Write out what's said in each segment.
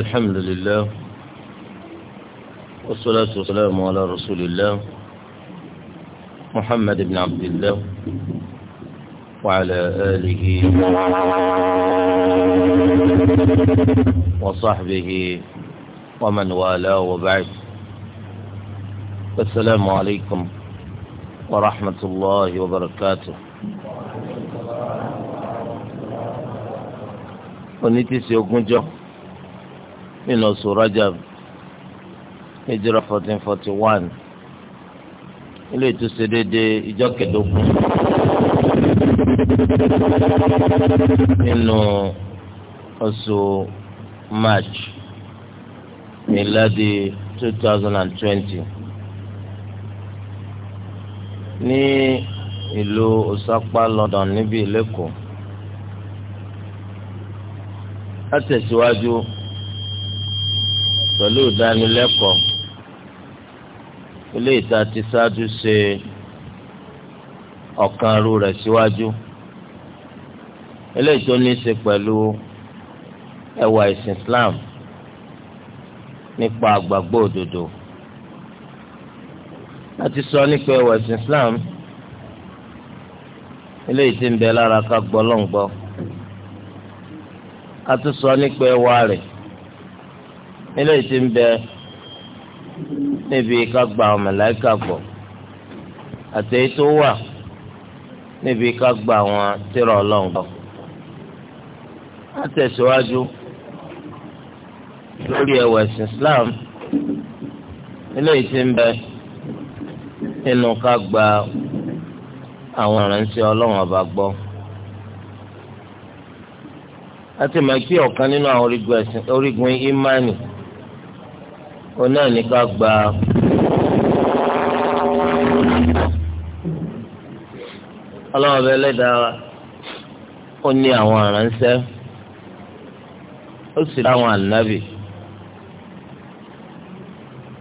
الحمد لله والصلاة والسلام على رسول الله محمد بن عبد الله وعلى آله وصحبه ومن والاه وبعد السلام عليكم ورحمة الله وبركاته oní ti nínú oṣù Rajab hijira fourteen forty one ilé ìtúsí déédéé ìjọ kẹẹ̀dógún nínú oṣù March miladi two thousand and twenty ní ìlú Òsápá London níbi ìlẹ́kọ̀ọ́ látẹ̀síwájú. Si pẹ̀lú ìdánilẹ́kọ̀ọ́ ilé ìta ti ṣáájú ṣe ọ̀kan ru rẹ̀ síwájú eléyìí tó ní í ṣe pẹ̀lú ẹwà ìsìn Islam nípa àgbàgbọ́ òdodo láti sọ nípa ẹwà ìsìn Islam eléyìí tí ń bẹ lára ká gbọ́ lọ́ngbọ́ a tún sọ nípa ẹwà rẹ̀ eléyìí ti ń bẹ níbi ká gba àwọn màláíkà gbọ́ àti èyí tó wà níbi ká gba àwọn tírà Ọlọ́run gbọ́. a tẹ̀síwájú lórí ẹ̀wẹ̀sìn Islam eléyìí ti ń bẹ nínú ká gba àwọn ìránṣẹ́ Ọlọ́run ọba gbọ́ a ti mọ̀ kí ọ̀kan nínú àwọn orígun ìmánì. ona náà ní gba ọlọ́run bẹ lẹ́dàá ó ní àwọn àránṣẹ́ ó sì láwọn ànábì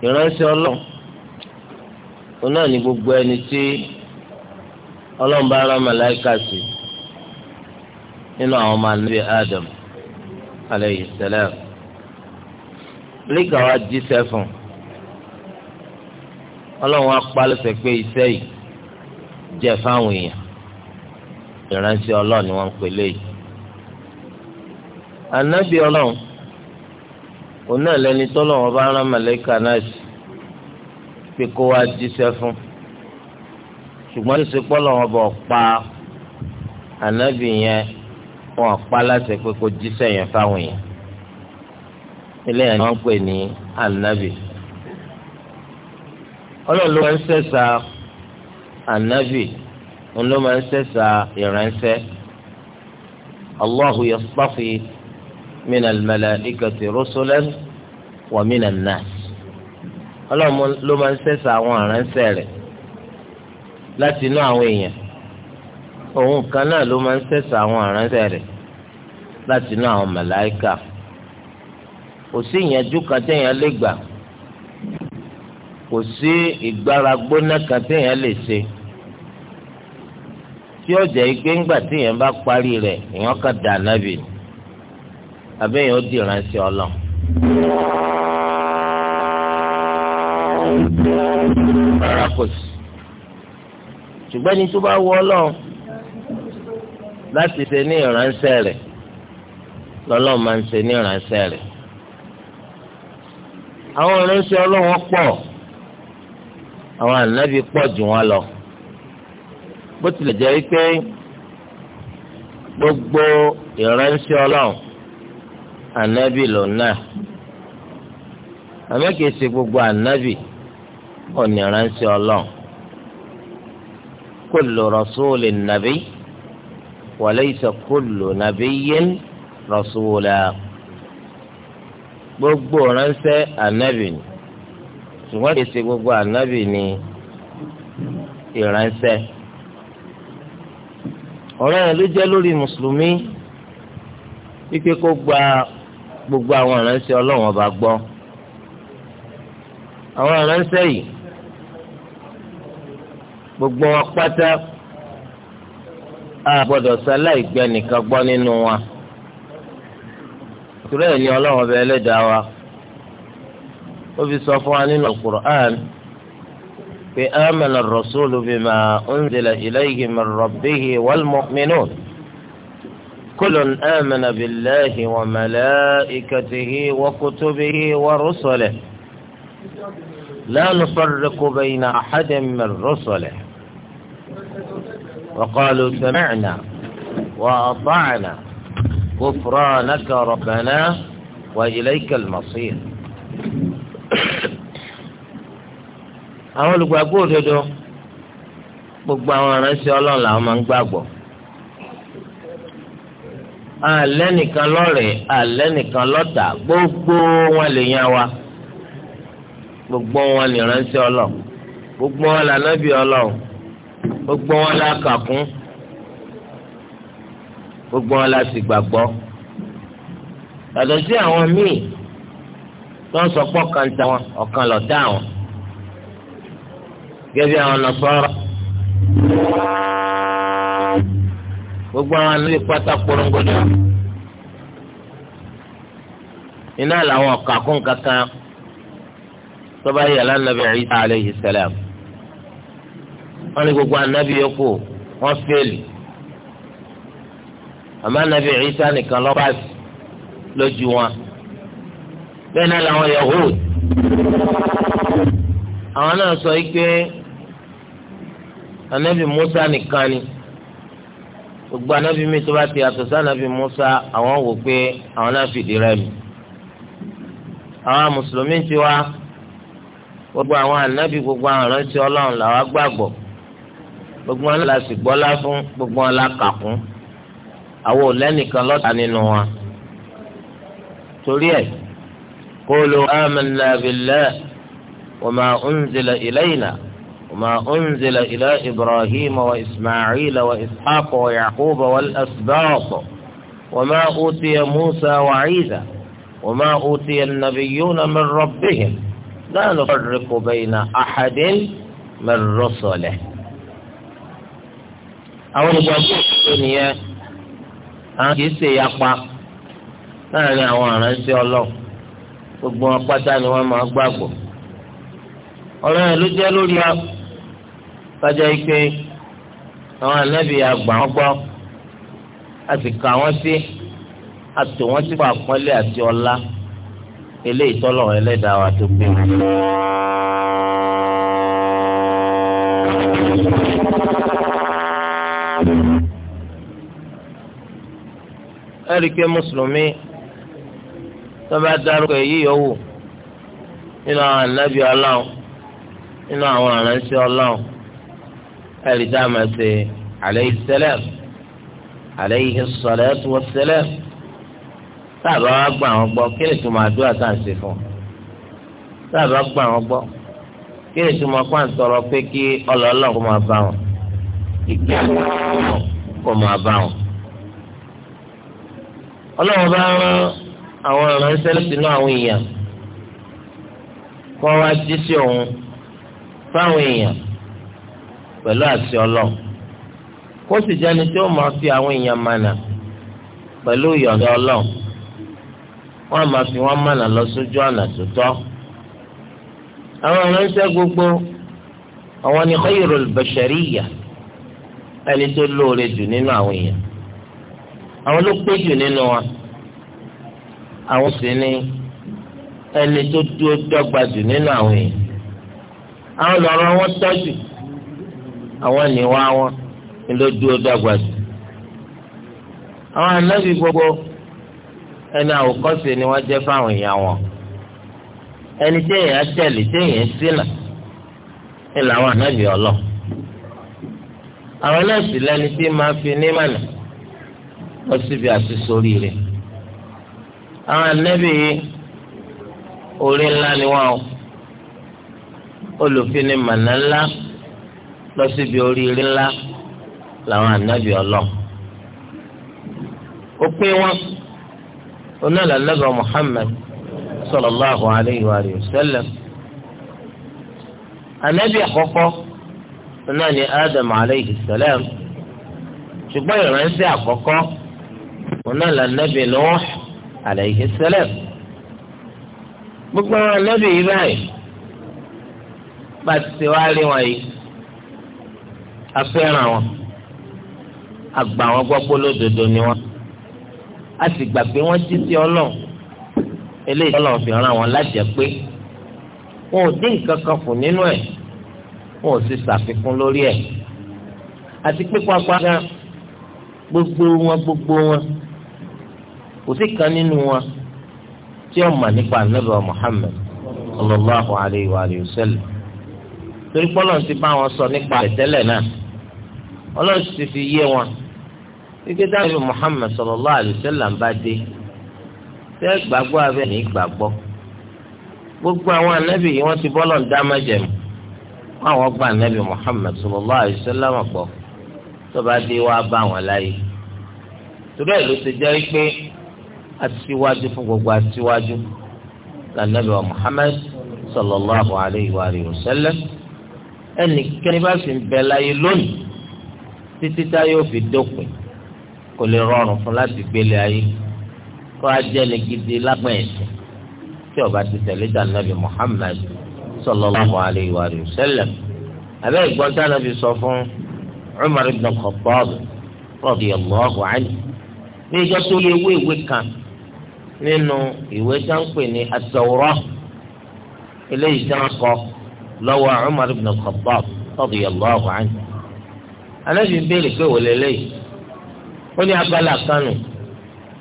ìránṣẹ́ ọlọ́run òun náà gbogbo ẹni tí ọlọ́run bá rán màláìka sí nínú àwọn ọmọ Adam aleyhi sẹlẹ̀m. oníkà wa jíṣẹ́ fún ọlọ́run apalẹ̀sẹ̀ pé iṣẹ́ yìí jẹ́ fáwọn èèyàn ìránṣẹ́ ọlọ́run ni wọ́n ń pè léyìí ànábì ọlọ́run òun náà lẹni tọ́lọ́run bá rán màlẹ́kà náà sí pé kó wá jíṣẹ́ fún ṣùgbọ́n ní sèpọ́ lọ́wọ́ bọ̀ pa ànábì yẹn wọn pa láti pé kó jíṣẹ́ yẹn fáwọn èèyàn ilé yẹn ni wọ́n pè ní anabi ọlọ́run ló máa ń sẹ̀sà anabi òun ló máa ń sẹ̀sà ìránṣẹ́ allahu yastafi min al-malaikati rusulan wa min an-nas ọlọ́run ló máa ń sẹ̀sà àwọn ìránṣẹ́ rẹ̀ láti inú àwọn èèyàn òun kan náà ló máa ń sẹ̀sà àwọn ìránṣẹ́ rẹ̀ láti inú àwọn màláíkà. kò sí ìyànjú kan téèyàn lè gbà kò sí ìgbára gbóná kan téèyàn lè ṣe tí ó jẹ́ ńgbà téèyàn bá parí rẹ̀ èèyàn kan dà nábì àbẹ́yẹn ó di ìránṣẹ́ ọlọ tó bá wọ ọlọ́run láti ṣe ní ìránṣẹ́ rẹ̀ lọ́lọ́run máa ń àwọn ìránṣẹ́ ọlọ́wọ́ pọ̀ àwọn ànábì pọ̀ jù wọ́n lọ bó tilẹ̀ jẹ́ wípé gbogbo ìránṣẹ́ ọlọ́wọ́ ànábì lò náà àmọ́ kìí ṣe gbogbo ànábì ọ̀nà ìránṣẹ́ ọlọ́wọ́ kullu rasulin nabi wa laysa kullu nabiyyin rasula gbogbo ránṣẹ́ ànábì ni ṣùgbọ́n kìí ṣe gbogbo ànábì ni ìránṣẹ́ ọ̀rọ̀ yẹn ló jẹ́ lórí mùsùlùmí wípé kó gba gbogbo àwọn ìránṣẹ́ ọlọ́run ọba gbọ́ àwọn ìránṣẹ́ yìí gbogbo wọn pátá a gbọ́dọ̀ sáláì nìkan gbọ́ nínú wọn. torí ẹ̀ ní ọlọ́run ọbẹ̀ ẹlẹ́dàá wa ó fi sọ fún wa nínú alukur'an pé amẹ́nà amana rasulu bima unzila ilayhi min rabbihi wal mu'minun kullun amana billahi wa mẹ́lẹ́ malaikatihi wa kutubihi wa rọ̀ṣọ́lẹ̀ rusulihi la nufarriqu bayna ahadin min rọ̀ṣọ́lẹ̀ wa qalu sami'na wa ata'na. غفرانك ربنا وإليك المصير àwọn olùgbàgbọ́ òdodo gbogbo àwọn aránṣẹ́ ọlọ́run làwọn máa ń gbàgbọ́ alẹ́ nìkan lọ́rẹ̀ẹ́ alẹ́ nìkan lọ́tà gbogbo wọn lè yan wa gbogbo wọn lè ránṣẹ́ ọlọ́run gbogbo wọn lànàbí ọlọ́run gbogbo wọn làkàkún. La gbogbo wọn la sì gbàgbọ́ yàtọ̀ sí àwọn míì tó ń sọ pọ́ kan ta wọn ọ̀kan lọ dá wọn gẹ́gẹ́ àwọn Nasara gbogbo àwọn àná ìpátá korongodo iná làwọn ọ̀kà kún kankan tó bá yàrá nàbẹ̀ Ìsá alayhi salam wọn ni gbogbo ànábì yòókù wọn fẹ́ẹ̀lì àmọ́ nàbí Ìsá nìkan lọ́ba lójú wọn bẹ́ẹ̀ náà làwọn Yahud àwọn náà sọ pé anabi Musa nìkan ni gbogbo anabi mi tó bá ti yàtọ̀ sí anabi Musa àwọn wò pé àwọn náà fìdí rẹmi àwọn mùsùlùmí ti wá gbogbo àwọn anabi gbogbo àwọn ìrántí Ọlọ́run làwọn gbàgbọ́ gbogbo wọn la sì gbọ́lá fún gbogbo wọn la kà kún. àwọn ò lẹ́nìkan lọ́tà nínú wa torí ẹ̀ qulu amanna billahi wa ma unzila ilayna wa ma unzila ila ibrahim wa isma'il wa ishaq wa yaqub wal asbaq wa ma utiya musa wa isa wa ma utiya an-nabiyyuna min rabbihim la nufarriqu bayna ahadin min rusulihi àwọn ìgbà tó ń ìṣòro nìyẹn. àwọn kìí ṣe yapa láàrin àwọn aránṣẹ́ Ọlọ́run gbogbo wọn pátá ni wọn máa gbàgbọ́ ọ̀rọ̀ yẹn ló jẹ́ lórí wa kájọ ike àwọn ànábì àgbà wọn gbọ́ a sì kà wọ́n sí àtò wọn sí àpọ́nlé àti ọlá eléyìí tọ́lọ̀ ẹlẹ́dàá wa tó gbé wọn. ẹ̀ríkẹ́ mùsùlùmí tó bá dárúkọ èyí yòówù nínú àwọn ànábì ọlọ́run nínú àwọn àránṣẹ́ ọlọ́run ẹ̀rí tá a máa ṣe alayhi salam alayhi salatu wassalam táàbà wá gbà wọn gbọ́ kí ni tuma àdúrà tá à ń ṣe fún táàbà gbà wọn gbọ́ kí ni tuma kó tọrọ pé kí ọlọ́ọ̀lọ́ kó máa bá wọn ìgbà kó máa bá wọn ọlọ́run bá rán àwọn ìránṣẹ́ sínú àwọn èèyàn kọ́ wá jí sí òun fáwọn èèyàn pẹ̀lú àṣẹ ọlọ́run kó sì jẹ́ni tí ó máa fi àwọn èèyàn mànà pẹ̀lú ìyọ̀ǹda ọlọ́run wọ́n á máa fi wọ́n mànà lọ sójú ọ̀nà tó tọ́ àwọn ìránṣẹ́ gbogbo àwọn ni khayrul bashariyya ẹni tó lóore jù nínú àwọn èèyàn àwọn ló pé jù nínú wa. àwọn sì ni ẹni tó dúró dọ́gba jù nínú àwọn èèyàn àwọn lọ́rọ̀ wọn tọ́jú àwọn níwá wọn ni ló dúró dọ́gba jù àwọn anábì gbogbo ẹni àwòkọ́ṣe ni wọ́n jẹ́ fáwọn èèyàn wọn ẹni tí èèyàn tẹ̀lé tí èèyàn ṣìnà ni làwọn anábì ọlọ́ àwọn náà sì lẹni tí máa fi ní mànà àti sórí rẹ̀. àwọn ànábì orí ńlá ni wọn o olùfini màná ńlá lọ síbi oríire ńlá làwọn ànábì ọlọ ó pé wọn onáàlà nàbà Muhammad sallallahu alayhi wa sallam ànábì àkọ́kọ́ onáàlì Adam alayhi salam ṣùgbọ́n ìránṣẹ́ àkọ́kọ́ onáàlà nàbì Nuh alayhi salam gbogbo àwọn ànábì yìí báyìí bá ti ṣe wá rí wọn yìí a fẹ́ràn wọn a gbà wọn gbọ́ pé olódodo ni wọn a sì gbà pé wọ́n jí sí ọlọ́run eléyìí ọlọ́run fi ràn wọn lájẹ pé wọn ò dín nǹkan kan fún nínú ẹ̀ wọn ò sì ṣàfikún lórí ẹ̀ àti pé pápá gan gbogbo wọn gbogbo wọn kò sí kan nínú wọn tí ó mà nípa ànábì Muhammad sallallahu alayhi wa sallam torí pọ́lọ́ ti bá wọn sọ nípa àtẹ́lẹ̀ náà ọlọ́run ti fi yé wọn kíkẹ́ dáhùn Muhammad sallallahu alayhi wa sallam bá dé tẹ́ gbàgbọ́ abẹ́ ní gbàgbọ́ gbogbo àwọn ànábì yìí wọ́n ti bọ́lọ̀ ń dá májẹ̀mú àwọn gba ànábì Muhammad sallallahu alayhi wa sallam gbọ́ tó bá dé wá bá wọn láyé torí ẹ̀ ló ti jẹ́ pé aṣíwájú fún gbogbo aṣíwájú lànàbí wa Muhammad sallallahu alayhi wa alihi wa sallam ẹnikẹ́ni bá sì ń bẹ láyé lónìí títí tá yóò fi dópin kò lè rọrùn fún láti gbélé ayé kó a jẹ́ ní gidi lágbọ̀n ẹ̀sìn tí ó bá ti tẹ̀lé dànàbí Muhammad sallallahu alayhi wa alihi wa sallam abẹ́ ìgbọ́n dànàbí sọ fún Umar ibn Khattab radiyallahu anhu ní ìjọ tó lé wéwé kan nínú ìwé tí wọ́n ń pè ní at-Tawrah eléyìí tí wọ́n kọ lọ́wọ́ Umar ibn al-Khattab radiyallahu anhu. anábì ń béèrè pé wòlé léyìí ó ní abala kanu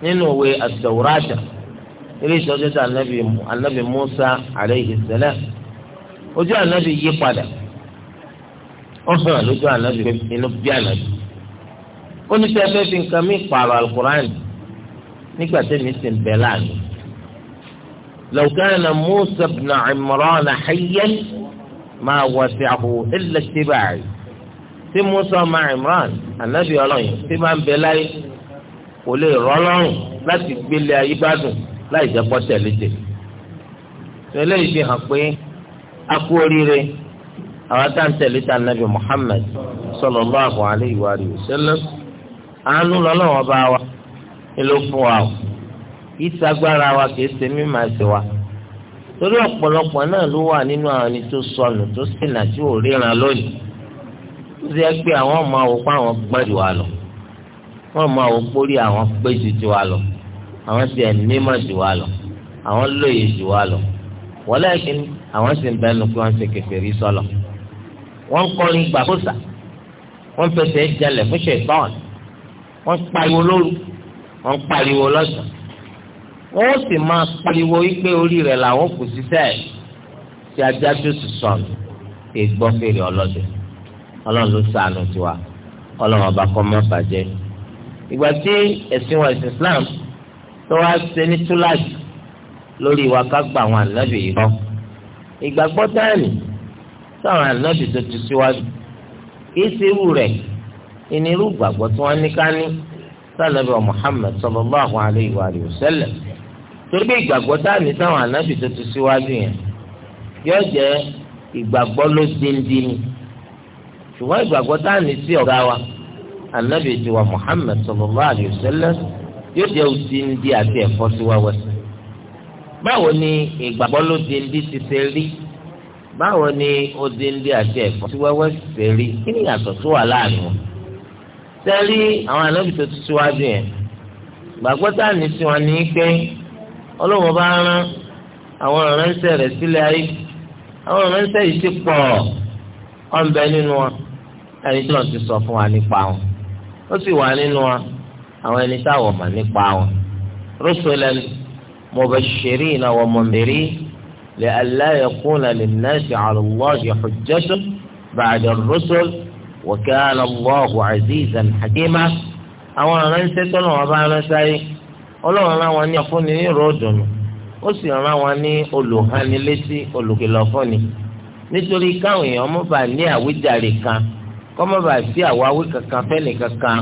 nínú ìwé at-Tawrah eléyìí tí wọ́n tẹ́tà anábì Musa alayhi salam ojú anábì yí padà ó hàn lójú anábì inú bí anábì ó ní sẹ́fẹ́ fi nǹkan mí pààrọ̀ al yìí nígbà tẹ́mi sì ń bẹ láàánú. law kana Musa ibn Imran hayyan ma wasi'ahu illa ittiba'i tí Musa ọmọ Imran ànábì ọlọ́yin tí máa ń bẹ láyé kò lè rọ́lọ́rùn láti gbélé ayé gbádùn láì jẹ́ pọ́tẹ́lẹ́ tẹ̀. tẹ̀lé yìí fi hàn pé a kú oríire àwọn táǹtẹ̀lé ta nàbì Muhammad sallallahu alayhi wa sallam àánú lọ́lọ́wọ́ bá wa ni ló fún wa o ìsagbára wa kì í ṣe mí màá ṣe wa torí ọ̀pọ̀lọpọ̀ náà ló wà nínú àwọn ẹni tó sọnù tó ṣìnà tí ò ríran lónìí tó ṣe é pé àwọn ọmọ àwòkọ àwọn gbọ́dọ̀ wa lọ wọn mọ àwọn pórí àwọn pé ju tiwa lọ àwọn sì ẹni mọ̀ ju wa lọ àwọn lóye ju wa lọ wọlé ẹkìn àwọn sì ń bẹnu pé wọn ṣe kèfèrí sọlọ wọn kọrin gbàkóso wọn fẹsẹ̀ jẹlẹ̀ fún ṣètọ́ọ̀nù wọn pariwo lóru wọ́n pariwo lọ́sàn wọ́n sì máa pariwo wípé orí rẹ̀ làwọn kò síṣẹ́ ẹ̀ tí ajá tó sì sọnù kì í gbọ́ fèrè ọlọ́dẹ ọlọ́run ló sànù tiwa ọlọ́run ọba kọ́ má bàjẹ́ ìgbà tí ẹ̀sìn wa ẹ̀sìn Islam tó wá ṣe ní túláàsì lórí ìwà kágbà àwọn ànábì yìí lọ ìgbàgbọ́ táàmì sáwọn ànábì tó ti síwájú kì í ṣe irú rẹ̀ ìnirú ìgbàgbọ́ tí wọ́n ní ká ní sànàbí wa Muhammad sallallahu alayhi wa sallam torí pé ìgbàgbọ́ táàmì táwọn ànábì tó ti síwájú yẹn yóò jẹ́ ìgbàgbọ́ ló díndín ni ṣùgbọ́n ìgbàgbọ́ táàmì sí ọ̀gá wa ànábì ti wa Muhammad sallallahu alayhi wa sallam yóò jẹ́ díndín àti ẹ̀fọ́ síwáwẹ́ sí báwo ni ìgbàgbọ́ ló díndín ti ṣe rí báwo ni ó díndín àti ẹ̀fọ́ síwáwẹ́ ṣe rí kí ni yàtọ̀ tó wà láàrin wọn sẹ́rí àwọn ànábì tó ti síwájú yẹn gbàgbọ́ tá a ní sí wọn ní pé ọlọ́wọ́n bá rán àwọn ìránṣẹ́ rẹ̀ sílẹ̀ ayé àwọn ìránṣẹ́ yìí ti pọ̀ ọ̀nbẹ nínú wọn ẹni tí wọ́n ti sọ fún wa nípa wọn ó sì wà nínú wọn àwọn ẹni tá a wọ̀ mọ̀ nípa wọn rusulan mubashirina wa mundirina li alla yakuna lin nasi ala Allahi hujjatun ba'da ar-rusul wa kana Allahu azizan hakima àwọn aránṣẹ́ tọ́lọ̀ wọn bá ránṣẹ́ ayé ọlọ́run rán wọn ní afúnni ní ròdùnú ó sì rán wọn ní olùhánilétí olùkìlọ̀ fúnni nítorí káwọn èèyàn mọ̀ bá ní àwíjàre kan kọ́ mọ̀ bá sí àwáwí kankan fẹ́ni kankan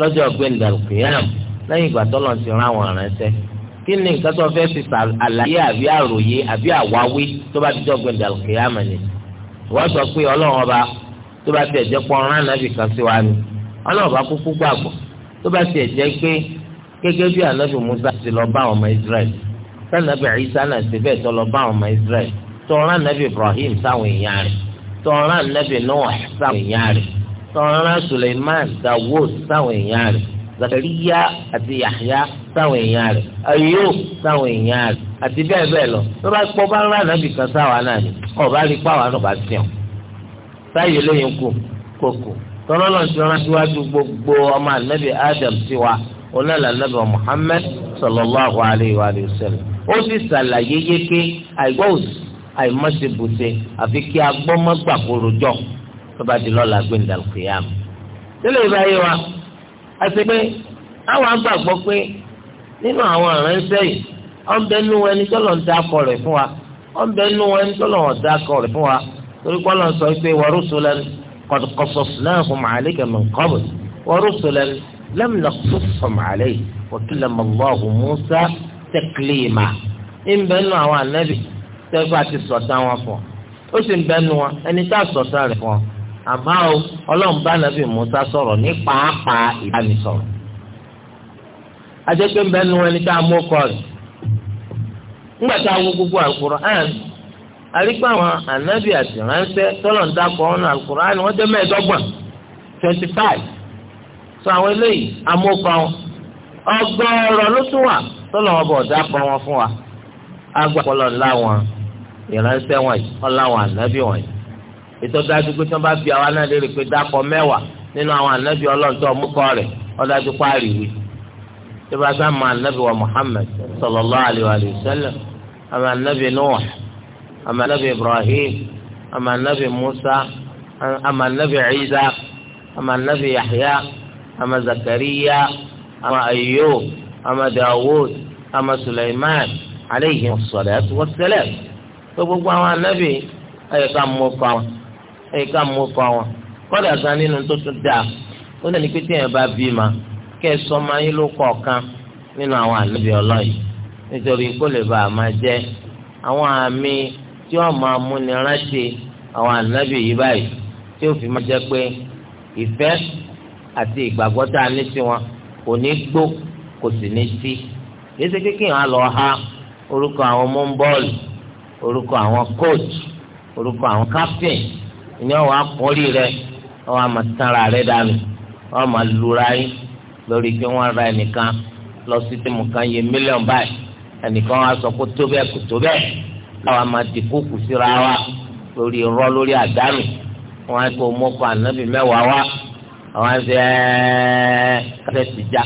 lọ́jọ́ gbẹ̀ndàlùkìyàm lẹ́yìn ìgbà tọ́lọ̀ ti rán wọn ránṣẹ́ kí ni nǹkan tó fẹ́ fi àlàyé àbí àròyé àbí àwáwí tó bá dijọ́ gbẹ̀ndàlùkìyàm ni wọ́n sọ pé ọlọ́run ọba tó bá tiẹ̀ jẹ́ pọ̀ ọ̀rán ànábì kan sí wa ni ọlọ́ọ̀bá kúkú gbàgbọ́ tó bá tiẹ̀ jẹ́ pé gẹ́gẹ́ bí ànábì Musa ti lọ bá ọmọ Israel tànàbì Isa náà ti bẹ́ẹ̀ tó lọ bá ọmọ Israel tọ̀ọ̀rán ànábì Ibrahim sáwọn èèyàn rẹ̀ tọ̀ọ̀rán ànábì Noah sáwọn èèyàn rẹ̀ tọ̀ọ̀rán Suleiman Dawud sáwọn èèyàn rẹ̀ Zakariya àti Yahya sáwọn èèyàn rẹ̀ Ayub sáwọn èèyàn rẹ̀ àti bẹ́ẹ̀ bẹ́ẹ̀ lọ tó bá pọ̀ bá rán ànábì kan sáwọn náà sáyé lẹ́yìn kù kò kù tọ́lọ́ náà ti rán síwájú gbogbo ọmọ anabi adam tiwa onílà anabi muhammed sallallahu alayhi wa sallam ó sì ṣàlàyé yéké àìgbọ́ òsì àìmọ́sibùsẹ̀ àfi kí agbọ́mọ́gbàkúròjọ́ tọ́ba di lọ́la gbẹ̀ndàlùkìyàmù. tẹ́lẹ̀ ìbáyé wa a ti pé àwọn agbàgbọ́ pé nínú àwọn aránṣẹ́ yìí ọ̀nbẹ́nu ẹni tọ́lọ̀ ń dákọ̀ rẹ̀ fún wa ọ̀nbẹ́nu ẹni tọ́lọ̀ ń dákọ̀ rẹ̀ fún wa torí kọ́ lọ́n sọ pé wa rusulan qad qasasnahum alayka min qabl wa rusulan lam naqsushum alayka wa kallama Allahu Musa taklima ń bẹ nù àwọn ànábì tẹ́gbà ti sọ̀tàn wọn fún ọ ó sì ń bẹ nù wọn ẹni tá a sọ̀tàn rẹ̀ fún àmọ́ o ọlọ́run bá nàbì Musa sọ̀rọ̀ ní pàápàá ìbánisọ̀rọ̀ ajẹ́pẹ́ ń bẹ ẹni tá a mú kọ́ rẹ̀ àríkpà àwọn anabi àti ránṣẹ́ tọ́lọ̀ ń dàpọ̀ ọ̀nà àlùkùránì wọ́n jẹ́ mẹ́ẹ̀ẹ́dọ́gbọ̀n twenty five sọ àwọn eléyìí amókan ọgọ́rọ̀ ló tún wà wọn bọ̀ dàpọ̀ wọn fún wa agbàpọ̀lọ̀ ńlá wọn ìránṣẹ́ wọn yìí ọ̀la wọn ànábì wọn yìí ètò pé tí wọ́n bá bí pé mẹ́wàá nínú àwọn àmà nàbì Ibrahim àmà nàbì Musa àmà nàbì Isa àmà nàbì Yahya àmà Zakariya àmà Ayyub àmà Dawud àmà Sulaiman aleyhi salatu wassalam tó gbogbo àwọn ànábì ẹ̀ka mú kọ́ wọn ẹ̀ka mú kọ́ wọn kọ́dà kan nínú tó tún dáa ó lẹ́ni pé tí yẹn bá bí ma kẹ́ ẹ sọ ma yín ló kọ́ ọ̀kan nínú àwọn ànábì ọlọ́yìn nítorí kó lè bá a máa jẹ́ àwọn àmì tí wọn máa mú ni rántí àwọn ànábì yìí báyìí tí ó fi máa jẹ pé ìfẹ́ àti ìgbàgbọ́ tá a ní sí wọn kò ní gbó kò sì ní sí yéésì kékeré wọn lọ ha orúkọ àwọn mọ́ńbọ́ọ̀lù orúkọ àwọn coach orúkọ àwọn captain ìní ọ̀wọ́ akọ́rí rẹ ọ̀wọ́ àmọ̀tánra rẹ dànù ọ̀wọ́ àmọ̀ lura yín lórí pé wọ́n ra ẹnìkan lọ sí tẹ̀mù kan yẹ mílíọ̀nù báyìí ẹnìkan wọn sọ kó tó bẹ́ẹ̀ kó tó bẹ́ẹ̀ káwa máa di kókù síra wa lórí irọ́ lórí àdánù wọn á kó mọ́kọ ànábì mẹ́wàá wa àwọn ẹsẹ̀ kásẹ̀ ti já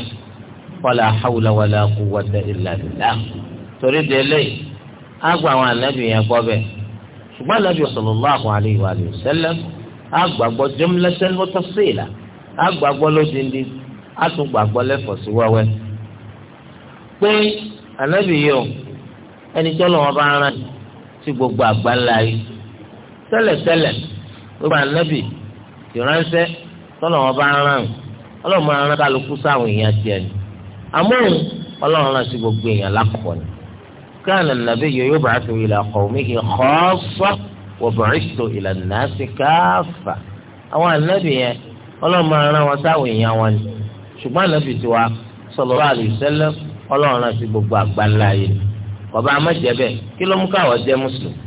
wala hawla wala quwwata illa billah torí délé á gba àwọn ànábì yẹn gbọ́ bẹ́ẹ̀ ṣùgbọ́n ànábì sallallahu alayhi wa sallam á gbàgbọ́ jumlatan wa tafsila á gbàgbọ́ lódindi á tún gbàgbọ́ lẹ́fọ̀ọ́ sí wẹ́wẹ́ pé ànábì yìí ẹni tí ọlọ́wọ́ bá ń rán yìí sí gbogbo àgbáńlá yìí tẹ́lẹ̀tẹ́lẹ̀ gbogbo ànábì ìránṣẹ́ tọ́lọ̀ wọn bá ń rán ọlọ́run máa rán kálukú sáwọn èèyàn tiẹ̀ ni àmọ́ràn ọlọ́run rán sí gbogbo èèyàn lákọ̀ọ́ ni káàní nàbí yìí yóò bàá tó ilà qawmihi khassa wa bu'ithtu ila an-nasi kaffa àwọn ànábì yẹn ọlọ́run máa wọn sáwọn èèyàn wọn ni ṣùgbọ́n ànábì tiwa sallallahu alaihi ọlọ́run rán sí gbogbo àgbáńlá yìí ọba amẹjẹ bẹ́ẹ̀ kí ló mú káwọ jẹ mùsùlùmí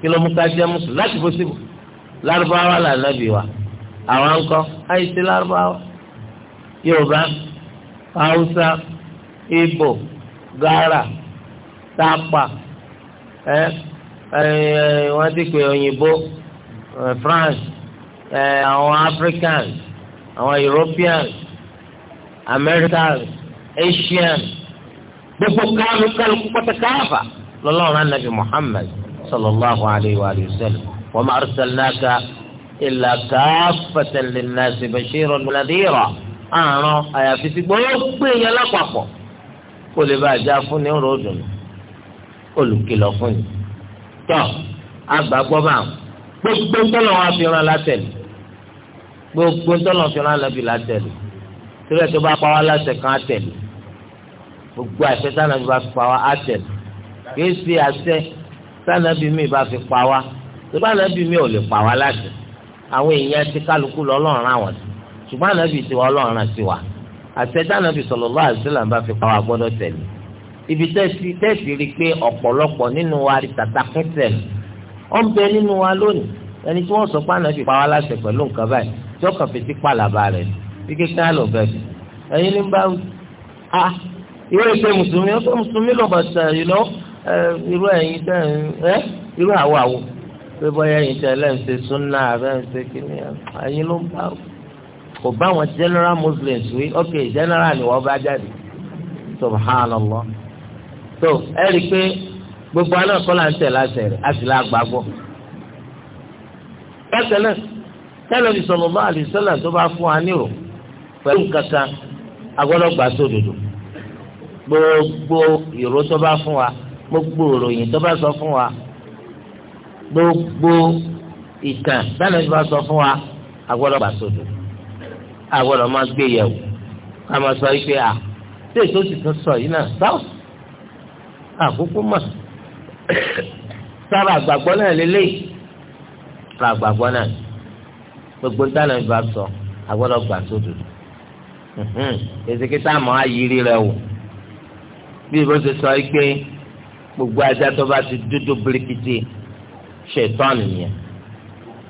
kí ló mú ká jẹ mùsùlùmí láti bó síbò lárúbáwá là nàbì wa àwọn ńkọ́ àìsí lárúbáwá yorùbá haúsá ìgbò gárà tápà ẹ ẹ wọn ti pè òyìnbó france ẹ àwọn africans àwọn europeans americans asians gbogbo kánú kálukú pátákáfà lọ́lọ́run anabi muhammed sallallahu alayhi wa sallam wa ma arsalnaka illa kaffatan linnasi bashiran wa nadhira àrùn àyàfi ti gbọ́ yóò gbé yẹn lápapọ̀ kó lè bá ajá fún ní ròdùn olùkìlọ̀ fún ni. tọ́ agbàgbọ́ bá gbogbo ńtọ́lọ̀ wọn fi ràn látẹ̀lẹ̀ gbogbo ńtọ́lọ̀ fi ràn lẹ́bi látẹ̀lẹ̀ tí wọ́n ti bá pa wá láṣẹ kan á gbogbo àṣẹ tánàbí bá fi pa wá àtẹ kìí ṣe àṣẹ tánàbí mi bá fi pa wá ṣùgbọ́n ànábì mi ò lè pa wá láṣẹ àwọn èèyàn ti kálukú lọ ọlọ́run àwọn sí ṣùgbọ́n ànábì ti wá ọlọ́run sí wa àṣẹ tánàbí sallallahu alaihi wasallam bá fi pa wá gbọ́dọ̀ tẹ̀lé ibi tẹ́sí tẹ́sí rí i pé ọ̀pọ̀lọpọ̀ nínú wa rí tàtà pẹ́sẹ̀ ọ̀ ń bẹ nínú wa lónìí ẹni tí wọ́n sọ pé ànábì pa wá láṣẹ pẹ̀lú nǹkan báyìí tí ọkàn a ah! ìwé ìṣe mùsùlùmí ó ṣe mùsùlùmí lọ bàtà ìlọ irú ẹ̀yin tẹ ẹ irú àwọ àwọ pé bóyá ẹ̀yin tẹ lẹ́ǹsẹ̀ súnà àbẹ́ǹsẹ̀ kìíní ẹ̀yin ló ń bá kò bá wọn general muslims wí ok general ni wọ́n bá jáde subhanallah so ẹ rí i pé gbogbo aná kọ́ là ń tẹ̀ láṣẹ rẹ̀ á sì lágbà gbọ́. bákan náà tẹ́lẹ̀mí sallallahu alaihi wasallam tó bá fún wa nírò pẹ̀lú kankan agbọ́dọ̀ gbà sódodo. So gbogbo ìró tó bá fún wa gbogbo ìròyìn tó bá sọ fún wa gbogbo ìtàn dáná tó bá sọ fún wa agbọ́dọ̀ gbà sódò agbọ́dọ̀ máa gbé yẹ̀wò ká máa sọ pé à tí èso sì tún sọ yìí náà sáà àkókò mà sára àgbàgbọ́ náà lélẹ́yìí sára àgbàgbọ́ náà gbogbo dáná tó bá sọ agbọ́dọ̀ gbà sódò ezekita àmọ́ ayiri rẹ wò bí ìbọn ṣe sọ pé gbogbo ajá tó bá ti dúdú birikiti ṣètọ́n nìyẹn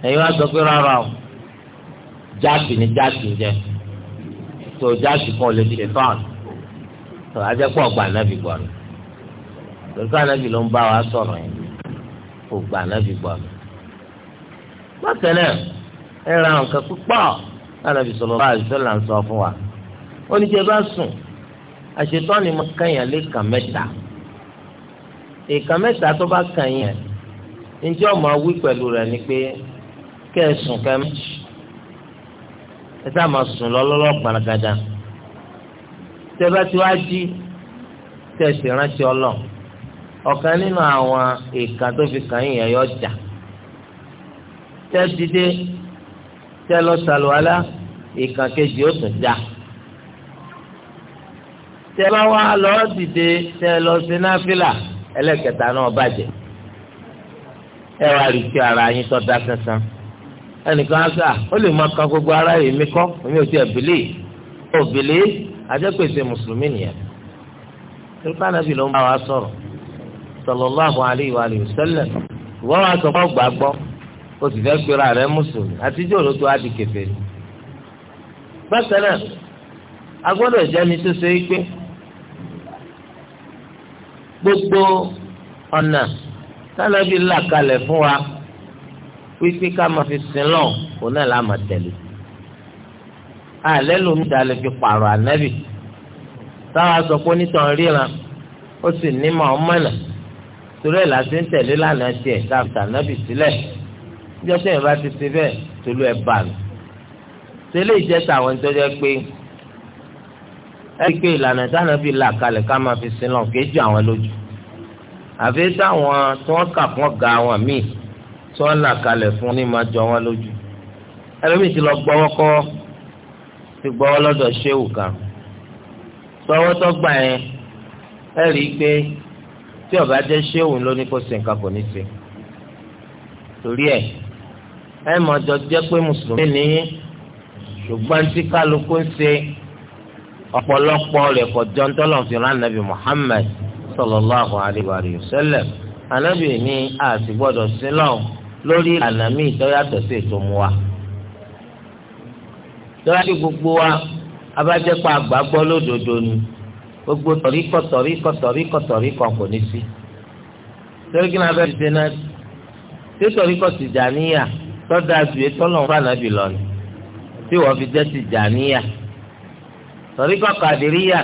ẹ̀yin wá sọ pé rárá o jáàsì ni jáàsì jẹ tó jáàsì kan lè di ṣètọ́n tó ajá pọ̀ gba ànábì gbọ́ ni lórí ànábì ló ń bá wa sọ̀rọ̀ yẹn kò gba ànábì gbọ́ ni bákan náà ẹ ra nǹkan púpọ̀ ànábì sọ̀rọ̀ bá àdìsọ́ là ń sọ fún wa ó ní jẹ́ bá sùn àṣetọ́ ni mo kànyàn lé kàn mẹ́ta ìkàn mẹ́ta tó bá kànyàn njẹ́ ọmọ awí pẹ̀lú rẹ̀ ni pé kẹ́ ẹ sùn kẹ́ ẹ sá máa sùn lọ́lọ́lọ́ gbaragada tẹ́ bá ti wá jí tẹ́ sì rántí ọlọ́ ọ̀kan nínú àwọn ìkàn tó fi kànyàn yọ jà tẹ́ dìde tẹ́ lọ sàlùwálá ìkàn kejì ó tún já tẹ bá wá lọ dìde tẹ lọ sí náfìlà ẹlẹ́kẹta náà bàjẹ́ ẹ wá rí ti ara yín tó dá sẹ́sán ẹnìkan á gbà ó lè máa kan gbogbo ara èmi kọ́ èmi ò tiẹ̀ bìlì ò àjẹpèsè mùsùlùmí nìyẹn tìrúkà nàbì ló ń bá wa sọ̀rọ̀ sallallahu alaihi wa alihi wasallam ìwọ́n wa sọ fún ọgbà gbọ́ o sì fẹ́ pera rẹ mùsùlùmí àtijọ́ ló tó adìkẹfẹ́ bákan náà agbọ́dọ̀ jẹ́ni tó ṣe é pé gbogbo ọ̀nà tálọ́bí là kalẹ̀ fún wa pípé ká máa fi sin lọ òun náà là máa tẹ̀lé alẹ́ lómi ta lè fi pààrọ̀ ànábì táwa sọ pé onítàn ríran ó sì ní ma ọ mọ̀nà torí ẹ̀ láti ń tẹ̀lé lánàá tiẹ̀ káfíńtà ànábì sílẹ̀ níjọ́ sẹ́yìn bá ti ṣe bẹ́ẹ̀ tolú ẹ̀ bá mi tẹ́lẹ̀ ìjẹ́ta àwọn ìtọ́jú ẹ pé ẹgbẹ́ ìlànà táwọn fi là kalẹ̀ ká máa fi sin lọ́n kéjì àwọn lójú àfi táwọn tí wọ́n kà fún ọ̀gá àwọn míì tí wọ́n là kalẹ̀ fún ní máa jọ wọn lójú ẹlòmíì ti lọ gbọ́wọ́ kọ́ ti gbọ́wọ́ lọ́dọ̀ ṣéwù kan gbọ́wọ́ tó gbà yẹn ẹ rí i pé tí ọba jẹ́ ṣéwù ló ní kó sin nǹkan kò ní sin torí ẹ ẹ mọ̀ jọ jẹ́ pé mùsùlùmí nìyí ṣùgbọ́n tí kálukú ń ṣe ọ̀pọ̀lọpọ̀ rẹ̀ kọjọ́ ntọ́lọ̀ fi rán anabi Muhammad sallallahu alayhi wa sallam anabi ní àti gbọ́dọ̀ sílọ̀ lórí ànàmì ìtọ́yàtọ̀ sí ètò mu wa. lọ́wọ́dì gbogbo wa abájẹ́pọ̀ àgbàgbọ́ lódodo ni gbogbo tọ̀ríkọ̀ tọ̀ríkọ̀ tọ̀ríkọ̀ tọ̀ríkọ̀ kò ní sí. lórí kí ni abẹ́ ti dènà tí tọ̀ríkọ̀ Tìjàníyà tọ́da ju ètò ọlọ́run fún lọ ni tí wọ́n fi jẹ́ Tìjàníyà tọ̀ríkọ̀ kàdìríyà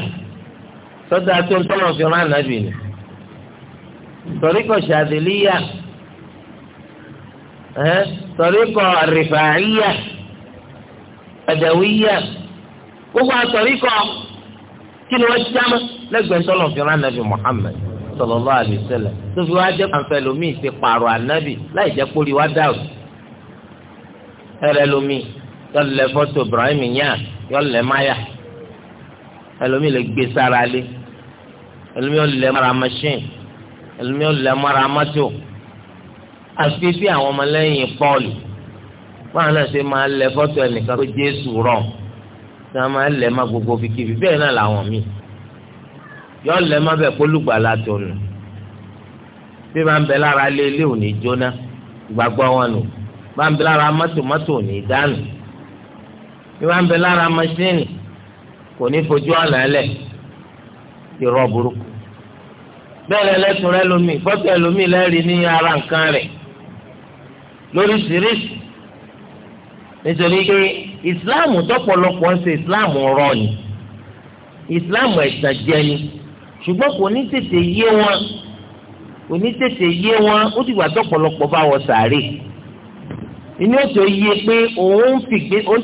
sọ́dọ̀ àti ọ̀tọ́nà fi rán ànábì ni tọ̀ríkọ̀ ṣàdìlíyà tọ̀ríkọ̀ rìfàáyà ẹ̀dẹ̀wíyà gbogbo àtọ̀ríkọ̀ kí ni wọ́n ti dá mọ́ lẹ́gbẹ̀ẹ́ tọ́lọ̀ fi rán ànábì Muhammad sallallahu alaihi wasallam tó fi wá jẹ́ pàǹfẹ́ lómi ti pààrọ̀ ànábì láì jẹ́ pórí wá dáhùn ẹ̀rẹ́ lómi fọ́tò Ibrahim yàn yọ̀lẹ̀ máyà ẹlòmíì lè gbé sára lé ẹlòmíì ó lè mara machine ẹlòmíì ó lè mara mọ́tò àfi bí àwọn ọmọlẹ́yìn pọ́ọ̀lù báwọn náà ṣe máa lẹ fọ́tò ẹnìkan tó jésù rọ̀ tí wọ́n máa lẹ̀ má gbogbo fìkìfì bẹ́ẹ̀ náà làwọn míì yọ lẹ̀ má bẹ̀ kólùgbà látò nù bí máa ń bẹ lára lé ilé òní jóná ìgbàgbọ́ wọn nù máa ń bẹ lára mọ́tò mọ́tò òní dánù bí máa bẹ lára mọ́ṣíìnì kò ní fojú àná ẹlẹ irọ́ burúkú bẹ́ẹ̀ lẹ́tùn rẹ lómi fọ́tẹ̀ lómi lẹ́rìí ní ara nǹkan rẹ̀ lóríṣiríṣi nítorí pé ìsìláàmù tọ́pọ̀lọpọ̀ ń ṣe ìsìláàmù ọ̀rọ̀ ni ìsìláàmù ẹ̀ṣàjẹ ni ṣùgbọ́n kò ní tètè yé wọn kò ní tètè yé wọn ó ti wà tọ́pọ̀lọpọ̀ bá wọ sàárè ìní ó yé pé òun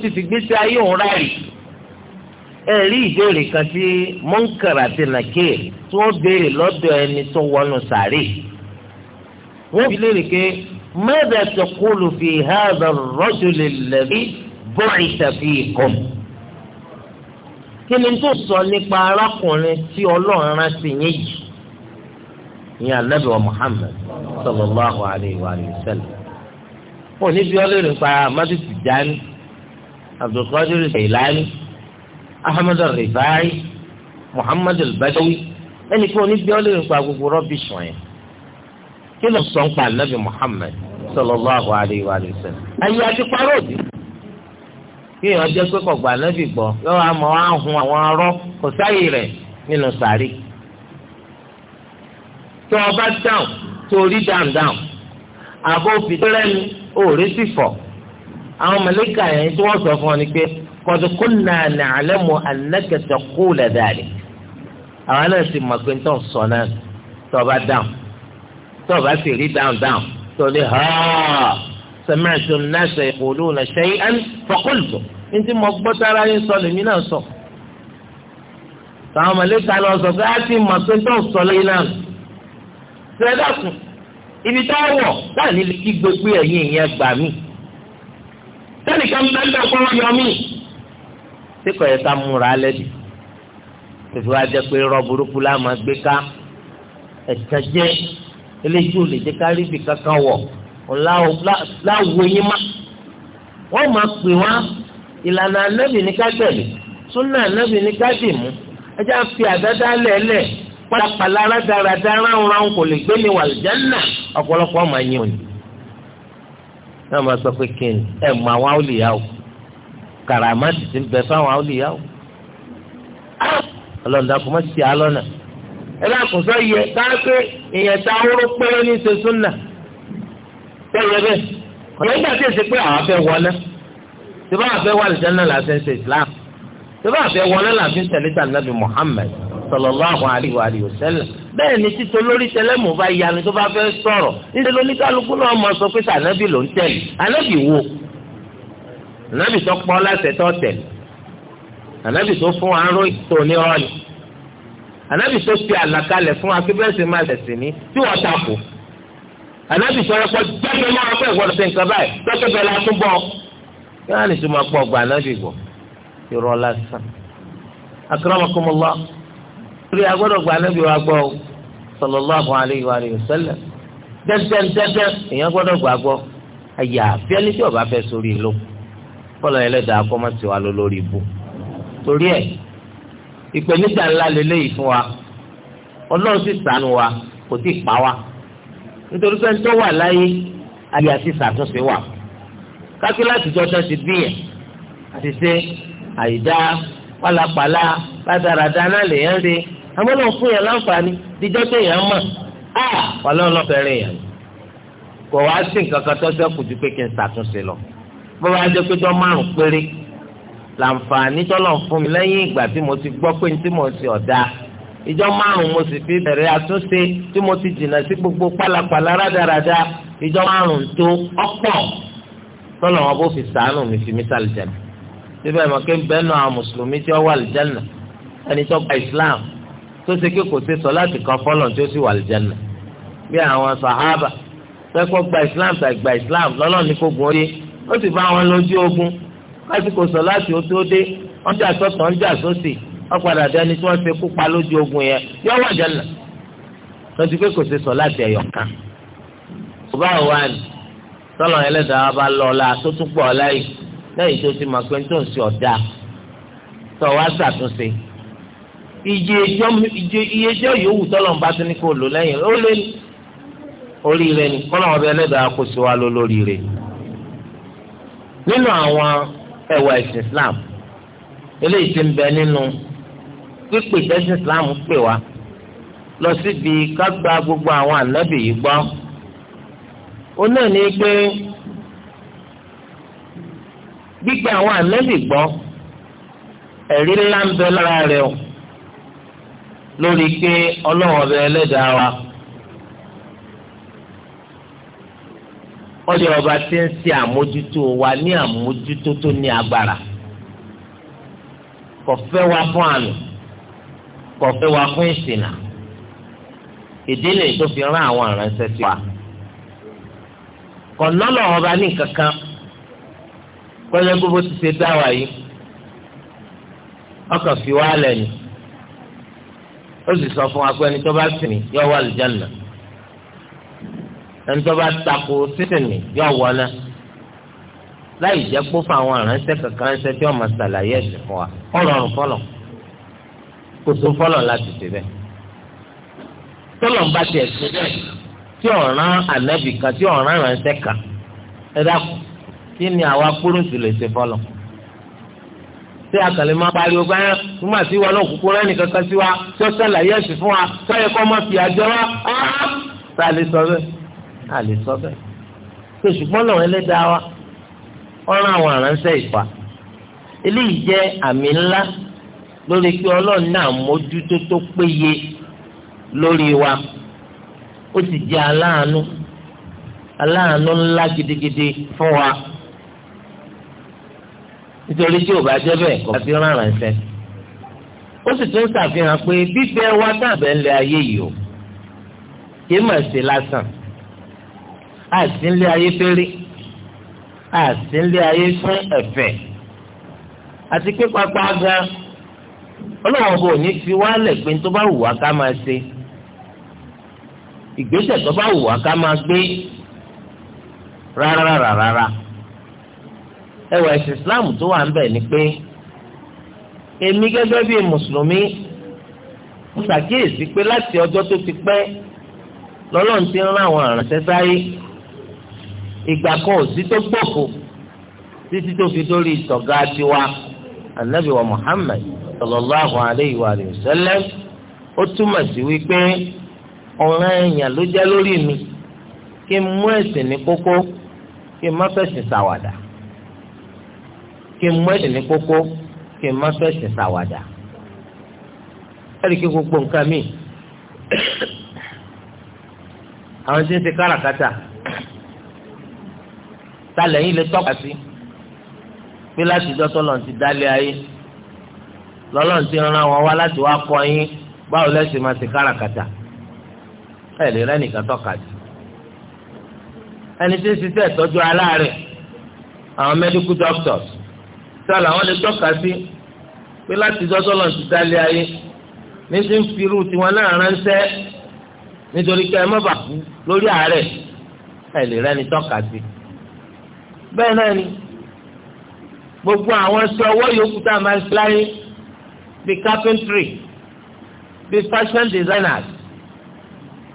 ti fi gbèsè ayé òun ráàyè ẹ̀rí ìbéèrè kan tí mọ́ńkàrà àti nàkìr tí wọ́n béèrè lọ́dọ̀ ẹni tó wọnú sàárè. wọ́n fi léèrè pé ماذا تقول في هذا الرجل الذي بعث فيكم kí ni tó sọ nípa arákùnrin tí ọlọ́run rán sí yín yìí ní anabi wa muhammed sallallahu alayhi wa sallam wọn ní bí ọlọ́run pa amadu tijani abdulkadir ṣèlani ahmed rifai muhammed albadawi ẹnì kan oníbi ọ́ lè ń pa gbogbo rọ́bìṣì wọ̀nyẹn kí ló sọ ń pa anabi muhammed sallallahu alayhi wa sallam. ayé àti parọ́ọ̀dì kí èèyàn jẹ́ pé kọ̀gbà anabi gbọ́ yóò wá mọ̀ á hun àwọn arọ́ kò sáyè rẹ̀ nínú sàárì. tí wọ́n bá dáhùn torí dáhùn dáhùn àbó fìdírẹ́nu òòrè sì fọ̀ àwọn mọ̀lẹ́kà yẹn tí wọ́n sọ fún ọ ni pé qad kunna na'lamu annaka taqulu dhalik àwọn náà sì mọ̀ pé ń tọ́ sọ náà tó bá dáhùn tó bá sì rí dáhùn dáhùn tó lè hà sami'tu an-nasa yaquluna shay'an faqultu ní tí mo gbọ́ sára yín sọ lèmi náà sọ. àwọn mọ̀lẹ́ta lọ sọ pé á sì mọ̀ pé ń sọ lẹ́yìn náà sẹ́dọ̀kùn ibi tá a wọ̀ láàrin kí gbogbo ẹ̀yìn ìyẹn gbà mí. sẹ́nìkan bẹ́ẹ̀ tí kò yẹ ká múra alẹ́ bì tòfi wá pé rọ la máa gbé ká ẹ̀tàn jẹ́ eléyìí ò lè jẹ́ ká rí ibì kankan wọ̀ láwo yín má wọ́n máa pè wá ìlànà anábì ní ká súnà anábì ní ká ẹjẹ́ á fi àdáda kò lè gbé ní wàlìjánà ọ̀pọ̀lọpọ̀ máa yín òní. náà máa sọ pé kí o. karamati ti ń bẹ fáwọn awúlíyàwó ọlọ́run dàkú má ti alọ́nà ẹ bá kò sọ yẹ káàpé ìyẹn tá a wúrú péré ní ṣe súnà tẹ́lẹ̀ bẹ́ẹ̀ ọ̀nà ìgbà tí èsì pé àwọn afẹ́ wọlé tí bá àfẹ́ wà lùsẹ́ náà láti ń ṣe Islam tí bá àfẹ́ wọlé láti ń tẹ̀lé tànàbí Muhammad sallallahu alaihi wa alihi wasallam bẹ́ẹ̀ ni títí olórí tẹlẹ́mù bá yanu tó bá fẹ́ sọ̀rọ̀ níṣẹ́ lóníkálukú náà mọ̀ sọ pé tànàbí ló ń tẹ̀lé ànábì wo ànábì tó pọ̀ láṣẹ tó tẹ̀ ànábì tó fún wa ró tó ní ọ̀lì ànábì tó fi àlàkalẹ̀ fún wa kí bẹ́ẹ̀ sì máa tẹ̀sí ní tí wọ́n ta kù ànábì tó rọ́pọ̀ jáde máa pẹ́ ìwọ́n ṣe nǹkan báyìí tọ́jú bẹ́ẹ̀ la tún bọ̀ yóò hàn ìtumọ̀ pọ̀ gbà ànábì gbọ̀ irọ́ lásán akramakumullah lórí agbọ́dọ̀ gbà ànábì wa gbọ́ sallallahu alayhi wa sallam dẹ́dẹ́dẹ́dẹ́ èèyàn gbọ́dọ̀ gbà gbọ́ àyà fẹ́ni tí ọba fẹ́ sórí lóko kọ́lọ̀ ẹlẹ́dàá kọ́mọ́sí wa lọ lórí ibú torí ẹ̀ ìpèníjà ńlá lélẹ́yìí fún wa ọlọ́run sì ṣàánú wa kò tí ì pa wa nítorí pé tó wà láyé ayé àti ṣàtúnṣe wà kákí láti jọ tán ti bíyàn àti ṣe àyídá pálapàla rádaràdá náà lè yẹn rí amọ́nà fún yẹn láǹfààní díjọ́ tó yẹn mọ̀ á ọlọ́run lọ́fẹ̀ẹ́ rẹ̀ yẹn kò wá sí nǹkan kan tó ṣẹ́kù ju pé kí n ṣàtúnṣe lọ bó bá jẹ́ pé tó márùn péré làǹfààní tọ́lọ̀ fún mi lẹ́yìn ìgbà tí mo ti gbọ́ pé tí mo ti ọ̀dà ìjọ márùn mo sì fi bẹ̀rẹ̀ àtúnṣe tí mo ti jìnnà sí gbogbo pálapàla rádaràda ìjọ márùn tó ọ̀pọ̀ tọ́lọ̀ wọn bó fi sàánù mi fi mí sàlìjẹ̀nà síbẹ̀ mọ̀ kí n bẹ́ẹ̀ nọ àwọn mùsùlùmí tí wọ́n wà lìjẹ̀nà ẹni tó gba Islam tó ṣe kí kò ṣe sọ láti kan fọ́lọ̀ tí ó sì wà lìjẹ̀nà bí àwọn sàhábà fẹ́ kó gba Islam tàì gba Islam lọ́lọ́ọ̀ ní kó gun ó yé ó sì bá wọn lójú ogun lásìkò sọ láti ó tó dé wọn jà sọ́tọ̀ wọn jà sósì wọn padà dání tí wọn ṣe kú pa lójú ogun yẹn yọ wà jẹnà lọsí pé kò ṣe sọ láti ẹyọ kan ọba wa ni tọlọ ẹlẹ́dàá wa bá lọ la tó tún pọ̀ ọlá yìí lẹ́yìn tó ti mọ̀ pé tó ń ṣe ọdá tọ wá ṣàtúnṣe iye ẹjọ́ yòówù tọlọ ń bá tún ní kó lò lẹ́yìn ó lé oríire ni kọlọ ọbẹ ẹlẹ́dàá kò sí wa lọ lóríire nínú àwọn ẹwà ẹ̀sìn Islam eléyìí tí ń bẹ nínú pípè tẹ̀sìn Islam pè wá lọ síbi ká gba gbogbo àwọn ànábì yìí gbọ́ ó náà ní pé gbígbà àwọn ànábì gbọ́ ẹ̀rí ńlá ń bẹ lára rẹ̀ o lórí pé ọlọ́run ọbẹ̀ ẹlẹ́dàá wa. ọjọ́ ọba ti ń ṣe àmójútó wa ní àmójútó tó ní agbára kò fẹ́ wa fún àlù kò fẹ́ wa fún ìṣìnà ìdílé tó fi rán àwọn ìránṣẹ́ sí wa kò nọ́lọ̀ ọba ní kankan kọ́lé gbogbo ti ṣe dá wa yìí ọkàn fi wá lẹ́nu ó sì sọ fún wa pé ẹni tó bá sìn yọ wà lùjánà ẹni tó bá takò sísìnì yóò wọná láì jẹ́ kó fún àwọn aránṣẹ́ kankan ránṣẹ́ tí wọ́n máa ṣàlàyé ẹ̀sìn fún wa ọ̀rọ̀rùn fọlọ̀ kò tó fọlọ̀ láti ṣe bẹ́ẹ̀ tọ́lọ̀ ń bá tiẹ̀ ṣe bẹ́ẹ̀ tí ọ̀ràn ànábì kan tí ọ̀ràn aránṣẹ́ kan ẹ kí ni àwa kúrúǹtì lè ṣe fọlọ̀ tí a kàn lè máa pariwo bá yẹn ah, nígbà tí wọn náà kúkú rẹ́nì kankan sí wa tí ó ṣàlàyé ẹ̀sìn fún wa tí wọ́n yẹ kó máa fìyà jẹ wá. a lè sọ bẹ́ẹ̀ pé ṣùgbọ́n náà ẹlẹ́dàá wa ọ̀ràn àwọn àránṣẹ́ ìfà eléyìí jẹ́ àmì ńlá lórí pé ọlọ́run náà mójútó tó péye lórí wa ó sì jẹ́ aláàánú aláàánú ńlá gidigidi fún wa nítorí tí ò bá jẹ́ bẹ́ẹ̀ ó sì tún ṣàfihàn pé wa dàbẹ̀ ayé yìí o kì í àsínlé ayé fẹ́rẹ́ àsínlé ayé fún ẹ̀fẹ̀ àti pé pápá gan ọlọ́wọ́n bò ní fi wálẹ̀ pé tó bá wù wá ká máa ṣe ìgbésẹ̀ tó bá wù wá ká máa gbé rárárárá ẹwà ẹ̀sìn Islam tó wà ń bẹ̀ ni pé èmi gẹ́gẹ́ bíi mùsùlùmí mo ṣàkíyèsí pé láti ọjọ́ tó ti pẹ́ lọ́lọ́run ti ń rán àwọn àrànṣẹ́ sáyé ìgbà kan ò sí tó gbòkó títí tó fi dórí ìtọ̀gá tiwa anabi wa muhammed sallallahu alayhi wa sallam ó túmọ̀ sí wípé ọ̀ràn èèyàn ló jẹ́ lórí mi kí n mú ẹ̀sìn ní kókó kí n má fẹ̀sìn ṣàwàdà kí n mú ẹ̀sìn ní kókó kí n má fẹ̀sìn ṣàwàdà ẹ̀rí gbogbo nǹkan mi àwọn tí ń ṣe káràkátà talẹ̀ yìí lè tọ́ka sí pé láti ìjọ tó lọ́n ti dálé ayé lọ́lọ́n ti rán wọn wá láti wá kọ́ yín báwo lẹ́sìn máa ti káràkátà ẹ̀ lè rẹ́nìkan tọ́ka sí ẹni tí ń ṣiṣẹ́ ìtọ́jú aláàárẹ̀ àwọn medical doctors sọlá wọn lè tọ́ka sí pé láti ìjọ tó ti dálé ayé ní ti ń firú tiwọn náà ránṣẹ́ nítorí kẹ́ ẹ mọ́ bàkú lórí àárẹ̀ ẹ̀ lè rẹ́ni tọ́ka sí bẹ́ẹ̀ náà ni gbogbo àwọn ẹsẹ ọwọ́ yòókù tá a máa ń sáré bíi carpentry bíi fashion designers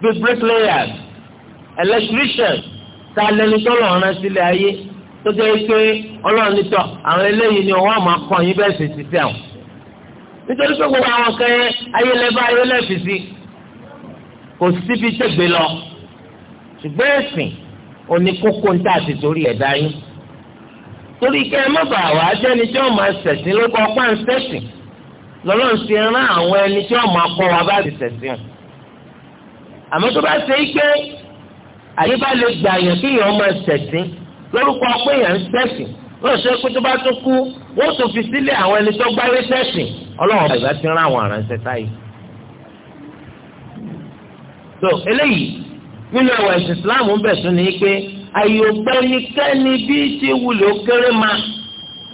bíi bricklayers electricians tá a lẹni tó lọ́ọ́ rán sílẹ̀ ayé tó jẹ́ pé ọlọ́run nítọ́ àwọn eléyìí ni wọ́n máa kọ́ yín bẹ́ẹ̀ sì ti tẹ̀ wọ́n nítorí pé gbogbo àwọn kan yẹn ayélẹ́bá ayélẹ́fìsì kò síbi tẹ̀gbẹ́ lọ ṣùgbọ́n ẹ̀sìn oníkókó ń tà sí torí ẹ̀dá yín torí kẹ́ ẹ má bàa wá jẹ́ni tí wọ́n máa ṣẹ̀sìn ló kọ́ pàǹ ṣẹ̀sìn lọ́lọ́run ti rán àwọn ẹni tí wọ́n máa kọ́ wa bá ti ṣẹ̀sìn àmọ́ tó bá ṣe é pé àyè bá lè gbà yàn kí yàn máa ṣẹ̀sìn lórúkọ pé yàn ń ṣẹ̀sìn wọ́n ṣe pé tó bá tó kú wọ́n tó fi sílẹ̀ àwọn ẹni tó gbáyé ṣẹ̀sìn ọlọ́run ọba ìgbà ti rán àwọn àránṣẹ́ táyé. so nínú ẹ̀wọ̀ ẹ̀sìn islam ń bẹ̀ sún ni pé àyògbẹ́nikẹ́ni bí ti wulò kéré ma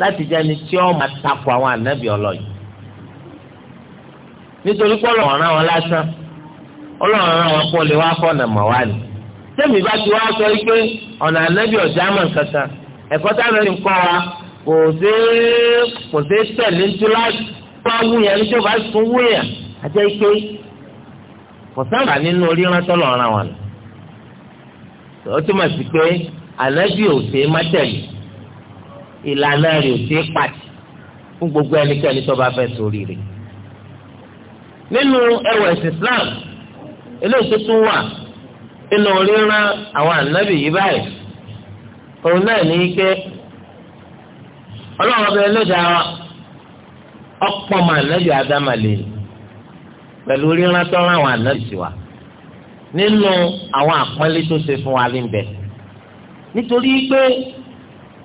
láti jẹni tí ó máa takò àwọn ànábì ọlọ́yìn nítorí pé ọlọ́run rán wọn lásán ọlọ́run rán wọn kó lè wá fọ́nà mọ̀ wá ni tẹ́mi bá ti wá sọ pé ọ̀nà ànábì ọ̀já kankan ẹ̀kọ́ táwọn ẹni kọ́ wa kò sí kò sí tẹ̀lé ńtúlá tó wá wúyàn ní tó bá sún wúyàn àti pé kò sábà nínú orí rántọ́ lọ́run wọn nù. ọtụmatụ túmọ̀ sí pé ànábì ò ṣe é má tẹ̀lé ìlànà rẹ̀ ò ṣe é pàtì fún gbogbo ẹnikẹ́ni tó bá fẹ́ sórí rẹ̀. nínú ẹ̀sìn Islam eléyìí tó tún wà nínú ríran àwọn ànábì yìí báyìí òun náà ní ike ọlọ́run ọbẹ̀ ẹlẹ́dàá ọ̀pọ̀ mọ̀ ànábì ádámà pẹ̀lú ríran tó rán àwọn ànábì sí nínú àwọn àpọ́nlé tó ṣe fún wa lé ń bẹ̀. nítorí pé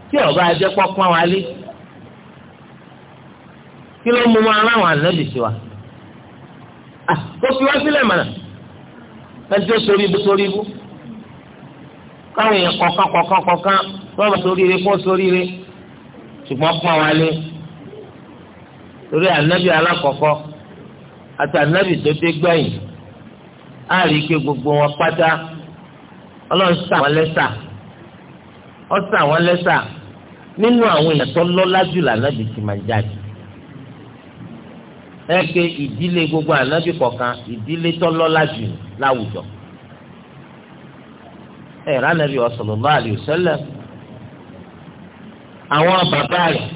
tí ọba ẹjẹ pọ́pọ́n wa lé kí ló mú wọn aláwọn ànábì sí wa. kó fi wá sílẹ̀ mọ̀nà ẹni tó sórí ibú sórí ibú káwọn èèyàn kọ̀ọ̀kan kọ̀ọ̀kan kọ̀ọ̀kan lọ́wọ́ sórí ire fún sórí ire ṣùgbọ́n pọ́n wa lé torí ànábì alákọ̀ọ́kọ́ àti ànábì tó dé gbẹ̀yìn á rí i pé gbogbo wọn pátá ọlọ́run ṣà wọ́n lẹ́ṣà ó ṣà wọ́n lẹ́ṣà nínú àwọn èèyàn tó lọ́lá jù lànàbì ti máa jáde ẹ pé ìdílé gbogbo ànábì kọ̀ọ̀kan ìdílé tó lọ́lá jù láwùjọ ẹ ránàbì sallallahu alaihi wasallam àwọn bàbá rẹ̀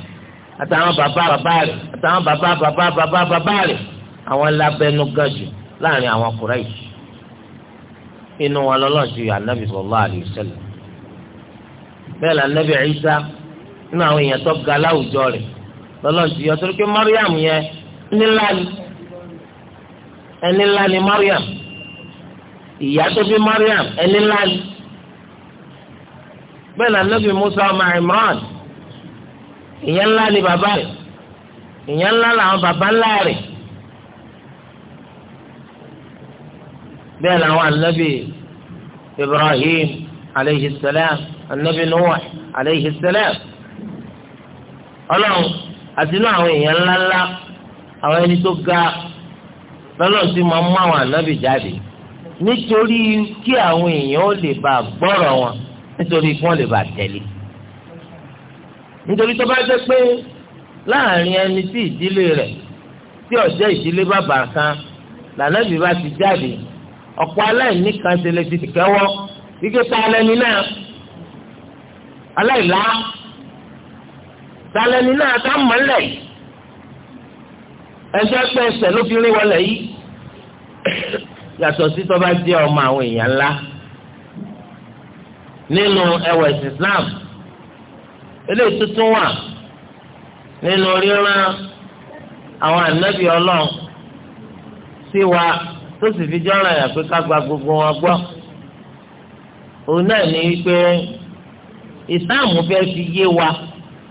àtàwọn bàbá bàbá rẹ̀ àtàwọn bàbá bàbá bàbá bàbá rẹ̀ àwọn lábẹnú jù láàrin àwọn Kùráìṣì inú wọn lọ́lọ́run ti yọ anabi sallallahu alayhi wa sallam bẹ́ẹ̀ la anabi Isa nínú àwọn èèyàn tó ga láwùjọ rẹ̀ lọ́lọ́run ti yọ torí pé Mariam yẹn nílá ni ẹni ńlá ni Mariam ìyá tó bí Mariam ẹni ńlá ni bẹ́ẹ̀ la anabi Musa ọmọ ìyẹn ńlá ni bàbá rẹ̀ ìyẹn ńlá làwọn bàbá ńlá rẹ̀. bẹ́ẹ̀ làwọn anabi ibrahim aleyhi salam anabi nuwah aleyhi salam ọlọ́run àti inú àwọn èèyàn ńláńlá àwọn ẹni tó ga lọ́lọ́run sì máa ń mú àwọn anabi jáde nítorí kí àwọn èèyàn ó lè bá gbọ́rọ̀ wọn nítorí kí wọ́n lè bá tẹ̀lé nítorí tó bá jẹ́ pé láàrin ẹni tí ìdílé rẹ̀ tí ó jẹ́ ìdílé bàbá kan lànàbí bá ti jáde ọ̀pọ̀ aláìní kan ṣe lè fi tìkẹ́wọ́ ike talẹ́ni náà aláìlá talẹ́ni náà ká mọ́lẹ̀ ẹjọ́ pé ẹsẹ̀ ló fi rí wọlé yìí yàtọ̀ sí tọ́ba jẹ́ ọmọ àwọn èèyàn ńlá nínú ẹwẹ̀ Islam eléyìí tuntun wà nínú ríran àwọn ànábì ọlọ́run sí wa tó sì fi jọ́ra yà pé ká gba gbogbo wọn gbọ́ òun náà ní pé ìsáàmù fẹ́ fi yé wa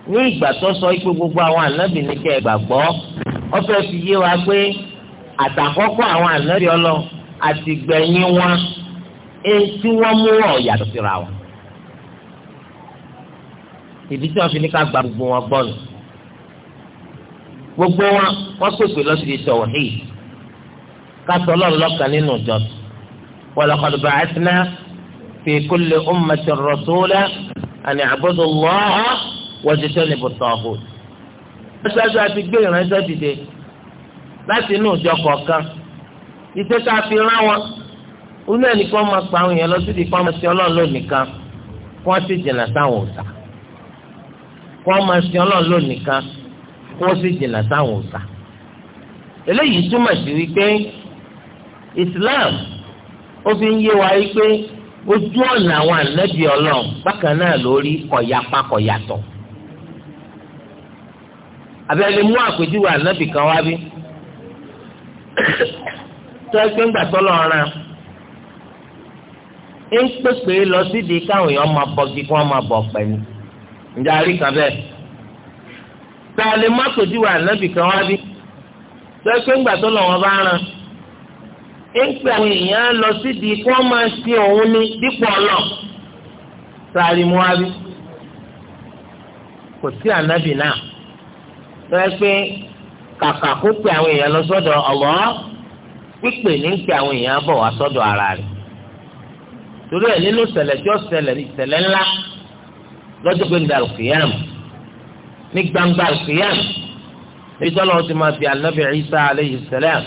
ní ìgbà tó sọ pé gbogbo àwọn ànábì ní kẹ́ ẹ gbàgbọ́ ó fẹ́ fi yé wa pé àtàkọ́kọ́ àwọn ànábì ọlọ àti gbẹ̀yìn wọn etí wọ́n mú wọn yàtọ̀ síra wọn. ìdí tí wọ́n fi ní ká gba gbogbo wọn gbọ́ nù gbogbo wọn wọ́n pèpè lọ sí ìtọ̀wọ̀ hẹ́yì kásọ Ọlọ́run lọ́kàn nínú ìjọsìn walaqad ba'athna fi kulli ummatin rasula an i'budu Allaha wajtanibu at-taghut. ẹ̀ṣáájú àti gbé ìránṣẹ́ dìde láti inú ìjọ kọ̀ọ̀kan iṣẹ́ tá a fi rán wọn onú ẹnìkan máa pa àwọn èèyàn lọ sí ìdìpá máa ṣe Ọlọ́run lónìí kan kí wọ́n sì jìnnà sáwọn òòṣà kí wọ́n máa ṣe Ọlọ́run lónìí kan kí wọ́n sì jìnnà sáwọn òòṣà eléyìí túmọ̀ sí wípé Islam ó fi ń yé wa yí pé ojú ọ̀nà àwọn ànábì ọlọ́run bákan náà lórí kọ̀yapa kọ̀yàtọ̀ abẹ́lẹ̀ mú àpèjúwe ànábì kan wá bí tó ẹgbẹ́ ń gbà tọ́lọ̀ ọ̀ràn ń pèpè lọ sídìí káwọn èèyàn máa bọ̀ kí wọ́n máa bọ̀ pẹ̀lú ǹjẹ́ àrí kan bẹ́ẹ̀ tá a lè àpèjúwe kan wá bí tó ẹgbẹ́ ń gbà tọ́lọ̀ wọn bá ń pè àwọn èèyàn lọ sídìí kí wọ́n máa ṣe òun ní dípò ọlọ́ sáré muhabi kò sí ànábì náà lọ́wọ́ pé kàkà kó pè àwọn èèyàn lọ sọ́dọ̀ Allah pípè ní ń pè àwọn èèyàn bọ̀ wá sọ́dọ̀ ara rẹ̀ torí ẹ̀ nínú ṣẹlẹ̀ tí ó ṣẹlẹ̀ ìṣẹ̀lẹ̀ ńlá lọ́jọ́ pé ndàlù kìyàm ní gbangba kìyàm ní sọ́lọ́ ti máa fi ànábì Ìsá alayhi salam.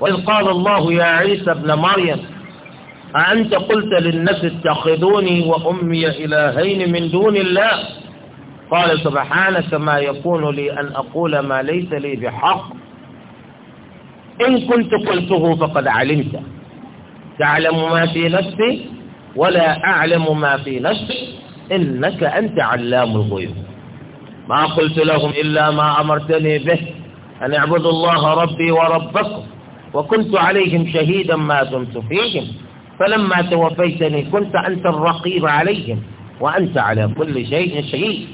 وإذ قال الله يا عيسى ابن مريم أأنت قلت للناس اتخذوني وأمي إلهين من دون الله قال سبحانك ما يكون لي أن أقول ما ليس لي بحق إن كنت قلته فقد علمت تعلم ما في نفسي ولا أعلم ما في نفسي إنك أنت علام الغيوب ما قلت لهم إلا ما أمرتني به أن اعبدوا الله ربي وربكم وكنت عليهم شهيدا ما دمت فيهم فلما توفيتني كنت أنت الرقيب عليهم وأنت على كل شيء شهيد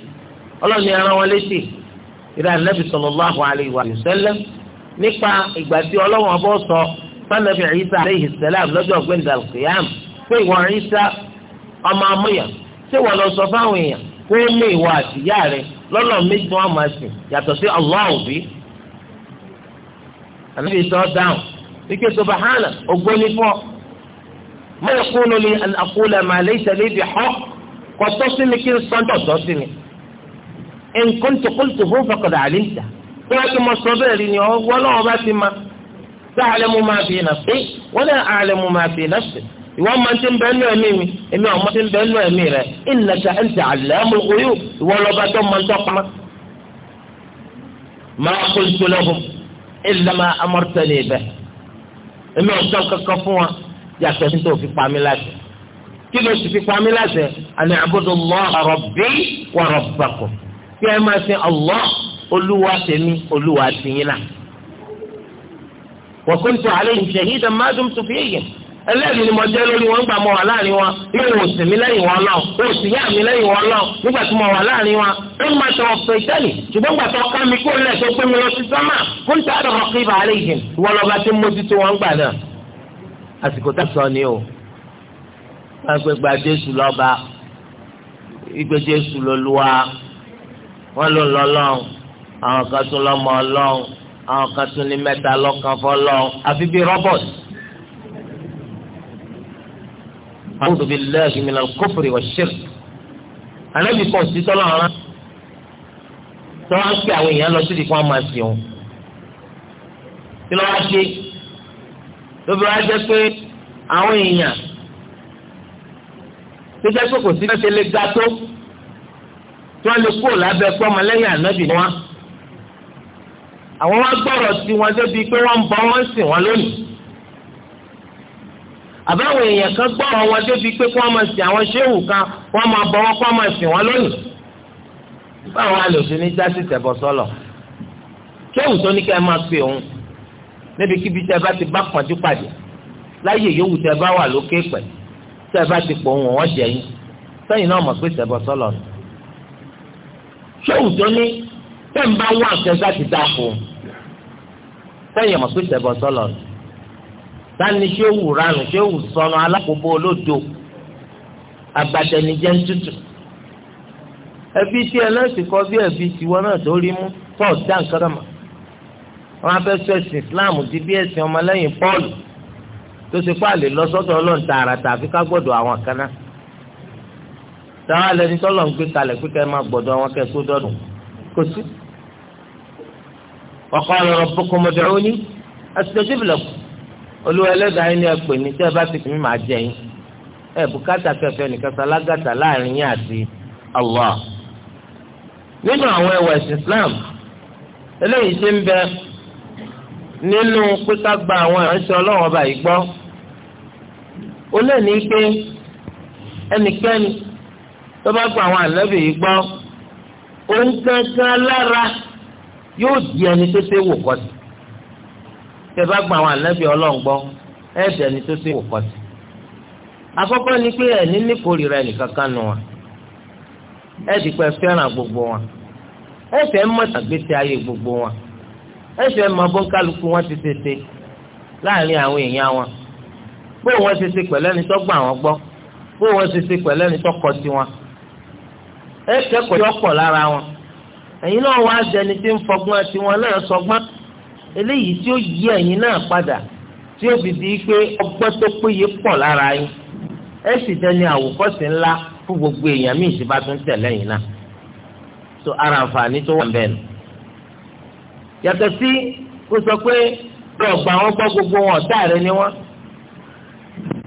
الله ni ara wọn létí ìdá nàbì sallallahu alayhi wa sallam nípa ìgbà tí ọlọ́wọ́n bọ́ sọ sanabi Isa alayhi salam lọ́jọ́ gbẹ̀ndà al-qiyam pé ìwọ Isa ọmọ amúyàn tí wọ́n lọ sọ fáwọn èèyàn pé ó mú ìwọ àtìyá rẹ lọ́nà méjì wọn máa sìn yàtọ̀ sí Allah òbí ànábì sọ dáhùn wípé subahana ògbóni fún ọ mọ̀lẹ́ kúló ni àkúlẹ̀ màlẹ́ ìṣẹ̀lẹ̀ ibi họ kò tọ́ sí mi kí n sọ ọ́ tọ́ sí mi nǹkan tó kó tó fún fọkàdà àlẹ́ ìjà tó bá ti mọ sọ bẹ́ẹ̀ rí ni ọ wọ́n lọ́wọ́ bá ti ma tá àlẹ́ mu máa fi nà sí wọ́n dẹ́ mu máa fi nà sí ìwọ́n máa ti ń bẹ́ẹ̀ nù ẹ̀mí mi èmi ọ̀ ti ń bẹ́ẹ̀ nù ẹ̀mí rẹ̀ ìnàkà ń tẹ àlẹ́ mu oyún ìwọ́n lọ́ba tó máa ń tọ́ pamọ́. máa kó ìtòlẹ́hùn ìlànà amọ̀tẹ́lẹ̀ ibẹ̀ èmi ò sọ kankan fún wa yàtọ̀ sí tó fi pa mí láṣẹ kí ló sì fi pa mí láṣẹ àná àbúdó lọ́ rabbi wa rabbakum kí ẹ máa sin Allah olúwa tèmi olúwa tìyín náà wa kuntu alayhim shahidan ma dumtu fihim ẹlẹ́rìí ni mo jẹ́ lórí wọn gbà mo wà láàrin wọn yóò wò sí mi lẹ́yìn wọn náà wò sí yá mi lẹ́yìn wọn náà nígbà tí mo wà láàrin wọn ó máa tọ ọ̀pẹ ìtẹ́lì ṣùgbọ́n gbà tó ká mi kó lẹ̀ tó gbé mi lọ sí sọ́mà fún tí a dọ̀ ọkọ ibà alẹ́ yìí ìwọ lọ́ba tí mo ti tó wọn gbà náà. àsìkò tá a sọ ni o wọn gbé gba Jésù lọ́ba ìgbé Jésù lọ́lúwa wọn ló lọ́ lọ́n àwọn kan tún lọ́mọ lọ́n àwọn kan tún ní a'udhu billahi minal kufri wash-shirk ànábì pọ̀ sí tọ́lọ́ ọ̀rán tó wá ń pè àwọn èèyàn lọ sí ìdí kí wọ́n máa sìn òun kí ló wá ṣe lóbi wá jẹ́ pé àwọn èèyàn tó jẹ́ pé kò sí fẹ́ ṣe lè ga tó tí wọ́n lè àbáwọn èèyàn kan gbọ́ àwọn wọn débi pé kí wọ́n máa sìn àwọn ṣéwù kan wọ́n máa bọ̀ wọ́n kọ́ máa sìn wọ́n lónìí. báwọn alòfin ní jásí tẹ̀bọ̀ sọ́lọ̀ ṣéwù tó ní ká ẹ máa pè òun níbi kíbi tẹ bá ti bá pọ̀njú pàdé láyé yòówù tẹ bá wà lókè pẹ̀ tẹ bá ti pọ̀ òun wọ́n jẹ yín sẹ́yìn náà mọ̀ pé tẹ̀bọ̀ sọ́lọ̀ ni. ṣéwù tó ní tẹ̀ ń bá wà tẹ tani ṣéwù ránù ṣéwù sọnù alákòóbó olódo agbatẹnijẹ ńtutù ẹbí tí ẹ náà sì kọ bí ẹbí tiwọn náà tó rí mú tó dá nǹkan náà mọ wọn abẹ sọ ẹsìn islam di bí ẹsìn ọmọlẹ́yìn Pọ́ọ̀lù tó ṣe pé àlè lọ sọ́dọ̀ Ọlọ́run tààrà tàbí ká gbọ́dọ̀ àwọn kan táwọn alẹni tọlọ ń gbé kalẹ̀ pé kẹ máa gbọ́dọ̀ àwọn kẹ dọdún kò sí. wa qala rabbukum ud'uni astajib lakum olúwa ẹlẹ́dàá yín ni ẹ pè mí tẹ́ ẹ bá ti pè mí màá jẹ yín ẹ bùkátà kẹfẹ nìkan sálágàtà láàrin yín àti Allah nínú àwọn ẹwà ẹ̀sìn Islam eléyìí ṣe ń bẹ nínú pípa gba àwọn ìránṣẹ́ Ọlọ́run ọba yìí gbọ́ ó lè ní pé ẹnikẹ́ni tó bá gba àwọn ànábì yìí gbọ́ òun kankan lára yóò di ẹni tó ṣe wò kọsí tẹ bá gba àwọn ànábì ọlọ́run ẹ dẹni tó ṣe kò ni pé ẹ̀ níní kórìíra nù wọn ẹ ti gbogbo wọn ẹ fẹ́ mọ̀ tàgbésí ayé gbogbo wọn ẹ fẹ́ wọn ti tètè láàrin àwọn èèyàn wọn bó wọn ṣe ṣe ẹni tó bó wọn ṣe ẹni tó kọ sí wọn ẹ lára wọn náà eléyìí tí ó yí ẹ̀yin náà padà tí ó fi di pé ọgbọ́n tó péye pọ̀ lára yín ẹ sì dẹni àwòkọ́sí ńlá fún gbogbo èèyàn míì tí bá tún tẹ̀lé yín náà so ara àǹfààní tó wà bẹ́ẹ̀ nù. yàtọ̀ sí kó sọ pé bí ọgbà wọn gbọ́ gbogbo wọn ọ̀tá rẹ ni wọn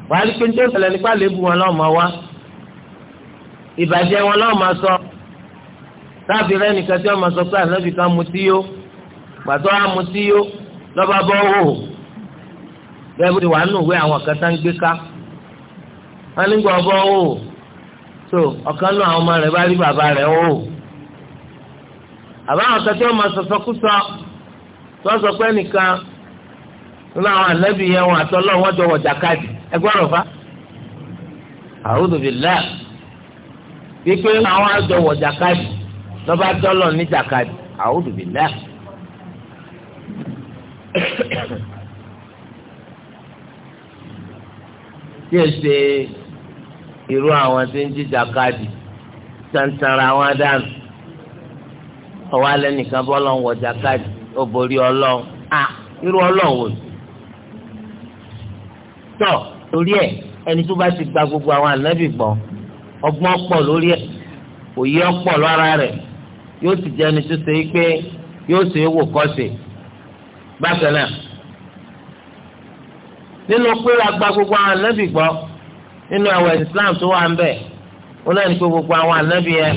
wàá rí pé ní tó ṣẹlẹ̀ nípa lébù wọn náà máa wá ìbàjẹ́ wọn náà máa sọ táàbì rẹ nìkan tí wọ́n máa sọ pé ànábì gbàtọ́ amutí yó lọ́ba bọ́ wò bẹ́ẹ̀ bó ti wà nù wé àwọn kẹta ń gbé ká so ọ̀kan náà àwọn ọmọ rẹ̀ bá rí bàbá rẹ̀ wò àbáwọn kẹta ọmọ sọsọkúsọ tó sọ pé nìkan nínú àwọn ànábì yẹn wọn àtọ́lọ́ fa lẹ́ẹ̀ àwọn lọ́ba tọ́lọ̀ tí ẹ ṣe irú àwọn tí ń jíjà káàdì tantara wọn dànù ọwọ́ alẹ́ nìkan bọ́lọ̀ ń wọjà káàdì ó borí ọlọ́run à irú ọlọ́run wò tọ́ torí ẹ̀ ẹni tó bá ti gba gbogbo àwọn ànábì gbọ́ ọgbọ́n pọ̀ lórí ẹ̀ òye ọ̀pọ̀ lára rẹ̀ yóò sì jẹ́ ẹni tó ṣe é pé yóò ṣe é wò kọ́ bákan náà nínú pé agba gbogbo àwọn ànábì gbọ́ nínú àwọn Islam tó wà ń bẹ̀ wọn náà ní pé gbogbo àwọn ànábì yẹn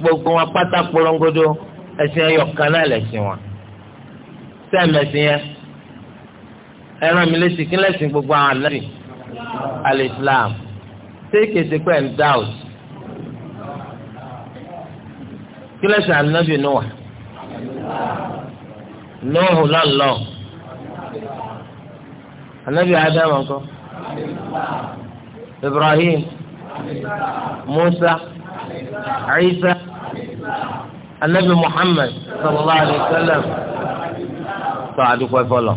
gbogbo wọn pátá polongodo ẹ̀sìn ẹyọ kan náà lẹ̀sìn wọn sẹ́ẹ̀mẹ̀sìn yẹn ẹran mi létí kí lẹ́sìn gbogbo àwọn ànábì alìsílám ṣé kèsì pẹ̀ ń dáwùt kí lẹ́sìn ànábì Nuwa nóòhùn lọ́nlọ́ anabi adamu ńkọ́ ibrahim musa isa anabi muhammad sallallahu alayhi wa sallam sọ àdúgbò ẹfọ lọ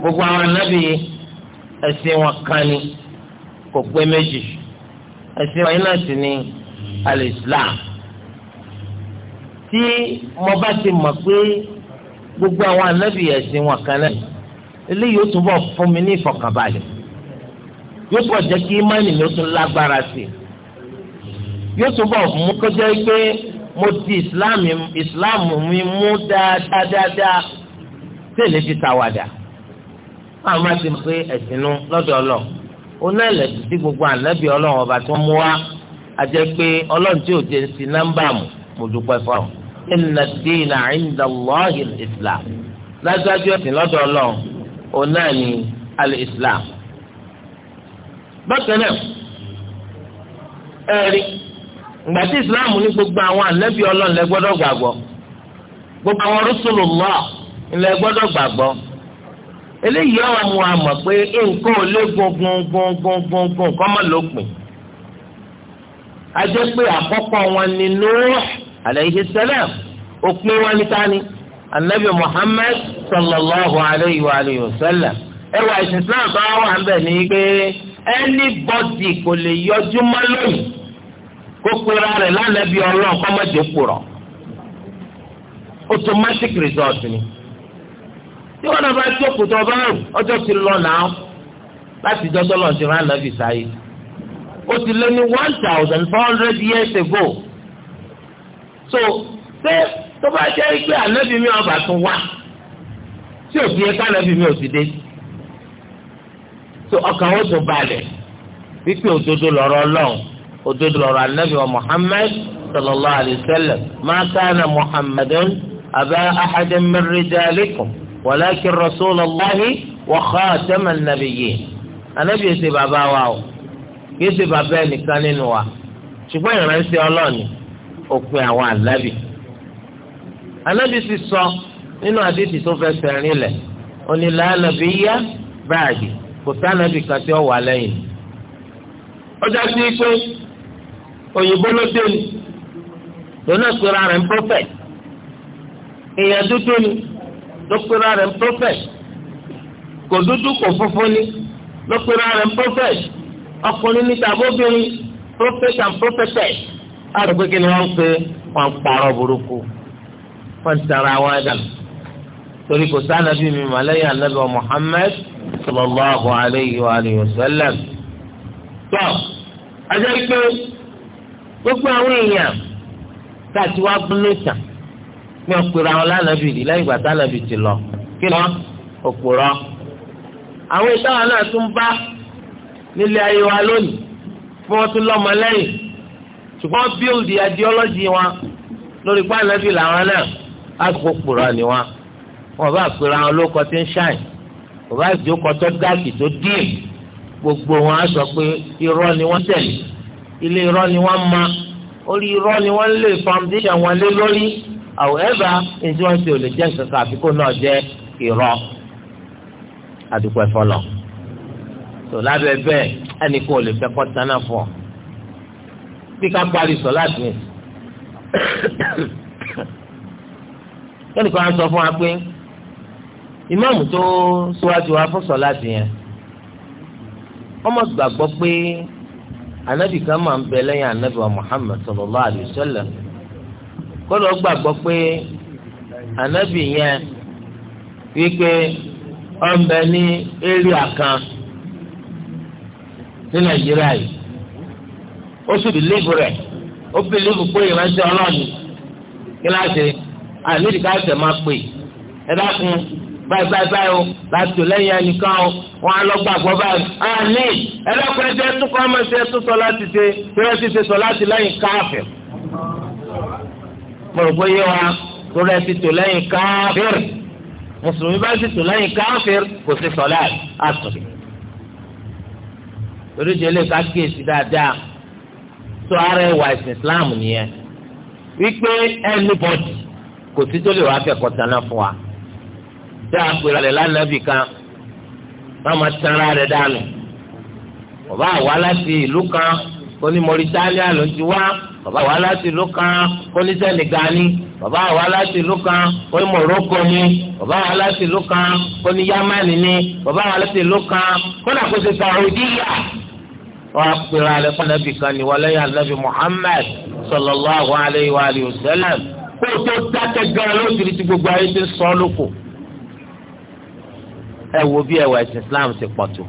gbogbo àwọn anabi ẹ̀sìn wọn kan ni kò pé méjì ẹ̀sìn wọn iná sì ni alislam tí mo bá ti mọ̀ pé gbogbo àwọn anábì ẹ̀sìn wọn kan lẹ́yìn eléyìí ó túbọ̀ fún mi ní ìfọ̀kànbalẹ̀ yóò túbọ̀ jẹ́ kí imáìnì mi ó tún lágbára sí i yóò túbọ̀ mú kó jẹ́ pé mo ti ìsìláàmù ìsìláàmù mi mú dáadáa tẹ̀lé fi tàwàdà àwọn máa ti pé ẹ̀sìn nu lọ́dọ̀ ọlọ́ oná ẹ̀lẹ́sì tí gbogbo ànábì ọlọ́run ọba tó mú wa àjẹ́ pé ọlọ́run tí ò jẹ́ ń sin mu mo dúpẹ́ fọ́ọ̀mù inna ad-dina 'inda Allahi al-islam lájọ́jú ẹ̀sìn lọ́dọ̀ ọlọ́run òun náà ni al-islam. bákan náà ẹ̀rí ìgbà tí islam ní gbogbo àwọn ànábì ọlọ́run lẹ gbọ́dọ̀ gbàgbọ́ gbogbo àwọn rusulullah lẹ gbọ́dọ̀ gbàgbọ́ eléyìí ọ̀rọ̀ mu àmọ̀ pé nǹkan ò lé gungungungungun kọ́mọ́ lópin. a jẹ́ pé àkọ́kọ́ wọn ni Nuh alayhi salam òpin wọn ní tani anabi muhammed sallallahu alayhi wa alayhi wa sallam ẹ wà ìsìn islam tó wà ń bẹ̀ ní pé anybody kò lè yọjú mọ́ lónìí kó pera rẹ̀ lánàbí ọlọ́run kọ́ mọ́tò kúrọ̀ automatic result ni tí wọn náà bá jókòó tó bá rò ọjọ́ ti lọ náà láti jọ́jọ́ lọ́n ti rán anabi sáyé ó ti lé ní one thousand four hundred years ago so ṣé tó bá jẹ́ pé ànábì mi ọba tún wá tí òbí yẹ ká ànábì mi ò ti dé so ọkàn ó tún balẹ̀ wípé òdodo lọ̀rọ̀ ọlọ́run òdodo lọ̀rọ̀ ànábì wa Muhammad sallallahu alayhi wa sallam ma kana Muhammadun aba ahadan min rijalikum walakin rasulallahi wa khataman nabiyyin ànábì yẹn ṣe bàbá wa o kì í ṣe bàbá ẹnìkan nínú wa ṣùgbọ́n ìránṣẹ́ ọlọ́run òpin àwọn ànábì ànábì sì sọ nínú àdéhùn tó fẹ́ sẹ́rin lẹ̀ onílà ànábì yá báàgì kò sànábì kan tí ó wà lẹ́yìn ọjà sí pé òyìnbó ló dé ni lónà pera rẹ̀ ń prophet èèyàn dúdú ni ló pera rẹ̀ ń prophet kò dúdú kò funfun ni ló pera ń prophet ọkùnrin níta bóbìnrin prophet and prophetess àrùn pé kí ni wọ́n ń pe wọ́n ń parọ́ burúkú wọ́n ti tara wọn dànù torí kò sáà nàbí mi mà lẹ́yìn ànábì wa Muhammad sallallahu alayhi wa alihi wa sallam. tó ajá pé gbogbo àwọn èèyàn tàti wá gbóló tàn ní ọ̀pẹ̀rẹ̀ àwọn lánàbì rí lẹ́yìn ìgbà tánàbì ti lọ kí ni wọ́n òpòrọ̀. àwọn ìtàn náà tún bá nílé ayé wa lónìí fún wọn tún lọ́mọ lẹ́yìn ṣùgbọ́n bíòdì ideology wọn lórí pàǹdàbí làwọn náà àgbo kpòrò ni wọn wọn bá pèrè àwọn olóko tí ń ṣàn wọn bá jókòó tó dáàkì tó dín gbogbo wọn á sọ pé irọ́ ni wọ́n tẹ̀lé ilé irọ́ ni wọ́n ma orí irọ́ ni wọ́n lè foundation wọn lé lórí however ǹjẹ́ wọ́n ti ò lè jẹ́ nǹkan kan àfikún náà jẹ́ irọ́ àdúgbò ẹ̀fọ́ lọ. tó lábẹ́ bẹ́ẹ̀ ẹnì kan ò lè fẹ́ kọ́ tán náà fún ọ bí ká parí sọ láti ní. lónìí kan sọ fún wa pé ìmáàmù tó síwájú wa fún sọ láti yẹn ọmọ gbàgbọ́ pé anabi kan máa ń bẹ lẹ́yìn anabi wa Muhammad sallallahu alayhi wa sallam kọ́dọ̀ gbàgbọ́ pé anabi yẹn wípé ọ̀nbẹ ní area kan ní Nàìjíríà yìí ó sì bìlíìfù rẹ̀ ó bìlíìfù pé ìránṣẹ́ ọlọ́ọ̀ni kíláàsì àníbi ká tẹ̀ máa pè ẹ dákun báyìí báyìí báyìí o láti lẹ́yìn ẹnìkan o wọn á lọ gbàgbọ́ báyìí. àní ẹ dákun ẹjẹ tún kọ́ ọmọ ẹsẹ̀ tún sọ láti ṣe tí wọ́n ti ṣe sọ láti lẹ́yìn káàfẹ̀. mo rò wa torí ẹ ti tò lẹ́yìn káàfẹ̀rì mùsùlùmí bá ti tò lẹ́yìn káàfẹ̀rì kò sí sọ láti àtúndì. torí jẹ́lẹ̀ ká kíyèsí dáadáa sọ ara ẹwà ẹ̀sìn islam nìyẹn wípé anybody kò sí tó lè wá fẹ̀kọ́ tánná fún wa dá àpèrè rẹ̀ lánàbì kan wọ́n máa tanra rẹ̀ dànù bàbá àwa láti ìlú kan ó ní Mauritania ló ti wá bàbá àwa láti ìlú kan ó ní Senegal ni bàbá àwa láti ìlú kan ó Morocco ni bàbá àwa láti ìlú kan ó Yamani ni bàbá àwa láti ìlú kan kó nà kó ṣe Saudiya wọn apèrè alẹ fún anabi kan ní wọlé yà anabi muhammad sallallahu alayhi wa alayhi wa sallam kó o tó dákẹ́ gan ló ti di ti gbogbo ayé ti sọ lóko. ẹ wo bí ẹwà ẹ̀sìn islam ti pọ̀ tó.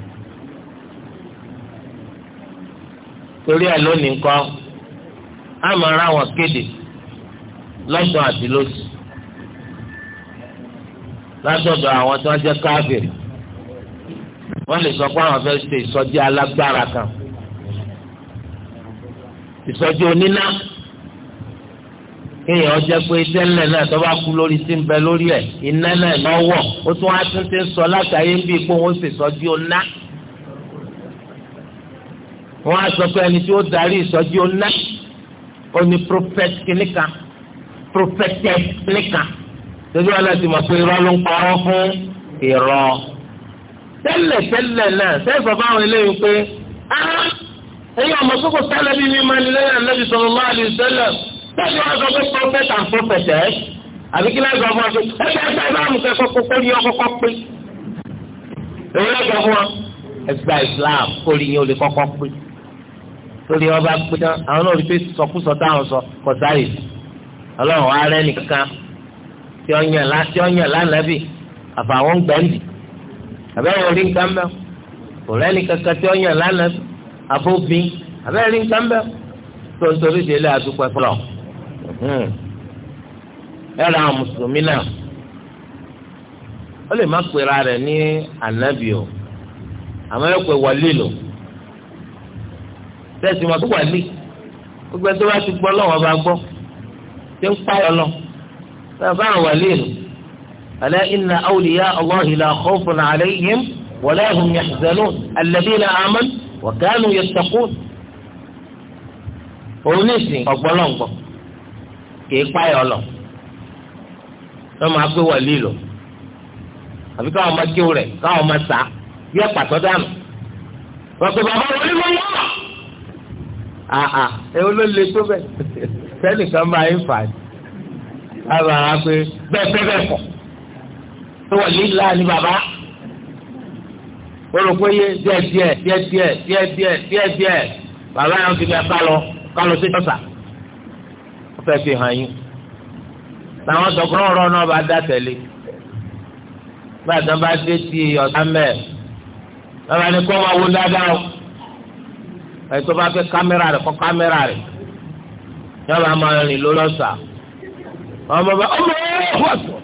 torí ẹ lónìí nǹkan á máa ra wọn kéde lọ́sọ̀ àti lóṣù látọ̀dọ̀ àwọn tí wọ́n jẹ́ káfíìn wọ́n lè sọ pé àwọn fẹ́ẹ́ ṣe ìsọjí alágbára kan ìsọjí oníná kéèyàn jẹ́ pé tẹ́lẹ̀ náà tó bá kú lórí tí ń bẹ lórí ẹ̀ iná náà náà wọ̀ ó tún á tún ti ń sọ látàyè ń bí pé wọ́n sì sọjí oná wọ́n á sọ pé ẹni tí ó darí ìsọjí oná ó ní prophet kìnìkan prophetess kìnìkan lójú ọ̀la ti mọ̀ pé irọ́ ló ń parọ́ fún irọ́ tẹ́lẹ̀ tẹ́lẹ̀ náà sẹ́sọ̀ báwọn eléyìí pé áá ẹ̀yin ọmọ sọ́kò sálẹ́bí ní mani lẹ́yìn ànábì sọ̀rọ̀ máa lè sẹ́lẹ̀ bẹ́ẹ̀ni wọ́n sọ pé prophet and prophetess àbí kí láti ọmọ ọdún ẹgbẹ́ ẹgbẹ́ ìbámu kẹ́kọ̀ọ́ kókó ní ọkọ̀kọ́ pé èyí lọ́jọ́ fún wa ẹgbẹ́ Islam kó rí yín ó lè kọ́kọ́ pé lórí ọba pé tán àwọn náà rí pé sọkúsọ táwọn sọ kọ sáyè ọlọ́run wa rẹ́ nìkan tí ó yàn lá tí ó yàn lánàbì àfàwọn gbẹ̀ndì àbẹ́wò rí nǹkan mẹ́wò kò rẹ́ nìkan tí ó yàn lánàbì abófin abẹ́rẹ́ nǹkan bẹ́ẹ̀ tó ń torí délé àdúpẹ́ fọlọ́ hmm. ẹ̀rọ àwọn mùsùlùmí náà ó lè má pera rẹ̀ ní ànábì o àmọ́ ẹ̀ pé wàlí lò tẹ̀sí wọn tó wàlí gbogbo ẹni bá ti gbọ́ lọ́wọ́ bá gbọ́ tí ń pààyàn lọ bàbá wàlí lò ala inna awliya allahi la khawfun alayhim wa hum yahzanun alladhina amanu wọ̀gánù yẹ sọ́kún òun nìsín ọ̀gbọ́lọ́ngbọ̀ kì í páyọ̀ lọ wọ́n máa gbé wọ̀lì lọ àbí káwọn máa kíw rẹ̀ káwọn máa sá bí ẹ̀pà tó dànù wọ́n pe bàbá wọlé mọ́ wọ́n àà ẹ olóòlè tó bẹ̀ sẹ́nìkan máa ń fà á àbàrà pé bẹ́ẹ̀ bẹ́ẹ̀ bẹ́ẹ̀ kọ̀ tó wọ̀lì bàbá olùkọ́ yé díẹ̀ díẹ̀ díẹ̀ díẹ̀ díẹ̀ díẹ̀ díẹ̀ díẹ̀ bàbá yẹn fi fẹ́ kálọ kálọ sí tọ́sà ó fẹ́ fi hàn yín làwọn sọkúrọ̀ ọ̀rọ̀ náà bá dá tẹ̀lé gbàdán bá dé ti ọ̀sán mẹ́ẹ̀ bàbá ni kọ́ máa wo dáadáa o ẹ̀tọ́ bá fẹ́ kámẹ́rà rẹ̀ kọ́ kámẹ́rà rẹ̀ yọ bá máa rìn lórí ọ̀sà ọmọ bá ọmọ ẹ̀ wọ́n sọ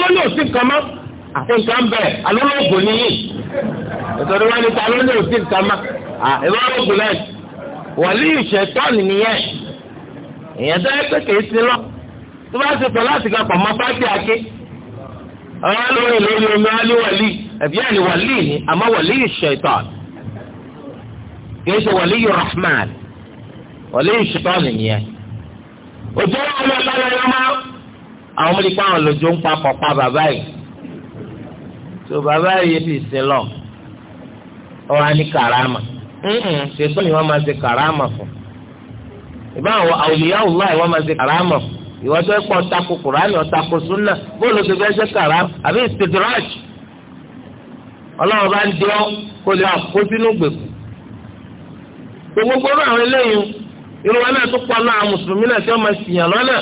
rọ́ọ̀ ní òsín kan mọ́ nǹkan bẹ́ẹ̀ àlọ́ lóògùn nìyí ìtọ́jú wọn ni tàló ní òsì kama ìwọ lóògùn náà wàlí ìṣẹ̀tàn nìyẹn èèyàn tó yẹ pé kìí sin lọ tó bá ṣe tọ́ láti ga pàmò pàṣẹ àké ọ̀rọ̀ lórí lórí omi wálé wàlí ẹ̀bí àní wàlí ni àmọ́ wàlí ìṣẹ̀tàn kìí ṣe wàlí rahman wàlí ìṣẹ̀tàn nìyẹn òjò wọn lọ lọ́wọ́ àwọn ọmọdé pa àwọn lójó ń pa pọ̀ pa bàbá yìí. tó bàbá yìí ti sin lọ ọha á ní karama ṣètò ni wọ́n máa ṣe karama fún ìbáwọ̀ àwòlíyá òwúlá ìwọ́n máa ṣe karama fún ìwọ́n tó pọ̀ tako kùránì ọ̀tako súnà bóòlù tó fẹ́ ṣe karama àbí istidraj ọlọ́run bá ń di kó lè àkó sínú gbèkú gbogbo àwọn eléyìí irun wọn náà tó pọ̀ náà mùsùlùmí náà tí wọ́n máa ṣìyàn lọ́nà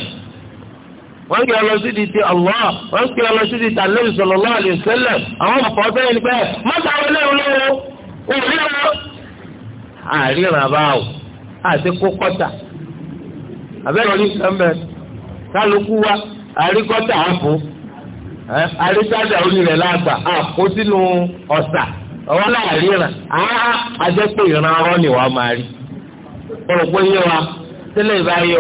wọ́n kí ọlọ́sí di ti Allah wọ́n gbé ọlọ́sí di tàlẹ́bí sallallahu alaihi wasallam àwọn ọ̀pọ̀ ọ̀sẹ̀ pẹ́ mọ́tà àríran àti orí sẹ́mbẹ́ kálukú wa àríkọ́tà àpò àríkọ́tà orí rẹ̀ lágbà àpò sínú ọ̀sà ọwọ́ láàríran àá àjẹpẹ́ ìran ọ̀rọ̀ ni wàá máa rí ọ̀rọ̀ pé yé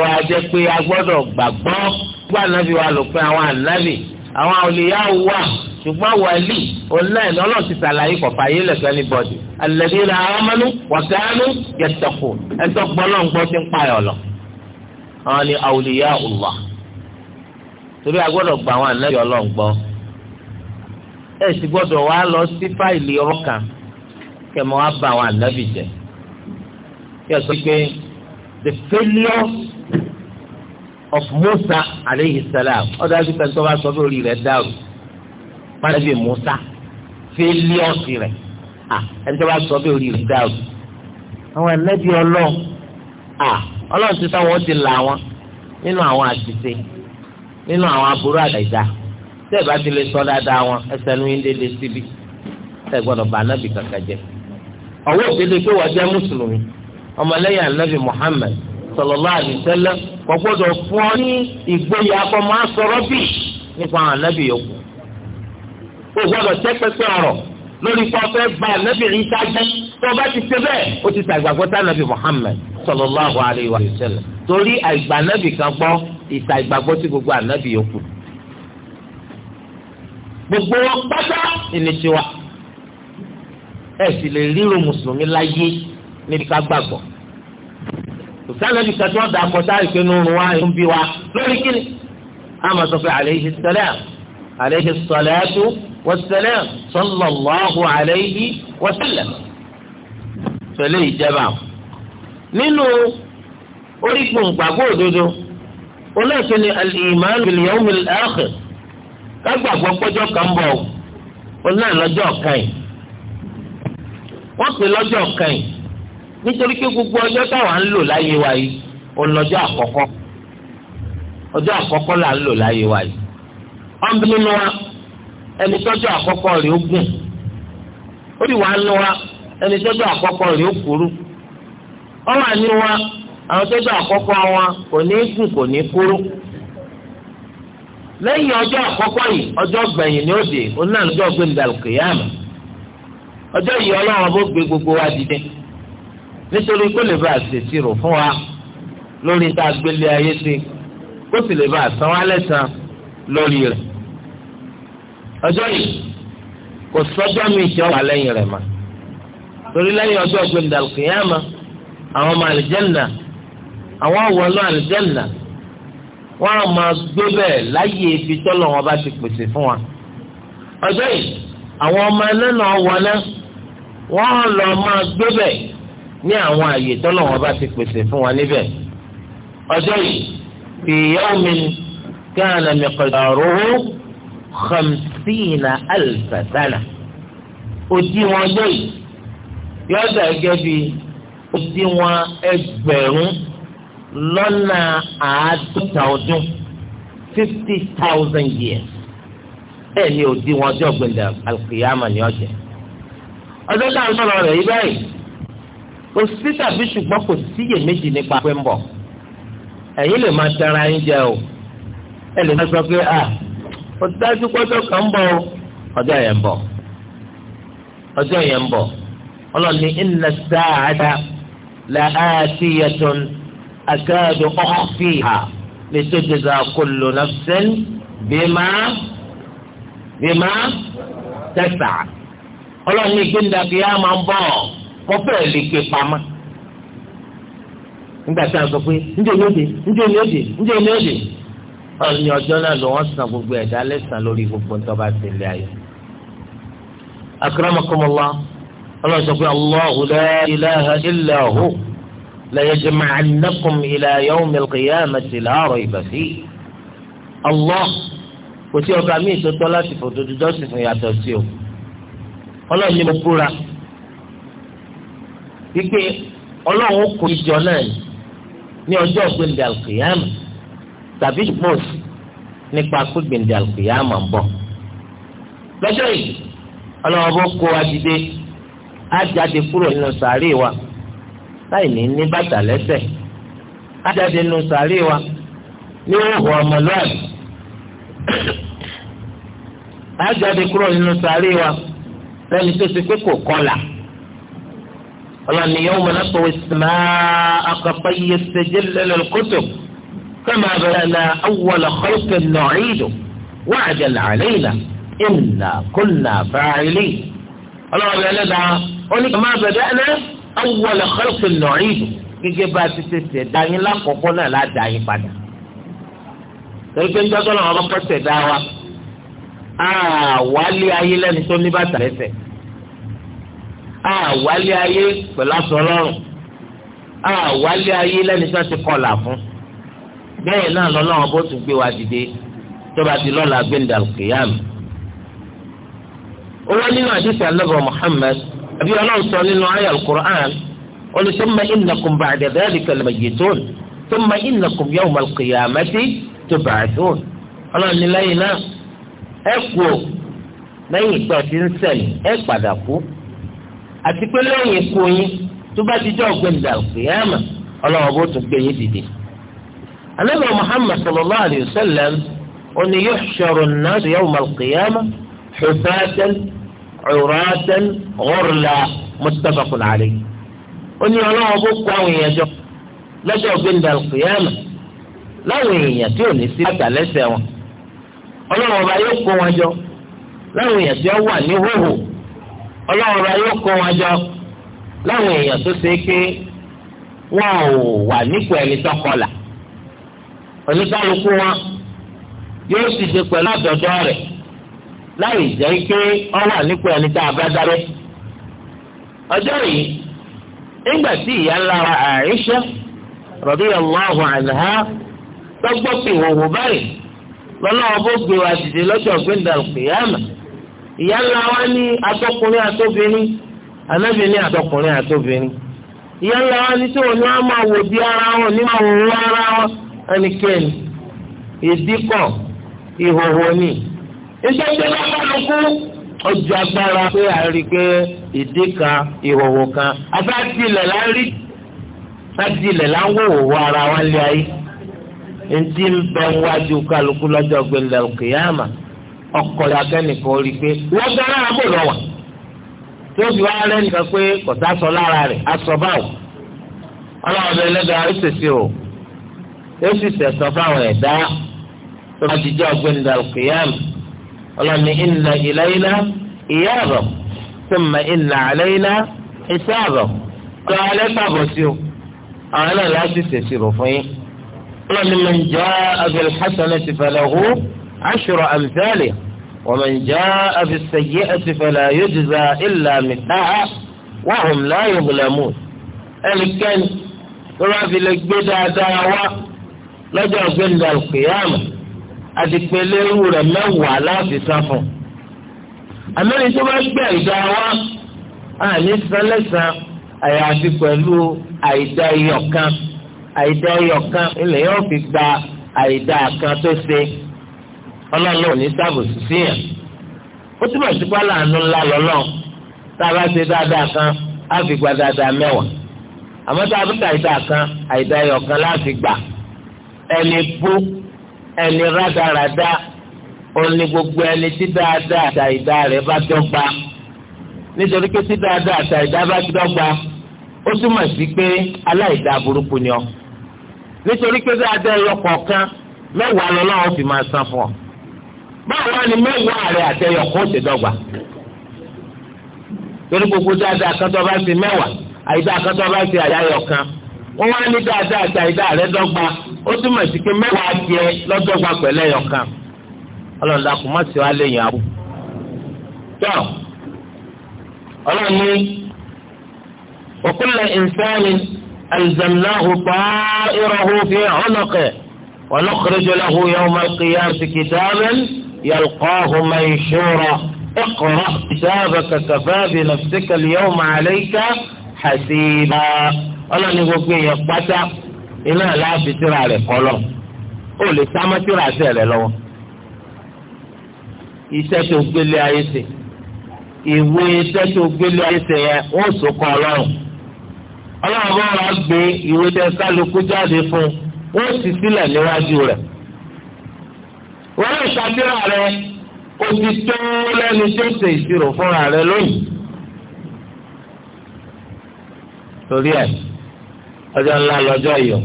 wa tẹ́lẹ̀ gbọ́ ànábì wa lò pé àwọn ànábì àwọn olùyà wà ṣùgbọ́n wàlí online ọlọ́ọ̀tì sàlàyé kọ̀ọ̀fà yé lẹ́sẹ̀ ní bọ́ọ̀dì alẹ́bí ra amánú wàkánú yẹtọ̀kù ẹtọ́ gbọ́lọ́ ń gbọ́ sí ń payọ̀ lọ. àwọn ni olùyà wà torí a gbọ́dọ̀ gba àwọn ànábì ọlọ́ọ̀ gbọ́ ẹ sì gbọ́dọ̀ wá lọ sí fáìlì ọ̀rọ̀ kan kẹmọ́ wá ba àwọn ànábì jẹ the failure of Musa aleyhi salam ọ̀dọ̀ àti pẹ̀lú tó sọ bí orí rẹ̀ Musa fẹ́líọ̀sì rẹ̀ à ẹni tó sọ bí orí dàrú àwọn ẹlẹ́bí ọlọ́run à ọlọ́run ti sáwọn ti là wọn nínú àwọn àṣìṣe nínú àwọn aburú àdàìdá tẹ́ bá ti lè sọ dáadáa wọn nu yín síbi bá anábì kankan jẹ pé sallallahu alaihi wasallam kò gbọ́dọ̀ fún ọ ní ìgboyà kó máa sọ̀rọ̀ bì nípa àwọn ànábì yòókù kò gbọ́dọ̀ tẹ́ pẹ́pẹ́ ọ̀rọ̀ lórí pọfẹ gba ànábì rí sáájú tó bá ti ṣe bẹ́ẹ̀ ó ti ṣàgbàgbọ́ tánàbì Muhammad sallallahu alaihi wasallam torí àìgbà ànábì kan gbọ́ ìta tí gbogbo ànábì yòókù gbogbo wọn pátá ìnìtiwa ẹ sì lè ríro mùsùlùmí láyé níbi ká gbàgbọ́ kò sálẹ̀ bí kàtí wọ́n dàpọ̀ táyì pé nínú wa ń bí wa lórí kíni. a máa sọ pé alayhi salam alayhi salatu wassalam sallallahu alayhi wa sallam. pẹ̀lú ìjẹba nínú orígun gbàgbọ́ òdodo olóòtú ni al-iman bil yawm kágbàgbọ́ pọ́jọ́ kan bọ̀ ọ́ náà lọ́jọ́ kan yìí wọ́n pè lọ́jọ́ kan yìí. nítorí pé gbogbo ọjọ́ táwa ń lò láyé wa yìí ọlọ́jọ́ àkọ́kọ́ ọjọ́ àkọ́kọ́ là ń lò láyé wa yìí wa ẹni tọ́jọ́ àkọ́kọ́ rẹ̀ ó gùn ó sì wá nú wa ẹni tọ́jọ́ àkọ́kọ́ rẹ̀ ó kúrú ní wa àwọn tọ́jọ́ àkọ́kọ́ wọn kò ní gùn kò ní kúrú lẹ́yìn ọjọ́ àkọ́kọ́ yìí ọjọ́ gbẹ̀yìn ni ó dé lọ́jọ́ ọjọ́ yìí ọlọ́run gbogbo wa dìde. nítorí kó lè bá àṣèṣirò fún wa lórí tá a gbélé ayé sí kó sì lè bá àsan wa lẹ́san lórí rẹ̀ ọjọ́ yìí kò sọ́jọ́ mi ìṣe wà lẹ́yìn rẹ̀ mà torí lẹ́yìn ọjọ́ gbẹ̀ndàlùkìyàmà àwọn ọmọ àlìjẹ́nà àwọn àwọnú àlìjẹ́nà wọ́n á máa gbé bẹ́ẹ̀ láyé ibi tọ́lọ̀ wọn bá ti pèsè fún wa ọjọ́ yìí àwọn ọmọ ẹlẹ́nà ọ̀wọ́ná wọ́n lọ máa gbé bẹ́ẹ̀ ní àwọn àyè tọ́lọ́wọ́n bá ti pèsè fún wa níbẹ̀. ọjọ́ yìí fi yawmin kana miqdaruhu khamsina alfa sana. òdiwọ̀n ọjọ́ yìí yóò dà gẹ́gẹ́ bí òdiwọ̀n ẹgbẹ̀rún lọ́nà àádọ́ta ọdún fifty thousand years. bẹ́ẹ̀ ni òdiwọ̀n ọjọ́ gbẹ̀dẹ̀ alqiyama ni ọjọ́. ọjọ́ tá sọ̀rọ̀ rẹ̀ yí báyìí òsì tàbí ṣùgbọ́n kò síyè méjì nípa pé ń bọ̀ ẹ̀yin lè máa tẹ̀ra yín jẹ o ẹ lè máa sọ pé à ó dájú pọ́jọ́ kan ń bọ̀ o ọjọ́ yẹn ń bọ̀ ọjọ́ yẹn ń bọ̀ ọlọ́ni inna as-sa'ata la'atiyatun akadu ukhfiha litujza kullu nafsin bima bima tas'a ọlọ́ni gbẹ̀ndàkìyà máa ń bọ̀ ọ́ mo fẹ́ lè gbé pamọ́ nígbà tí a sọ pé njẹ́ ni ó dé njẹ́ ni ó dé njẹ́ ni ó dé ọ̀nì ọjọ́ náà ló wọ́n san gbogbo ẹ̀dá lẹ́sàn lórí gbogbo ń tọ́ba ti lé ayé. akramakumullah ọlọ́run sọ pé Allahu ilaha illa hu la yajma'annakum ila yawmil qiyamati la Allah kò sí ọba míì tó láti fòtò dídọ́sì fún yàtọ̀ sí o ọlọ́run ni mo búra wípé ọlọ́run ó kó ìjọ náà ní ọjọ́ gbèndé alùpùpù tàbí mọ́ọ̀sì nípa pé gbèndé alùpùpù ń bọ̀. lọ́jọ́ yìí ọlọ́run bó kó wa dìde á jáde kúrò nínú sàárè wa láì ní ní bàtà lẹ́sẹ̀ á jáde nínú sàárè wa ní òhùn ọmọlúwàbí á jáde kúrò nínú sàárè wa lẹ́ni tó ṣe pé kò kọlà ọlọ́run ni yawma natwi as-samaa'a katayyi as-sijilli lil-kutub kama bada'na awwala khalqin nu'iiduhu wa'dan 'alaynā innā kunnā fā'ilīn ọlọ́run ẹlẹ́dàá ó ní kama bada'na awwala khalqin nu'iiduhu gẹ́gẹ́ bá a ti ṣe ṣẹ̀dá yín lákọ̀ọ́kọ́ náà ládà yín padà. torí pé nígbà tó lọ́wọ́ bá kọ́ ṣẹ̀dá wa àwálé ayé lẹ́ni tó ní bàtà lẹ́sẹ̀ àwálé ayé pẹ̀lú aṣọ lọ́rùn àwálé ayé lẹ́ni tó ti kọlà fún bẹ́ẹ̀ náà lọ́lọ́run bó tún gbé wa dìde tó bá ti lọ́la gbẹ̀ndà kìyàmù. olórí nínú àdìsí anábọ̀ Muhammad àbí ọlọ́run sọ nínú ayé al-Qur'an olùsọ́mọ ìnàkùn ba'da dhalika lamayitun thumma ìnàkùn yawma al-qiyamati tub'athun ọlọ́run ní lẹ́yìn náà ẹ kú lẹ́yìn ìgbà tí ń sẹ̀lẹ̀ ẹ padà kú àti pé lẹ́yìn ikú yín tó bá ti jẹ́ ọ̀gbẹ́ndà òkèèyàmà ọlọ́wọ́ bó tún gbé yín dìde. anábẹ́ muhammad sallallahu alayhi wa sallam oní yuhsharu an-nasu yawma al-qiyamah hufatan uratan ghurla muttafaqun alayhi. oní ọlọ́wọ́ bó kó àwọn èèyàn jọ lọ́jọ́ ọ̀gbẹ́ndà òkèèyàmà láwọn èèyàn tí ò ní sí àtàlẹ́sẹ̀ wọn ọlọ́wọ́ bá yóò kó wọn jọ láwọn èèyàn tí wọ́n wà ní hóhò ọlọ́run ọba yóò kó wọn jọ láwọn èèyàn tó ṣe pé wọn ò wà nípò ẹni tọkọlà oníkálukú wọn yóò sì ṣe pẹ̀lú àdọ̀dọ̀ rẹ̀ láì jẹ́ pé ọ wà nípò ẹni tá a bá ọjọ́ yìí nígbà tí ìyá ńlá wa pé báyìí gbé wa dìde lọ́jọ́ ìyá ńlá wa ní atọkùnrin àtobìnrin ànábì ní àtọkùnrin àtobìnrin ìyá ńlá wa ní tí òun ní wọn máa wò di ara wọn ní máa wò wọ ara wọn ẹnikẹ́ni ìdíkọ̀ ìhòhò ni ìgbésẹ̀ lọ́kọ̀ ló kú ọjọ́ agbára pé a rí i pé ìdí kan ìhòhò kan abájílẹ̀ la rí abájílẹ̀ la ń wòwò ara wa lé ayé ntí ń bẹ wájú kálukú lọ́jọ́ gbẹlẹ̀ kìyàmà ọkọ̀ akẹ́nìkan rí i pé wọ́n gbé ara kò lọ́wọ́ tí ó fi wá rẹ́ nìkan pé kọ̀tà sọ lára rẹ̀ aṣọ báwò ọlọ́run ẹlẹ́dàá ó ṣèṣe o ó sì ṣẹ̀sọ́ fáwọn ẹ̀dá tó bá ti jẹ́ ọ̀gbìn dàlùkìyàm ọlọ́ni ìnà ìlẹ́yìnà ìyáàbọ̀ tó mọ ìnà àlẹ́yìnà ìṣàbọ̀ tó alẹ́ pàbọ̀ sí o àwọn náà láti ṣèṣe rò fún yín ọlọ́ni mọ̀ ń jẹ́ abilhassan ومن جاء بالسيئة فلا يجزى إلا مثلها وهم لا يظلمون ẹnikẹ́ni tó bá fi lè gbé dáadáa wá lọ́jọ́ gbẹ̀ndà kìyàmù àti pèlè irú rẹ̀ mẹ́wàá láti san fún. àmẹ́rin tó bá gbé àìdá wá àní sẹ́lẹ̀sán àyàfi pẹ̀lú àìdá iyọ̀ kan àìdá iyọ̀ kan ilẹ̀ yóò fi gba àìdá kan tó ṣe ọlọ́run ló ní sábòsí sí yàn ó túbọ̀ sí pálá àánú ńlá lọ́lọ́ tá a bá ṣe dáadáa kan á fi gba dáadáa mẹ́wàá àmọ́ tá a bá ṣe àìdá kan àìdá ẹyọ kan láti gbà ẹni bú ẹni rádaràda òní gbogbo ẹni tí dáadáa àtàìdá rẹ̀ bá dọ́gba nítorí pé tí dáadáa àtàìdá bá dọ́gba ó túmọ̀ sí pé aláìdá burúkú ni ọ nítorí pé dáadáa ẹyọ kọ̀ọ̀kan mẹ́wàá lọ́lọ́run fi máa san fún ọ. báwo wá ni mẹ́wàá rẹ̀ àtẹyọ kó ṣe dọ́gba torí gbogbo dáadáa kan bá ṣe mẹ́wàá àyíká kan bá ṣe àyáyọ kan wọ́n wá ní dáadáa àti àyíká rẹ̀ dọ́gba ó túmọ̀ sí pé mẹ́wàá jẹ lọ́dọ́gba pẹ̀lú ẹyọ kan ọlọ́run dàkú má sì wá léyìn abú. tó ọlọ́run òkúlẹ̀ ìnsáni alzamnahu fi al يلقاه منشورا اقرأ كتابك كفى بنفسك اليوم عليك حسيبا ọlọ́ni gbogbo èèyàn pátá iná láàbì tíra rẹ̀ kọ́lọ̀ ó lè sá mọ́ tíra sí rẹ̀ lọ́wọ́ iṣẹ́ tó gbélé ayé ṣe ìwé iṣẹ́ tó gbélé ayé ṣe yẹn wọ́n sọ kọ́ ọlọ́run ọlọ́run bá wà gbé ìwé tẹ kálukú jáde fún un ó sì sílẹ̀ níwájú rẹ̀. wọ́n lè ṣàdúrà rẹ o ti tó lẹ́nu tó ṣe ìṣirò fúnra rẹ lónìí. torí ẹ ọjọ́ ńlá lọ́jọ́ yìí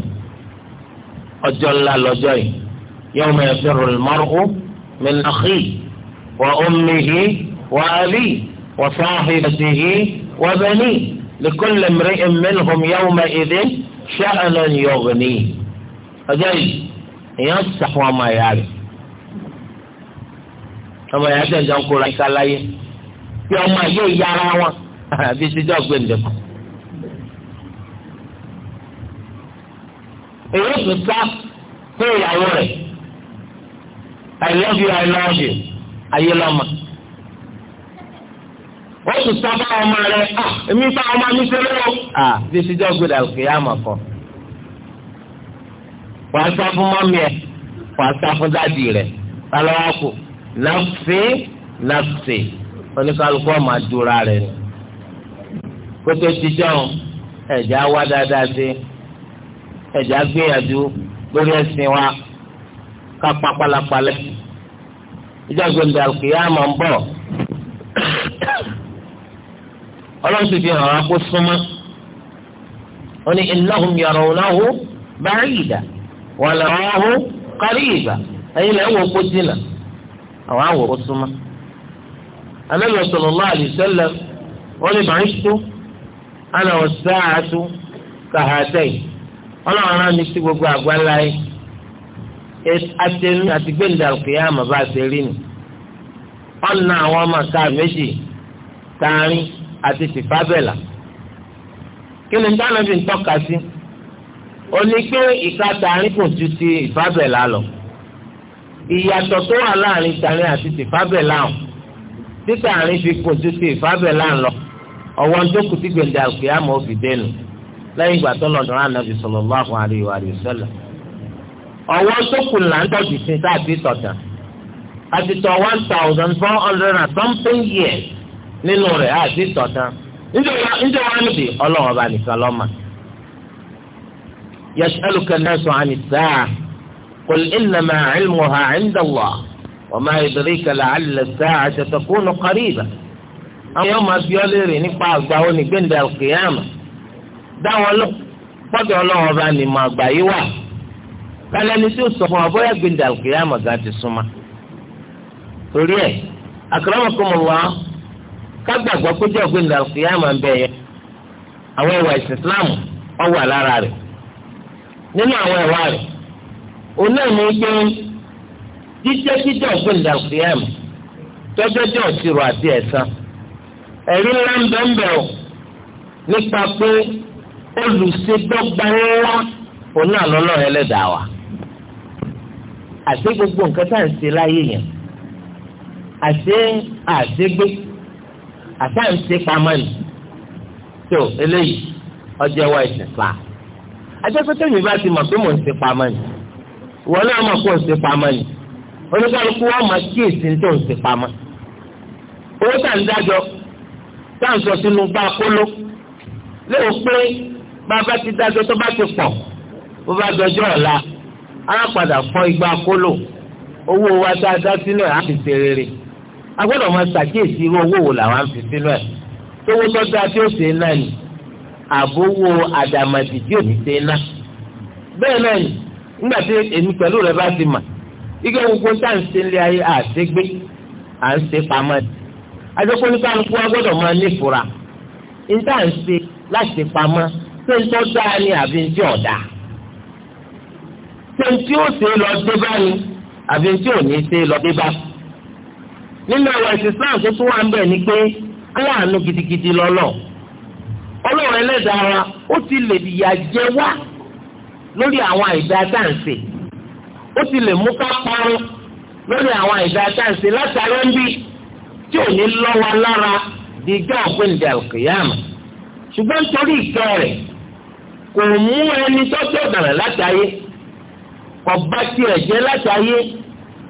ọjọ́ ńlá lọ́jọ́ yìí yawma yafirru al-mar'u min akhihi wa hi wa abihi wa lọ́sì hi wa banihi likulli imri'in minhum yawma'idhin sha'nun yughnihi. ọjọ́ yìí èèyàn sàkún ọmọ rẹ̀. ọmọ yẹn àtẹnjọ ń kóra ìka láyé bí ọmọ yóò yára wọn àbí síjọ gbẹndẹkọ. èyí tún sá fún ìyàwó rẹ̀ i love you i love you ayé lọ́mọ. wọ́n tún sá fún ọmọ rẹ̀ ah èmi bá ọmọ mi ṣe lọ́wọ́. ah bí síjọ gbẹdà òkè yá mọ̀ kọ́. wàá sá fún mọ́mí ẹ̀ wàá sá fún dádì rẹ̀ ta ló wá kù nàfẹ nàfẹ oníkàlùkù ọmọ àdúrà rẹ ni kótó jíjọ ẹjẹ awa dáadáa sí ẹjẹ agbéyàdú lórí ẹsìn wa kápá pálapàlẹ ìjọ gbẹndà kìyàmọ ń bọ ọlọ́run ti fi hàn wá kó súnmọ́ ó ní innahum yarawnahu ba'ida wa narahu qariba ẹ̀yin lẹ́wọ̀n kó jìnnà. àwọn àwọ̀ súnmọ́. Ànábì sallallahu alaihi wasallam wọ́n lè bàá ń sún àná ọ̀sẹ̀ àásù kàhátẹ́yì ọlọ́run rán mi sí gbogbo àgbáńlá yìí àtẹnu àti gbẹ̀ndà òkèèyà àmàbá àtẹrí nì ọ̀nà àwọn ọmọ ká méjì taarin àti tìfábẹ́là kí ni dáná fi ń tọ́ka sí onígbé ìka taarin kò ju ti ìfábẹ́là lọ. ìyàtọ̀ tó wà láàrin tàrin àti tìfábẹ̀ láwọn títà àrin fi kò ju lọ ọwọ́ ndókù tí gbèǹdà àlùkìyàmọ̀ òfì dénú lẹ́yìn ìgbà tó lọ́dún rán nàbì sallallahu alaihi wa sallam ọwọ́ ndókù là ń tọ́jú sí tọ̀ one thousand four hundred and something years nínú rẹ̀ قل إنما علمها عند الله وما يدريك لعل الساعة تكون قريبة àwọn yóò máa fi ọlẹ́ rè nípa àgbà wọn ní gbẹ̀ndẹ̀ àkìyàmà dáwọn lọ pọ́jọ́ ọlọ́wọ́n bá ní màá gbà yí wà kálẹ̀ ní tí ó sọ fún ọ bóyá gbẹ̀ndẹ̀ àkìyàmà gan ti súnmọ́. torí ẹ akramakumullah kágbàgbọ́ pé jẹ́ gbẹ̀ndẹ̀ àkìyàmà ń bẹ̀ yẹn àwọn ìwà ìsìlámù ó wà lára rẹ̀ nínú àwọn ìwà rẹ̀ onáàmú gbé jíjẹ́ jíjẹ́ ọ̀gbìn dàlùfíàmù tọ́jọ́jọ́ ìṣirò àti ẹ̀san ẹ̀rí ńlá ń bẹ̀ẹ̀ o nípa pé olùṣèdọ́gba ńlá onáàlọ́lọ́ ẹlẹ́dàá wa àti gbogbo nǹkan tá à ń ṣe láyé yẹn àti àṣegbé àti à ń ṣe tó eléyìí ọjọ́ wa mi bá ti mọ̀ pé mò ń ṣe wọn náà mọ̀ kó o ṣe pamọ́ ni oníkàlùkù wọn mọ̀ kí èsì tó o ṣe pamọ́ owó tà ń dájọ tá à ń sọ sínú bá a kóló léwu pé bàbá ti dájọ tó bá ti pọ̀ bó bá dọjọ́ ọ̀la á padà fọ́ igba kóló owó wa tá a dá sínú ẹ̀ á fi ṣe rere a gbọ́dọ̀ máa ṣàkíyèsí irú owó wo làwọn á fi sínú ẹ̀ tówó tó dáa tí ó ṣe náà ni àbówó àdàmàdì tí ò ní ṣe náà bẹ́ẹ̀ náà ni nígbà tí èmi pẹ̀lú rẹ bá ti mà ike gbogbo tá à ń ṣe ilé ayé àṣegbé à ń ṣe pamọ́ ẹ̀ adékò ní kálukú wa gbọ́dọ̀ máa ní ìfura níta ń ṣe láti pamọ́ ṣé ń tọ́ dáa ni àbí ń tí ọ̀dà ṣé ń tí ó ṣe lọ dé bá ni àbí ń tí ò ní ṣe lọ dé bá nínú ọ̀rọ̀ ẹ̀sìn Islam tó tún wà ń bẹ̀ ni pé aláàánú gidigidi lọ́lọ́ ọlọ́run ẹlẹ́dàá wa ó ti lè yà jẹ wá lórí àwọn àìdá táǹsì ó ti lè mú ká parun lórí àwọn àìdá táǹsì látara ń tí ò ní lọ́wọ́ lára di ijó àgbéǹde àlùkìyàmù ṣùgbọ́n nítorí ìfẹ́ rẹ̀ kò mú ẹni tọ́jọ́ dànù látàyé kò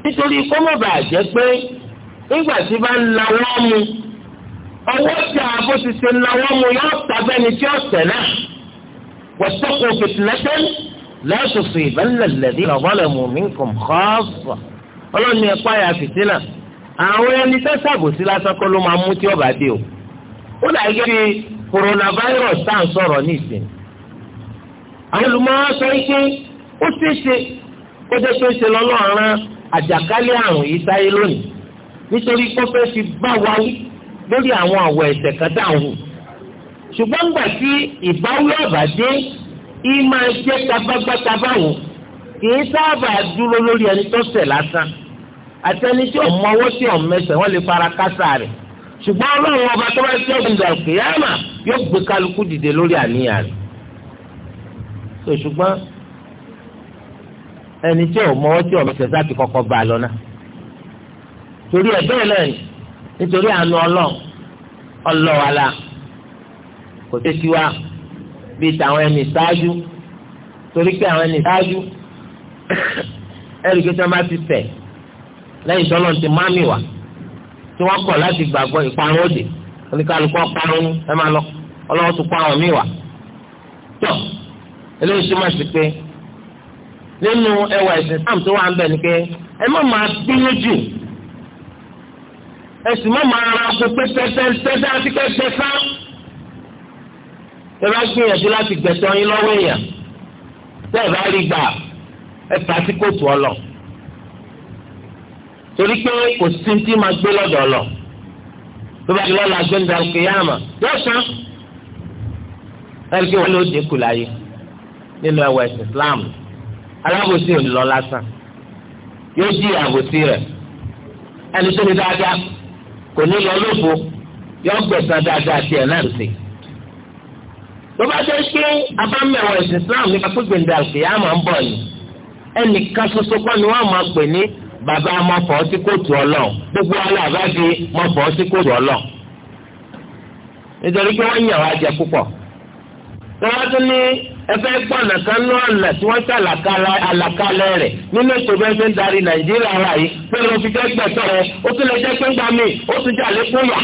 nítorí kọ́mọ̀bà pé nígbà tí bá ń mu ọwọ́ tí a bó ti ṣe mu yóò lọ́sọ̀sọ̀ ìbálẹ̀lẹ̀dí ọ̀bọ̀lẹ̀mù mi kàn kọ́ọ̀sọ̀ ọlọ́ni ẹ̀ pààyà fìtínà àwọn ẹni tẹ́ sàbòsí lásán kọ́ ló máa mú tí ọba dé o ó dàbí bí coronavirus tá à ń sọ̀rọ̀ nísìnyí àwọn olùmọ̀ọ́ sọ pé ó ṣeéṣe ó jẹ́ pé ṣe lọ́lọ́ọ̀rán àjàkálẹ̀ àrùn yìí sáyé lónìí nítorí pé fẹ́ fi bá wa wí lórí àwọn àwọ̀ ẹ̀ṣẹ̀ kan dáhùn ṣùgbọ́n gbà tí ìbáwí ọ̀bàdé ìmọ̀ ẹgbẹ́ tabagbata báwọn kìí sábà dúró lórí ẹni tó ṣẹ̀ lásán àtẹni tí ọmọ ọwọ́ tí ọmọ ẹsẹ̀ wọ́n lè fara kásá rẹ̀ ṣùgbọ́n ọlọ́run ọba tó bá ṣe ọ̀gbìn ìdàgbé yàrá yóò gbé kálukú dìde lórí àníyàn rẹ̀ tó ṣùgbọ́n ẹni tí ọmọ ọwọ́ tí ọmọ ẹsẹ̀ sáti kọ́kọ́ bá a lọ́nà torí ẹ̀ bẹ́ẹ̀ náà nítorí àánú ọlọ́run ọlọ́wàlà kò tẹ́ tiwa bíi tàwọn ẹni ṣáájú torí pé àwọn ẹni ṣáájú ẹrù kí sọ́mà ti tẹ̀ lẹ́yìn tọ́lọ́ ti má mi wá tí wọ́n kọ̀ láti gbàgbọ́ ìparun òde oníkálukú ọ̀parun ẹ máa lọ ọlọ́wọ́ tó kọ́ àwọn mi wá. tọ́ eléyìí túmọ̀ sí pé nínú ẹwà ẹ̀sìn sáàm tó wà ń bẹ̀ ni pé ẹ má máa bínú jù ẹ sì má máa ra kó pé tẹ́tẹ́ tẹ́tẹ́ àti kẹ́kẹ́ sáà ẹ bá gbìyànjú láti gbẹ̀tọ́ yín lọ́wọ́ èèyàn tẹ́ ẹ bá rí gbà ẹ ta sí kóòtù ọlọ torí pé kò sí tí máa gbé lọ́dọ̀ ọlọ tó bá lọ́la gbẹ̀ndà kìyàmà yóò sàn ẹ̀rí wọn ló dínkù láyé nínú ẹwà ẹ̀sìn Islam alábòsí ò ní lọ lásán yóò jí àbòsí rẹ̀ ẹni tó ní dáadáa kò ní lọ lófo yóò gbẹ̀san dáadáa tiẹ̀ náà sí i tó bá jẹ́ pé abámẹ́wọ̀ ẹ̀sìn Islam nípa pípé ní àlùkìyàmà ń bọ̀ ni ẹnìkan ṣoṣo kọ́ ni wọ́n máa pè ní bàbá mọ́fọ́ sí kóòtù ọlọ́ọ̀ gbogbo ọlọ́ọ̀ bá di mọ́fọ́ sí kóòtù ọlọ́ọ̀ nítorí pé wọ́n yàn wá jẹ púpọ̀ wọ́n wá tún ní ẹfẹ́ gbọ́nà kan ní ọ̀nà tí wọ́n ṣe àlàkalẹ̀ rẹ̀ nínú ètò bẹ́ẹ̀ ṣe ń darí Nàìjíríà rà yìí pé ló fi jẹ́ gbẹ̀tọ̀ rẹ̀ ó tún lè jẹ́ pé ń gbà mí ó tún jẹ́ àlékún yà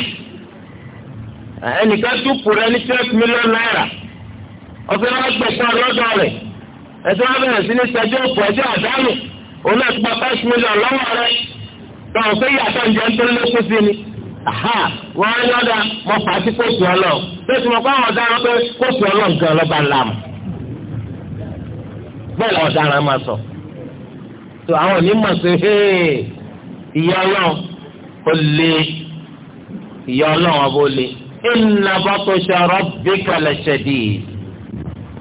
ẹnìkan dúpọ̀ rẹ̀ ní twelve million naira ọ̀fẹ́ wọn gbẹ̀sán lọ́dọ̀ rẹ̀ ẹ̀sẹ̀ wọn bẹ̀rẹ̀ sí ní sẹ́jọ́ òkú ẹ̀jẹ̀ àdánù òun náà ti gba five million lọ́wọ́ rẹ̀ tó o fẹ́ yàtọ̀ ǹjẹ́ ń tó lékún sí ni wọ́n á yọ̀dà mọ pàtí kóòtù ọlọ́ lẹ́sìn mọ̀ fáwọn ọ̀daràn pé kóòtù ọlọ́ nǹkan ọlọ́ba làmù bẹ́ẹ̀ làwọn ọ̀daràn máa sọ tó àwọn onímọ̀ sí ìyá ọlọ́run ó lé ìyá ọlọ́run ó lé ìnàbọ́tò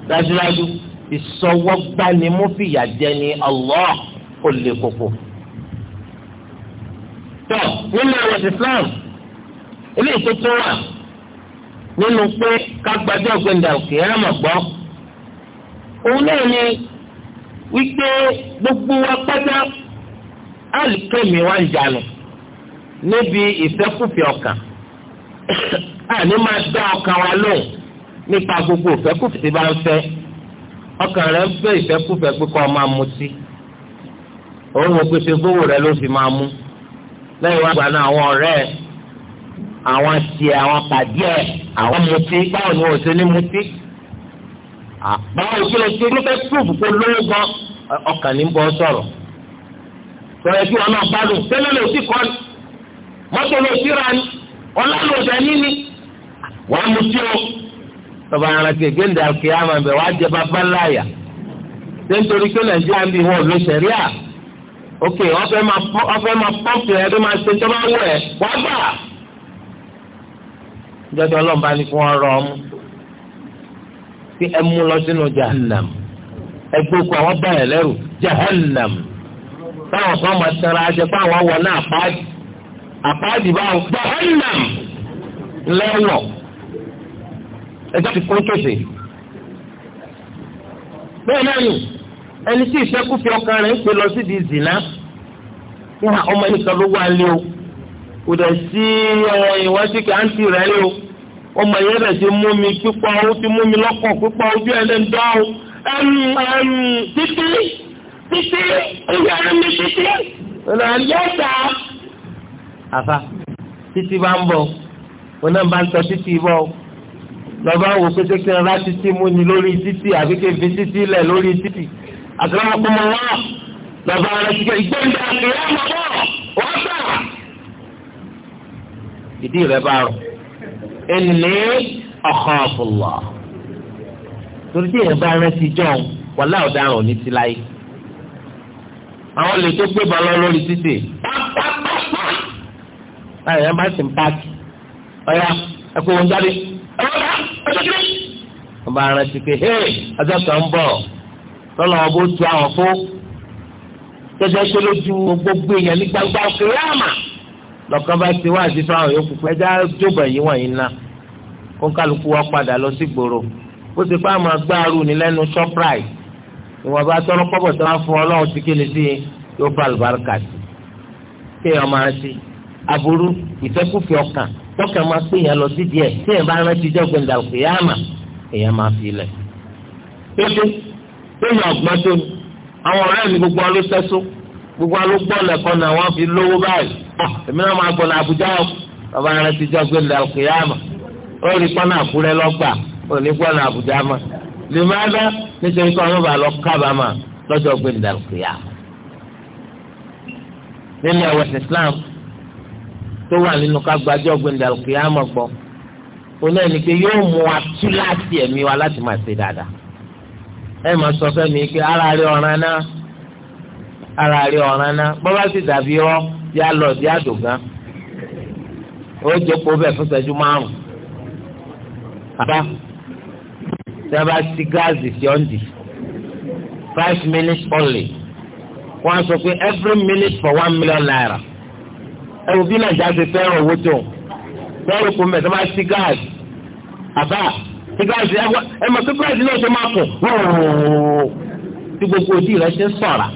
dájúdájú ìsọwọ́gbanimúfìyà jẹni Allah kò lè koko. tọ́ nínú ẹ̀rọ Islam eléyìí tó tún wà nínú pé kágbájọ́ gbẹ̀ndà òkè ẹ̀rọ̀mọ̀ gbọ́. òun náà ni wípé gbogbo wa pátá àlùkèmí wa ń jànù níbi ìfẹ́kùfẹ́ ọkàn àní máa dá ọkàn wa lóhùn nípa gbogbo ìfẹ́kùfẹ́ tí bá ń fẹ́ ọkàn rẹ̀ ń fẹ́ ìfẹ́kùfẹ́ pé kọ́ máa mu sí òun wò pé ṣègbówó rẹ̀ ló fi máa mú lẹ́yìn wá gbà náà àwọn ọ̀rẹ́ ẹ̀ àwọn ṣe àwọn pàdé ẹ̀ àwọn mutí báwo ni wọ́n ṣe ní mutí báwo kí ló ṣe ní fẹ́ púpù kó lówó gan ọkàn ní bọ́ sọ̀rọ̀ sọ̀rọ̀ kí wọn náà bá lò tẹ́lẹ̀ lè ti kọ́ ni mọ́tò lè ti ra ni ọlá lò dání ni wàá mutí o tọba arántí gbẹ̀ndẹ̀ àkíyàmà bẹ̀ wá jẹ bàbá láyà ṣé nítorí pé nàìjíríà ń bí wọn ló ṣẹ̀ríà ok wọ́n fẹ́ máa pọ́ọ̀pù ẹ̀ tó máa ṣe tó máa wọ̀ ẹ̀ wá gbà. jọ́jọ́ ọlọ́run bá ní kí wọ́n rọ ọmú tí ẹ mú lọ sínú jahannam ẹ gbókù àwọn bẹ̀rẹ̀ lẹ́rù jahannam táwọn kan máa tẹ̀ra ajẹ́ pé àwọn náà àpáàdì àpáàdì báwọn jahannam lẹ́wọ̀n ẹjọ́ ti kún kéfè. bẹ́ẹ̀ náà nì ẹni tí ìṣẹ́kùfẹ́ ọkàn rẹ̀ ń pè lọ sí di zìnà fún ọmọ ẹnìkan ló wà lé o kò dẹ̀ sí ìwádìí kí àǹtí rẹ̀ lé o ọmọ yẹn rẹ̀ ti mú mi pípa ó ti mú mi lọ́kàn pípa ojú ẹ̀ lẹ́nu dán o ẹnu ẹnu títí títí ojú ẹ̀rọ mi títí ọ̀nà yẹ́ta. àfa títí bá ń bọ̀ ọ̀nà bá ń tọ́ títí bọ̀ lọ́ba wò pété kí n ra títí mú ni lórí títì àbí kí n fi títì lẹ̀ lórí títì àtàwọn ọmọ wọn lọ́ba rẹ̀ ti kẹ́ ìgbéǹda ìyá ọmọ bọ̀ wọ́n tà. ìdí rẹ̀ bá rọ̀ ẹnì ọ̀kọ̀ọ̀fùlọ̀ torí tí ìyẹn bá rẹ̀ ti jọ̀ọ́ wàlá ọ̀daràn ní ti láyé àwọn lè tó gbé bọ́lá lórí títì báyìí ẹ má sì ń pààkì ọ̀ya ẹ kó wọn jáde. ọba bụrụ na hé ọjọ́ kan ń bọ̀ lọ́nà ọba ó tu àwọn fún tẹ́tẹ́ tó lójú gbogbo èèyàn ní gbangba kìláàmà lọ́kàn bá ti wá àti fáwọn yòókù pé ńlá kó kálukú padà lọ sí gbòòrò ó ti fáwọn máa ní bá tọrọ tó fún ti kéde sí yóò fà lùbáríkà tọ́kà máa pé yẹn lọ sí díẹ̀ tí yẹn bá rántí jọ́gbìn dà òkè yá mà èèyàn máa fi lẹ̀. pété péyà ọ̀gbọ́n tó ní àwọn ọ̀rẹ́ mi gbogbo aló sẹ́só gbogbo aló gbọ́ lẹ́kọ́ náà wọ́n fi lówó báyìí èmi náà máa gbọ́n àbújá o bàbá rántí jọ́gbìn dà yá mà ó rí pọ́n náà lọ́gbà ó tó wà nínú ká gbàjọ́ gbẹ̀ndà kìámọ̀ gbọ́ oní ẹni pé yóò mú wa tú láti ẹ̀mí wa láti máa ṣe dáadáa ẹ máa sọ fẹ́mi pé ara rí ọ̀ràn náà ara rí ọ̀ràn náà bọ́lá sì dàbí ọ́ bí a lọ bí a dùn gan ó jókòó bẹ̀ fún ṣẹ́jú márùn-ún àbá tí a bá ti gáàsì sí ọ́ndì five minutes only wọ́n á sọ pé every minute for one million naira ẹ̀rù bí nàìjíríà ṣe fẹ́ràn owó tó lọ́rùn kò mẹ́ta máa ṣí gáàsì àbá ṣí gáàsì ẹ mọ̀ pé gáàsì náà ṣe máa kù tí gbogbo òdì rẹ ṣe ń sọ̀ra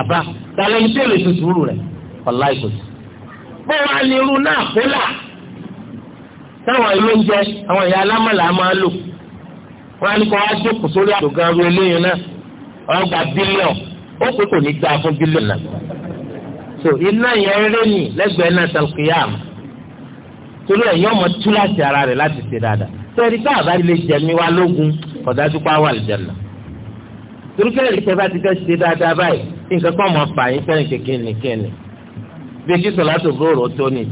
àbá tàlẹ́ ní tẹ́lẹ̀ tó sùúrù rẹ̀ ọ̀la ìkòtì. bó wàá ní irú náà kólà táwọn ìlú ń jẹ àwọn ìyá alámọ̀lá máa lò wọ́n á ní kó wá jókòó sórí àdògán ru eléyìí náà wọ́n gba bílíọ̀n ó pé kò ní dáa fún bílíọ̀n náà so iná yẹn rẹ ní lẹ́gbẹ̀ẹ́ náà talqiyam torí ẹ yọ ọmọ tú láti ara rẹ láti ṣe dáadáa sẹẹri tá a bá lè jẹmi wá lógun kọdájú pa wà lìjẹnà turukẹ́ ìrìkẹ́ bá ti fẹ́ ṣe dáadáa báyìí nǹkan kọ́ ọmọ fà yín fẹ́ràn kékeré kékeré bí kí sọ̀látò bóòrò tó ní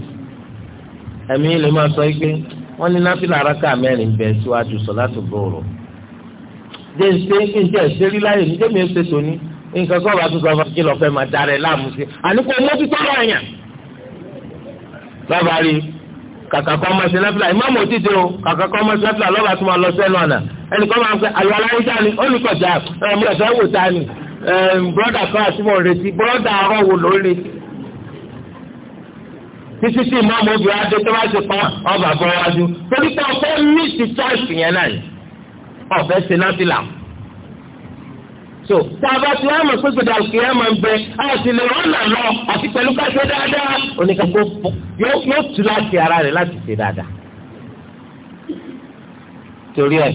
ẹ̀mí lè máa sọ pé wọ́n ní náfìlà araka mẹ́rin bẹ̀ síwájú sọ̀látò bóòrò. jẹ́ ìṣe kí jẹ́ ìṣe rí láyè ní jẹ́mi ẹ̀ṣẹ̀ tó ní nǹkan kọ́ bá tún sọ fún kílọ̀ fẹ́ máa darẹ̀ láàmú sí àníkó mọ́tò tó rà yàn. lọ́ba rí kàkà kọ́ máa ṣe lẹ́fìlà ìmáàmù òtítì o kàkà kọ́ máa ṣe lẹ́fìlà lọ́ba tún máa lọ sẹ́nu àná ẹnìkan máa ń pẹ́ àyọ̀ aláìsá ni ó ní kọjá ẹ̀mí ẹ̀fẹ́ wò ta ni bọ́dà kan àti mọ̀ retí bọ́dà arọ́ wò ló retí. títí tí ìmáàmù obìnrin adé tó bá ti pa ọba bọ́ so sábà tí wọn mọ̀ pé gbèdà òkè yẹn máa ń bẹ àti lè wọn nà lọ àti pẹ̀lú káṣẹ dáadáa oníkàgbọ yóò yóò tu láti ara rẹ̀ láti ṣe dáadáa torí ẹ̀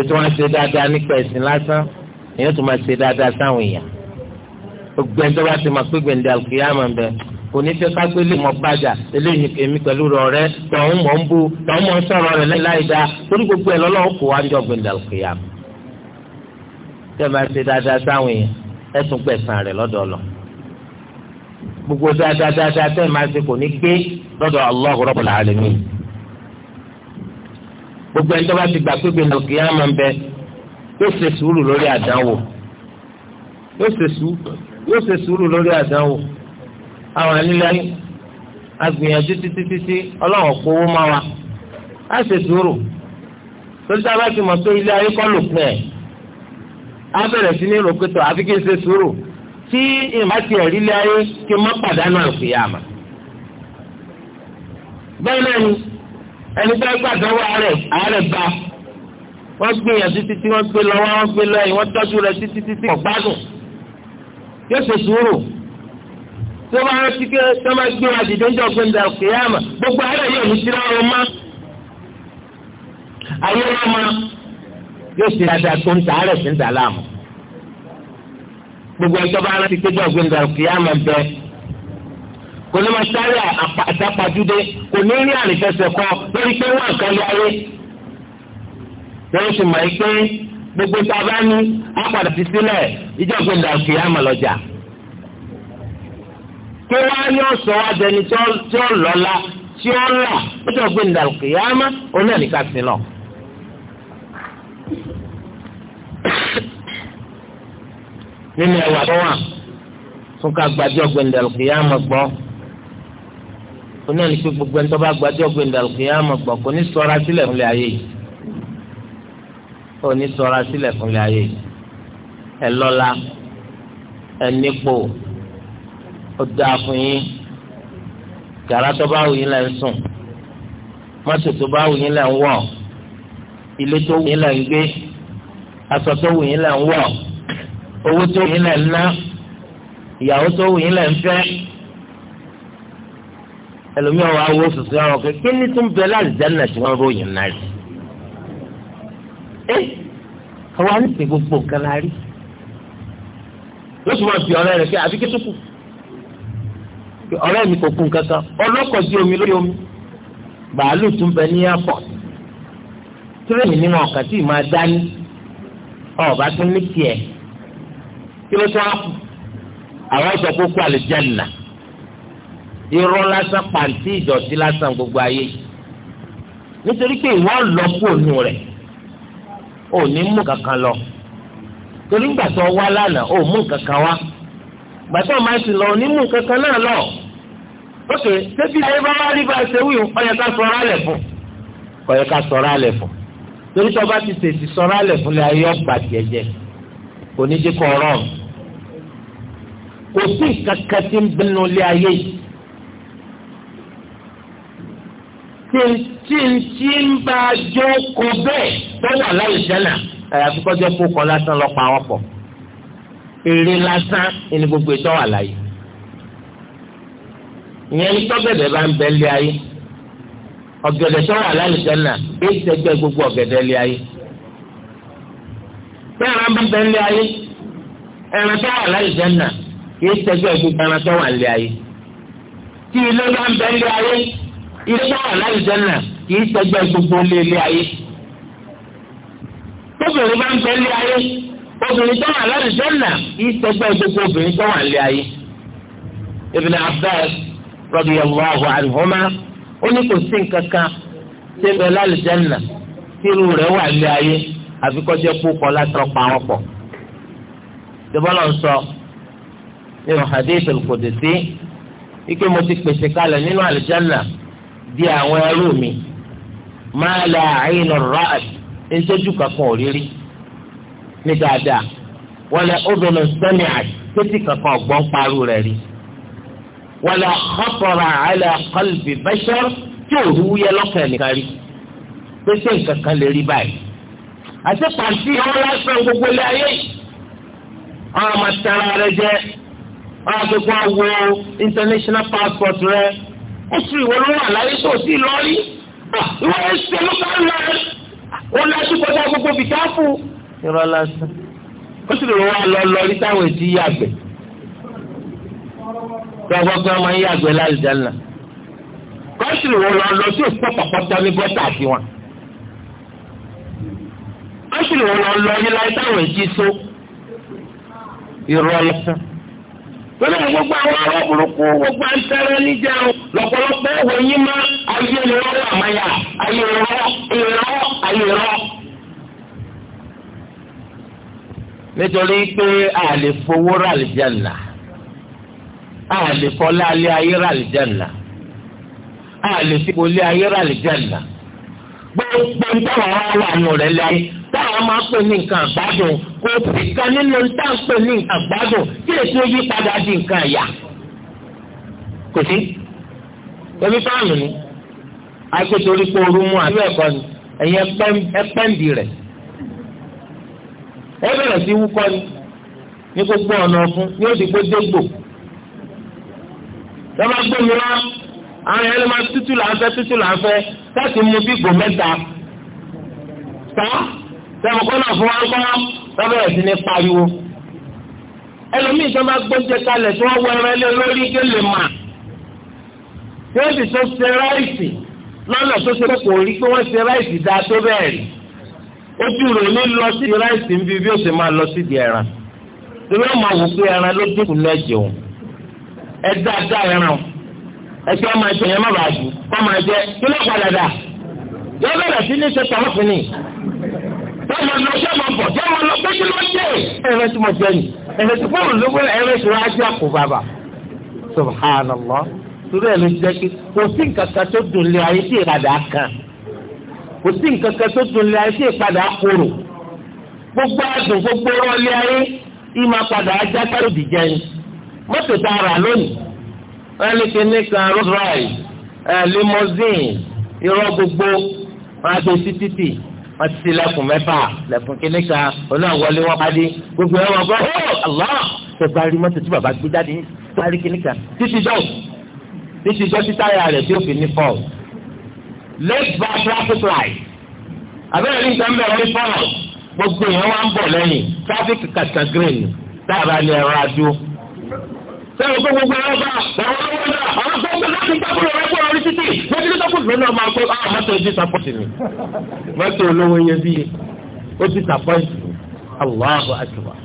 ètò wọn ṣe dáadáa nípa ẹ̀sìn lásán èyàn tó máa ṣe dáadáa sáwọn èèyàn gbogbo ẹni tó bá ti máa pé gbèdà òkè yẹn máa ń bẹ kò ní fẹ́ ká pé lè mọ bàjá eléyìí èmi pẹ̀lú ọ̀rẹ́ tọ̀hún mọ̀ ń bu tọ̀hún mọ̀ ń sọ̀rọ̀ rẹ̀ láì dáa torí gbogbo ẹ̀ lọ́lọ́wọ́ kò wá ń jọ gbèdà tẹ́ bá ṣe dáadáa sáwọn èèyàn ẹ tún gbẹ̀san rẹ̀ lọ́dọ̀ lọ gbogbo dáadáa dáadáa tẹ́ máa ṣe kò ní gbé lọ́dọ̀ Allah Rabbul Alamin gbogbo ẹni tó bá ti gbà pé gbẹ̀ndà kì í á máa ń bẹ yóò ṣe sùúrù lórí àdánwò yóò ṣe sùúrù lórí àdánwò àwọn anílẹ̀ agbìyànjú títí títí ọlọ́run kówó máa wa á ṣe sùúrù tó dábàá ti mọ̀ pé ilé ayé kọ́ lòpin ẹ̀ á bẹ̀rẹ̀ sí ní rògbòtò àfi kí n ṣe sùúrù tí ìmá ti ẹ̀rí lé ayé kí n má pàdánù àlùkìyàmà. bẹ́ẹ̀ náà ni ẹni tó gbàdán wà rẹ̀ àárẹ̀ bá wọ́n gbìyànjú títí wọ́n gbé lọ́wọ́ wọ́n gbé lọ́yìn wọ́n tọ́jú rẹ̀ títí títí ọ̀gbádùn yóò ṣe sùúrù tó bá rántí pé tó bá gbé wa dìde ńjọ pé ńdà àlùkìyàmà gbogbo àárẹ̀ yóò ní sí láwọn má àyè wọn máa. yóò ṣe dada tó ń tààrẹ̀ sí ń gbogbo ẹjọ́ bá rántí pé jọ̀gbìn ìdàrúkì yá máa bẹ. kò ní máa sáré kò ní rí kọ lórí pé wọ́n kàn lé ayé. gbogbo tá a bá ní apàdà ti sílẹ̀ ìjọ̀gbìn ìdàrúkì lọ́jà. kí wá dẹni tí ó lọ́la tí ó là nínú ẹwà tó wà fún ká gbàdúrà gbẹndàlùkì yá mọ gbọ kò náà ní pé gbogbo ẹni tó bá gbàdúrà gbẹndàlùkì yá mọ gbọ kò ní ṣọ́ra sílẹ̀ fúnlẹ̀ ayé yìí kò ní ṣọ́ra sílẹ̀ fúnlẹ̀ ayé yìí ẹ lọ́lá ẹ nípò ó dáa fún yín yàrá tó bá wù yín lẹ́ ń sùn mọ́tò tó bá wù yín ń wọ̀ ilé tó wù yín ń gbé aṣọ tó wù yín lẹ̀ ń wọ̀ owó tó wù yín lẹ̀ ń ná ìyàwó tó wù yín lẹ̀ ń fẹ́ ẹlòmíràn wà wọ sùsù àwọn kan kí ni tó ń bẹ láti dáná tí wọ́n ròyìn náà rí ẹ eh, àwa ní ti gbogbo nǹkan la rí lóṣù máa fi ọ̀rẹ́ rẹ̀ kí àbí kí tó kù ọ̀rẹ́ mi kò kú nǹkan kan ọlọ́kọ̀ sí omi lórí omi bàálù tún bẹ ní airport tírẹ̀nì nínú ọ̀kà tí ọba tó ní tiẹ̀ kí ló tó ápù àwọn sọ pé kó àlùjánnà irọ́ lásán pàǹtí ìdọ̀tí lásán gbogbo ayé nítorí pé ìwọ lọ fóònù rẹ̀ ò ní mú kankan lọ torí ńgbà tó wá lánàá ò mú kankan wá gbà tó máa sì lọ ò ní mú kankan náà lọ ókè débi ayé bá wá rí bá ṣe wí ọ̀yẹ̀ká sọ̀rọ̀ alẹ̀ fún ọ̀yẹ̀ká sọ̀rọ̀ alẹ̀ fún torí tí ọba ti tètè sọ̀rọ̀ alẹ̀ fúnlẹ̀ ayé ọgbà jẹjẹ kò ní dé kọ̀ ọ̀rọ̀ kò sí kankan tí ń bínú lé ayé yìí tí ń tí ń tí ń bá a jó kó bẹ́ẹ̀ tó wà àyàfi kọjá kó kọ́ lásán lọ pa wọ́n eré lásán ni gbogbo ìtọ́ wà láyé ìyẹn ní tọ́gbẹ̀dẹ̀ bá ń bẹ́ẹ̀ lé ayé ọ̀gẹ̀dẹ̀ tó wà lálùjánnà kìí ṣẹgbẹ́ gbogbo ọ̀gẹ̀dẹ̀ lé ayé bẹ́ẹ̀ máa ń bá bẹ́ẹ̀ lé ayé ẹran tó wà lálùjánnà kìí ṣẹgbẹ́ gbogbo ẹran tó wà lé ayé tí ilé bá ń bẹ́ẹ̀ lé ayé ilé tó wà lálùjánnà kìí ṣẹgbẹ́ gbogbo lé lé ayé tóbìnrin bá ń bẹ́ẹ̀ lé ayé obìnrin tó wà lálùjánnà kìí ṣẹgbẹ́ gbogbo obìnrin tó wà ayé Ibn Abbas radiyallahu anhuma ó ní kò sí nǹkan kan tí ń bẹ lálùjánnà tí irú rẹ̀ wà lé ayé àfi kọjá kó kọ látọ̀ pa wọn pọ̀. ìjọba ń sọ nínú hadith al-qudsi ike mo ti pèsè kalẹ̀ nínú àlùjánnà di àwọn ẹrú mi máa la àyìn ra'at ntọ́jú kankan ò rírí ní dáadáa wala udhun sami'at tẹ́tí kankan ọ̀gbọ́n parú rẹ̀ rí wala khatara ala qalbi bashar tí ò hu yẹ lọ́kàn nìkan rí pèsè nǹkan kan lè rí báyìí àti pàṣẹ ọ̀rọ̀ lásán gbogbo ilé ayé ọ̀rọ̀ máa tara rẹ jẹ ọ̀rọ̀ àgbẹ̀kọ́ wo international passport rẹ ó sì ìwọ ló wà láyé tó sì lọ rí ìwọ yẹn ṣe ló bá lọ rẹ ó gbogbo bìtáfù ìrọ̀ lásán ó sì lè wọ́n lọ lọ rí táwọn èdè yàgbẹ́ gbọ́gbọ́ pé wọ́n máa ń yàgbẹ́ lálùjáná kọ́ńtìrì wo lọ lọ sí òpó pọ̀pọ̀tọ́ ní gọ́tà tiwọn kọ́ńtìrì wo lọ lọ yí láyé táwọn èjì so ìrọ̀ lọ́sàn pẹ̀lú gbogbo àwọn ọ̀rọ̀ burúkú gbogbo àǹtẹ̀rẹ̀ níjẹun lọ́pọ̀lọpọ̀ owó yín má ayé ìrọ̀ àmàyà ayé ìrọ̀ ìrọ̀ ayé ìrọ̀. nítorí pé a lè fowó rà lè jẹ́ nà a lè fọlá alẹ́ ayé rà lè jẹ́nà a lè fi bolẹ́ ayé rà lè jẹ́nà gbogbo ntọ́wọ́ wa wà nù rẹ̀ láyé táwọn máa pè ní nǹkan àgbádùn kò sí kan nínú táwọn pè ní nǹkan àgbádùn kí èso yí padà di nǹkan ẹ̀yà kò sí ebi fáàmù ni agbẹ́torí pé ooru mú àbí ẹ̀kọ́ ni ẹ̀yin ẹ̀pẹ́ǹdì rẹ̀ ẹ bẹ̀rẹ̀ sí wúkọ́ ni ní gbogbo ọ̀nà ọ̀fun ní òdìgbò dégbò lọ́ba gbé mi wá àwọn ẹni máa tútù là ń fẹ́ tútù là ń fẹ́ láti mú bí gbò mẹ́ta tá sẹ́wọ̀n kọ́ náà fún wa kọ́ lọ́ba ẹ̀sìn ní pariwo ẹlòmíì tó bá gbóúnjẹ kalẹ̀ tí wọ́n wọ ẹran lé lórí gẹ́lẹ̀ mà tí wọ́n sì tó ṣe ráìsì lọ́nà tó ṣe kò rí pé wọ́n ṣe ráìsì dáa tó bẹ́ẹ̀ rí ojú rò ní lọ sí ráìsì ń bí bí ó ṣe máa lọ sí di ẹran tí wọ́n máa wò ẹran ló dínkù náà jẹun ẹ dá dá ẹran ẹ tí wọn máa jẹ yẹn má bàa jù wọn máa jẹ kí ló padà dà yọ bẹ̀rẹ̀ sí ní ṣe tàwọn fún ni wọn máa lọ ṣé máa bọ ṣé máa lọ pé kí ló jẹ ẹrẹ tí mo jẹ ni ẹrẹ tí fóònù ló gbé ẹrẹ tí wọn á jẹ àpò bàbà subhanallah torí ẹ ló jẹ kí kò sí nǹkan kan tó dùn lé ayé tí ìpadà kan kò sí nǹkan kan tó dùn lé ayé tí ìpadà kúrò gbogbo àdùn gbogbo rọlé ayé ìmọ̀ padà ajá kárò dìjẹ́ yìí mọ́tò tá a rà lónìí wọ́n ní kíní kan Rolls limousine irọ́ gbogbo wọ́n á gbé sí títì wọ́n ti ti lẹ́kùn mẹ́fà lẹ́kùn kíní kan oníwàwọlé wọn padì gbogbo ẹ̀ wọ́n gbọ́ ọ́ oh, Allah ṣe parí mọ́tò tí bàbá gbé jáde parí kíní kan títí dọ́ọ̀ títí dọ́ọ̀ títí táyà rẹ̀ tí ó fi ní fọ́ọ̀ late back traffic light abẹ́rẹ́ ní nǹkan bẹ́ẹ̀ wọ́n fọ́ọ̀ gbogbo èèyàn wá ń bọ̀ lẹ́yìn traffic kàtà green dábàá ni ẹ̀rọ adó sẹ́wọ̀n kó gbogbo ẹ̀rọ bá àwọn ọlọ́wọ́dà àwọn tó ń bẹ láti sábúrò rẹ̀ kó lórí títì lójú lọ́kùn lónà ọmọ akó àwọn ah, mọ́tò ojú sàpọ̀tì mi mọ́tò olówó yẹn bí ó ti sàpọ̀tì Allahu akbar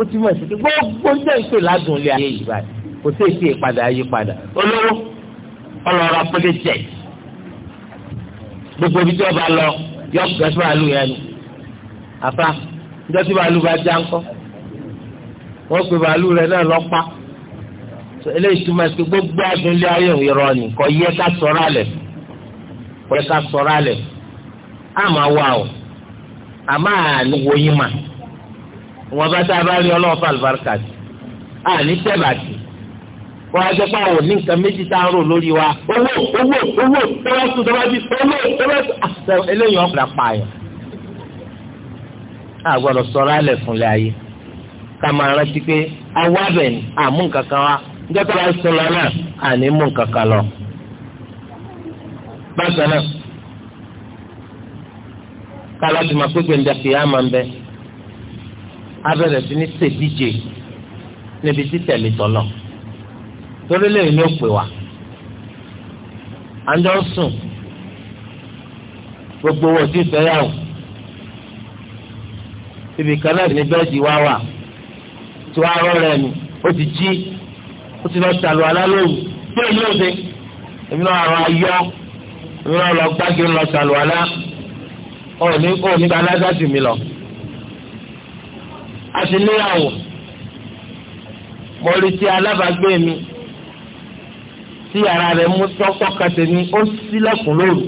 ó ti mọ̀ sí pé gbogbo ń tẹ̀sí ládùn ilé ayé yìí báyìí kò sí èsì ìpadà ayé padà olówó ọlọ́rọ̀ pélé jẹ gbogbo ibi tí ọba lọ yọ gẹ̀ẹ́sì bàálù yẹn ni àfa ìjọ tí bàálù bá já ńkọ́ wọ́n pe bàálù rẹ̀ náà lọ́pàá eléyìí túmọ̀ sí gbogbo adúlé ayé ìrọ̀ ni kò yẹ ká sọ̀rọ̀ alẹ̀ kò yẹ ká sọ̀rọ̀ alẹ̀ á máa wà o a máa ní wòye mà wọn bá tá a bá rí ọlọ́wọ́ fàlùbáríkà sí a ní tẹ́bàtì wọ́n á jẹ́ pé àwọn ní nǹkan méjì tá a rò lórí wa owó owó owó tọ́wọ́ sùn tọ́wọ́ bí owó tọ́wọ́ sùn ah, eléyìí ọ̀pọ̀ apààyàn a gbọ́dọ̀ sọ̀rọ̀ alẹ̀ fúnlẹ̀ ayé ká máa rántí pé awábẹ̀ ni àmú nǹkan kan wá njẹ́tọ́ bá ń sùn lọ náà àní mú kankan lọ. bákan náà kálá ti máa pépè ndàkì yá máa ń bẹ abẹ́rẹ́ sí ní ṣèdíje níbi títẹ̀lé tọ́lọ̀ torí lẹ́yìn ní òpè wa àjọ ń sùn gbogbo wo ti fẹ́ yà wò ibì náà ní bẹ́ẹ̀dì wá wà tí wàá rọrẹ́ mi ó ti jí ó ti lọ ṣàlù alálòwù kí lè yóò ṣe èmi náà rọ ayọ èmi náà lọ gbági lọ ṣàlù alá òní òní bá aládàsì mi lọ. a ti níyàwó mo rí ti alábàágbé mi tí ara rẹ̀ mú tọ́kọ́ kàtẹ́ mi ó sílẹ̀kùn lóru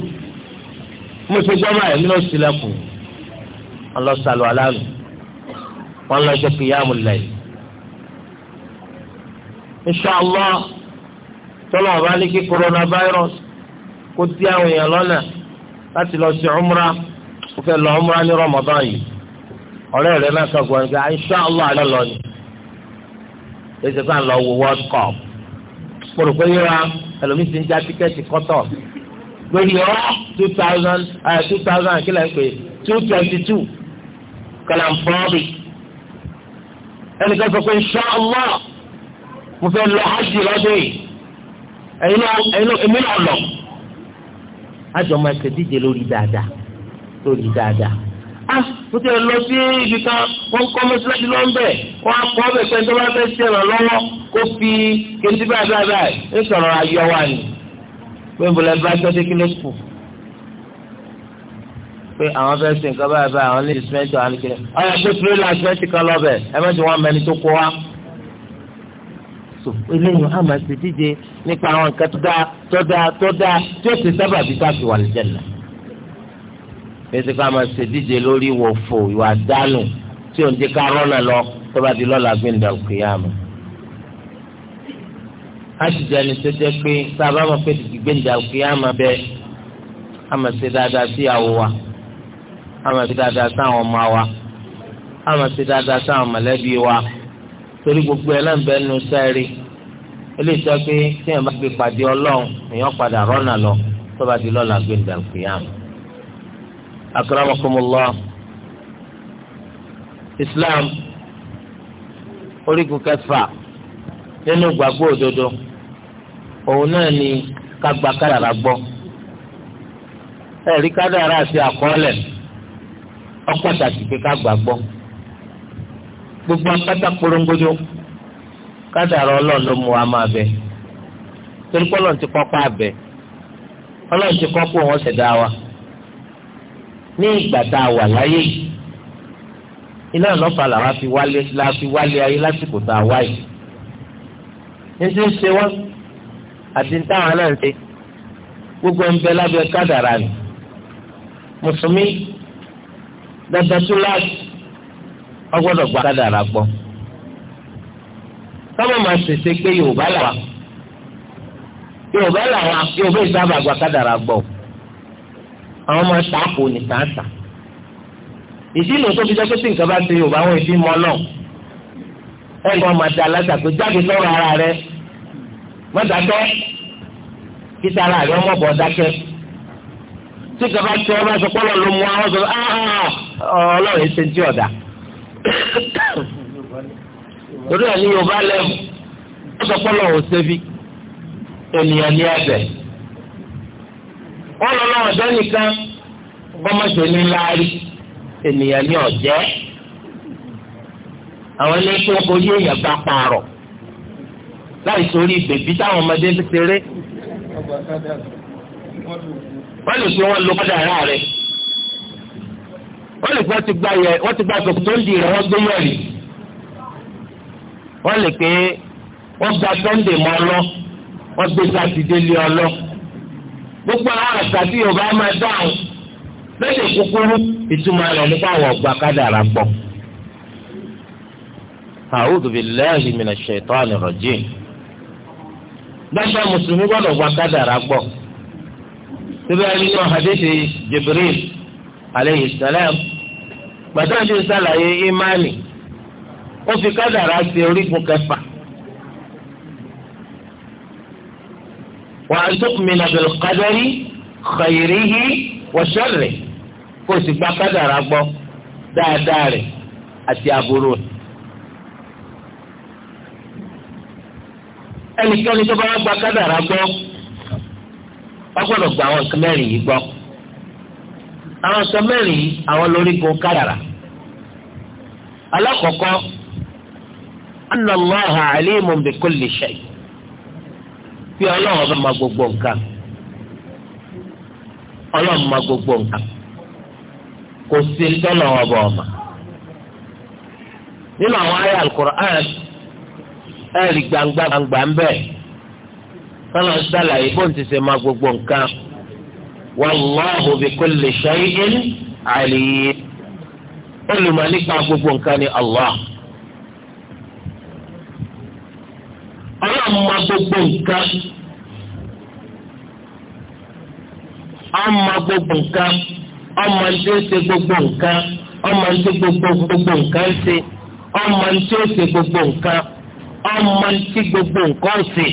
mo ti gbọ́ báyìí mi náà sílẹ̀kùn ọlọ́sàlù alálù wọn lọ jẹ́ kìyàmù lẹ́yìn inṣàlá tọ́lọ̀ ọba ní kí coronavirus kó dí àwọn èèyàn lọ́nà láti lọ sí umra kó fẹ́ lọ umra ní Ramadan yìí ọ̀rẹ́ rẹ náà kàn gbọ́n gba inṣàlá àlọ́ lọ ni èsì kan lọ wo world cup kpọ̀rọ̀ yíra ẹlòmíì ti ń já tíkẹ́ẹ̀tì kọ́tọ̀ lórí ọ̀rọ̀ two thousand two thousand kílẹ̀ ń pè two twenty two kàlàǹfọ̀ọ́bì ẹnìkan sọ pé inṣàlá mo fẹ́ lọ hajj lọ́dún yìí ẹ̀yin náà ẹ̀yin náà èmi náà lọ. àjọ máa ṣèdíje lórí dáadáa lórí dáadáa. a ah, mo ti lọ sí ibi kan wọ́n kọ́ mọ́sálásí lọ́nbẹ̀ wọ́n á kọ́ ọ́bẹ̀ pẹ̀lú tó bá fẹ́ ṣe ìrànlọ́wọ́ kó fi kéńtì báyìí báyìí báyìí ń sọ̀rọ̀ ayọ̀ wa ni. pé n bọ̀lẹ̀ bá tọ́ dékìlẹ̀ kù pé àwọn fẹ́ ṣe nǹkan báyìí báyìí àwọn ní ìsúmẹ́ntì àwọn ní kiri. ọ̀yà pé tírélà ìsúmẹ́ntì kan lọ́bẹ̀ ẹ so eléyìí a máa ṣe díje nípa àwọn nǹkan tó dáa tó dáa tó dáa tí ó ti sábà bí káàkiri wà lẹ́jẹ̀nà bẹ́sẹ̀ ká máa ṣe díje lórí ìwò fò ìwà dánù tí òun ti ká rọ́nà lọ tó bá di lọ́la gbẹ̀ndà òkè yá mọ́ a sì jẹ́ ẹni tó jẹ́ pé tá a bá mọ̀ gbẹ̀ndà òkè yá mọ́ bẹ́ẹ̀ a máa ṣe dáadáa sí àwọ̀ wa a máa ṣe dáadáa sáwọn ọmọ wa a máa ṣe dáadáa sáwọn mọ̀lẹ́bí wa torí gbogbo ẹ̀ lẹ́nbẹ̀ nu sẹ́ẹ̀rì eléyìí tó pé tí èèyàn bá gbé pàdé ọlọ́run èèyàn padà rọ́nà lọ tó bá di lọ́la gbé dàgbéyàmù. akramakumullah islam orígun kẹfà nínú gbàgbọ́ òdodo òun náà ni kagbà kádàrà gbọ́ ẹ̀rí kádàrà àti àkọọ́lẹ̀ ọ̀pọ̀ pàtàkì pé kagbà gbọ́ gbogbo akátá korongodo kádàrá ọlọ́run ló mú wa máa bẹ torí pé ọlọ́run ti kọ́kọ́ abẹ ọlọ́run ti kọ́kọ́ wọn ṣẹ̀dá wa ní ìgbà tá a wà láyé iná ìlọ́fà làwa fi wálé la fi wálé ayé lásìkò tá a wá yìí ní ti ń ṣe wọn àti táwọn náà ń ṣe gbogbo ń bẹ lábẹ́ kádàrá ni mùsùlùmí dandan ọgbọ́dọ̀ gba kádàrá gbọ́ sábà máa ṣèṣe pé yorùbá làwà yorùbá làwà yorùbá ìsábà gba kádàrá gbọ́ àwọn máa tààpù ní tààtà ìdílò tó fi jẹ́ pé tí nǹkan bá ṣe yorùbá wọn ìdí mọ́ náà ẹ̀ ní wọ́n máa da aláṣà pé jáde sọ̀rọ̀ ara rẹ mọ́tàkẹ́ kí sára rẹ ọmọ bọ̀ dákẹ́ tí nǹkan bá ṣe ọ bá ṣe pọ́lọ́ ló mú àwọn sọ ọlọ́run ẹ̀ ṣe ń tí ọ̀dà torí ẹ̀ ní yorùbá lẹ́mù ó sọ pé lọ́wọ́ sẹ́bí ènìyàn ní ẹ̀bẹ̀ wọ́n lọ lọ́wọ́ dánìkan bọ́mọ̀sẹ̀ ní láàrí ènìyàn ní ọ̀jẹ́ àwọn ilé tó ń borí èèyàn bá pààrọ̀ láì sórí bèbí táwọn ọmọdé ń ṣeré wọ́n lè fi wọ́n lo kọ́dà rárẹ̀. wọ́n lè pé wọ́n ti gba yẹ wọ́n ti gba sòkòtò ń di wọ́n lè pé wọ́n gba sọ́ndè mọ́ ọ lọ wọ́n gbé sátidé lé ọ lọ gbogbo àwọn àṣà tí yorùbá máa dáhùn lẹ́yìn kúkúrú ìtumọ̀ rẹ̀ nípa àwọn ọ̀gbà kádàrà gbọ́. A'udhu billahi minash shaitani rajim. Gbàgbà Mùsùlùmí gbọ́dọ̀ gba kádàrà gbọ́. aleyhi salam gbàtàǹdì sàlàyé ìmánì ó fi kádàrá sí orígun kẹfà wà á tu'mina bil qadari khayrihi wa sharrihi kó o sì gba kádàrá gbọ́ dáadáa rẹ̀ àti aburú rẹ̀. tó bá gba kádàrá gbọ́ wọ́n gba àwọn nǹkan yìí gbọ́. àwọn sọ mẹ́rin yìí àwọn lórí gun kádàrà alákọ̀ọ́kọ́ anna Allaha alimun bi bí ọlọ́run ma gbogbo nǹkan ọlọ́run ma gbogbo nǹkan kò sí tọ́lọ̀ ọba ọ̀ma nínú àwọn ayé al-Qur'an ẹ̀rí gbangba gbangba ń bẹ̀ ti ma gbogbo nǹkan. wàlláhu bí kò lè ṣayín àlìyé olùmọ̀ nípa gbogbo nǹkan ni allah ọlọ́mọ gbogbo nǹkan ọmọ gbogbo nǹkan ọmọ tí ó ṣe gbogbo nǹkan ọmọ tí gbogbo gbogbo nǹkan ń ṣe ọmọ tí ó ṣe gbogbo nǹkan ọmọ tí gbogbo nǹkan ń ṣe.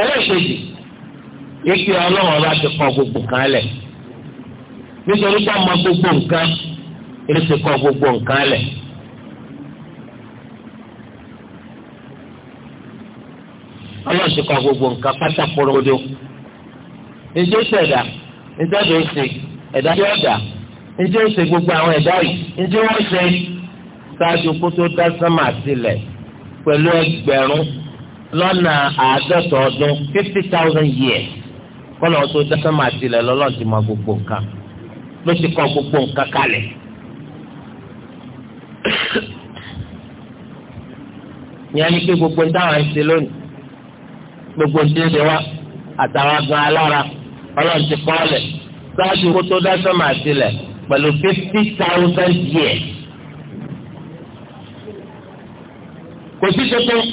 ẹlẹ́ẹ̀kejì ike ọlọ́run bá ti kọ gbogbo nka lẹ̀ nítorí pé gbogbo nǹkan èyí ti gbogbo nǹkan lẹ̀. ọlọ́run ti gbogbo nǹkan pátá porodo ẹ̀dá gbogbo àwọn ẹ̀dá yìí ǹjẹ́ wọ́n ṣe ṣáájú kó dá lọ́nà àádọ́ta ọdún fifty thousand years kọ́nà tó dáná máa tilẹ̀ lọ́lọ́ ti mọ gbogbo nǹkan ló ti kọ́ gbogbo nǹkan kalẹ̀. ìyẹn ni pé gbogbo ń dáhùn ẹsẹ lónìí gbogbo ń dín wa àtàwọn gan alára ọlọ́run ti kọ́ ọ̀lẹ̀ sáájú kó tó dá sọ́mà àtìlẹ̀ pẹ̀lú fifty thousand years. kò sí tuntun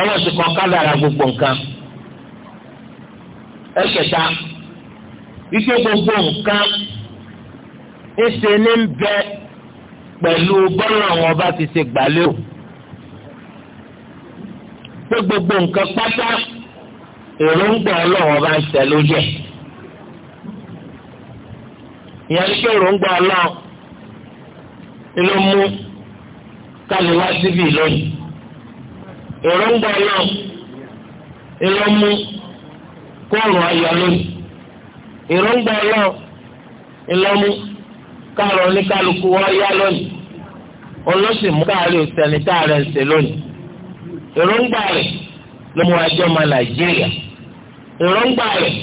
ọlọ́sìn kan kádàrà gbogbo nǹkan ẹ̀kẹta ike gbogbo nǹkan ìṣe ní ń bẹ pẹ̀lú bọ́lá àwọn ọba ti ṣe gbàlẹ́ o pé gbogbo nǹkan pátá èròǹgbà ọlọ́run ọba ń tẹ̀ lórí ẹ̀ ìyẹn ní pé èròǹgbà ọlọ́run ló mú kálíwá síbì lónìí èròǹgbà náà ìlọmú kóòrùn ayọ̀ lónìí èròǹgbà náà ìlọmú káàrọ̀ oníkálukú wọn yá lónìí olóṣèlú káàrí òsèlú táàrẹ ń ṣe lónìí èròǹgbà rẹ̀ ló mú ajọ́ ọmọ nàìjíríà èròǹgbà rẹ̀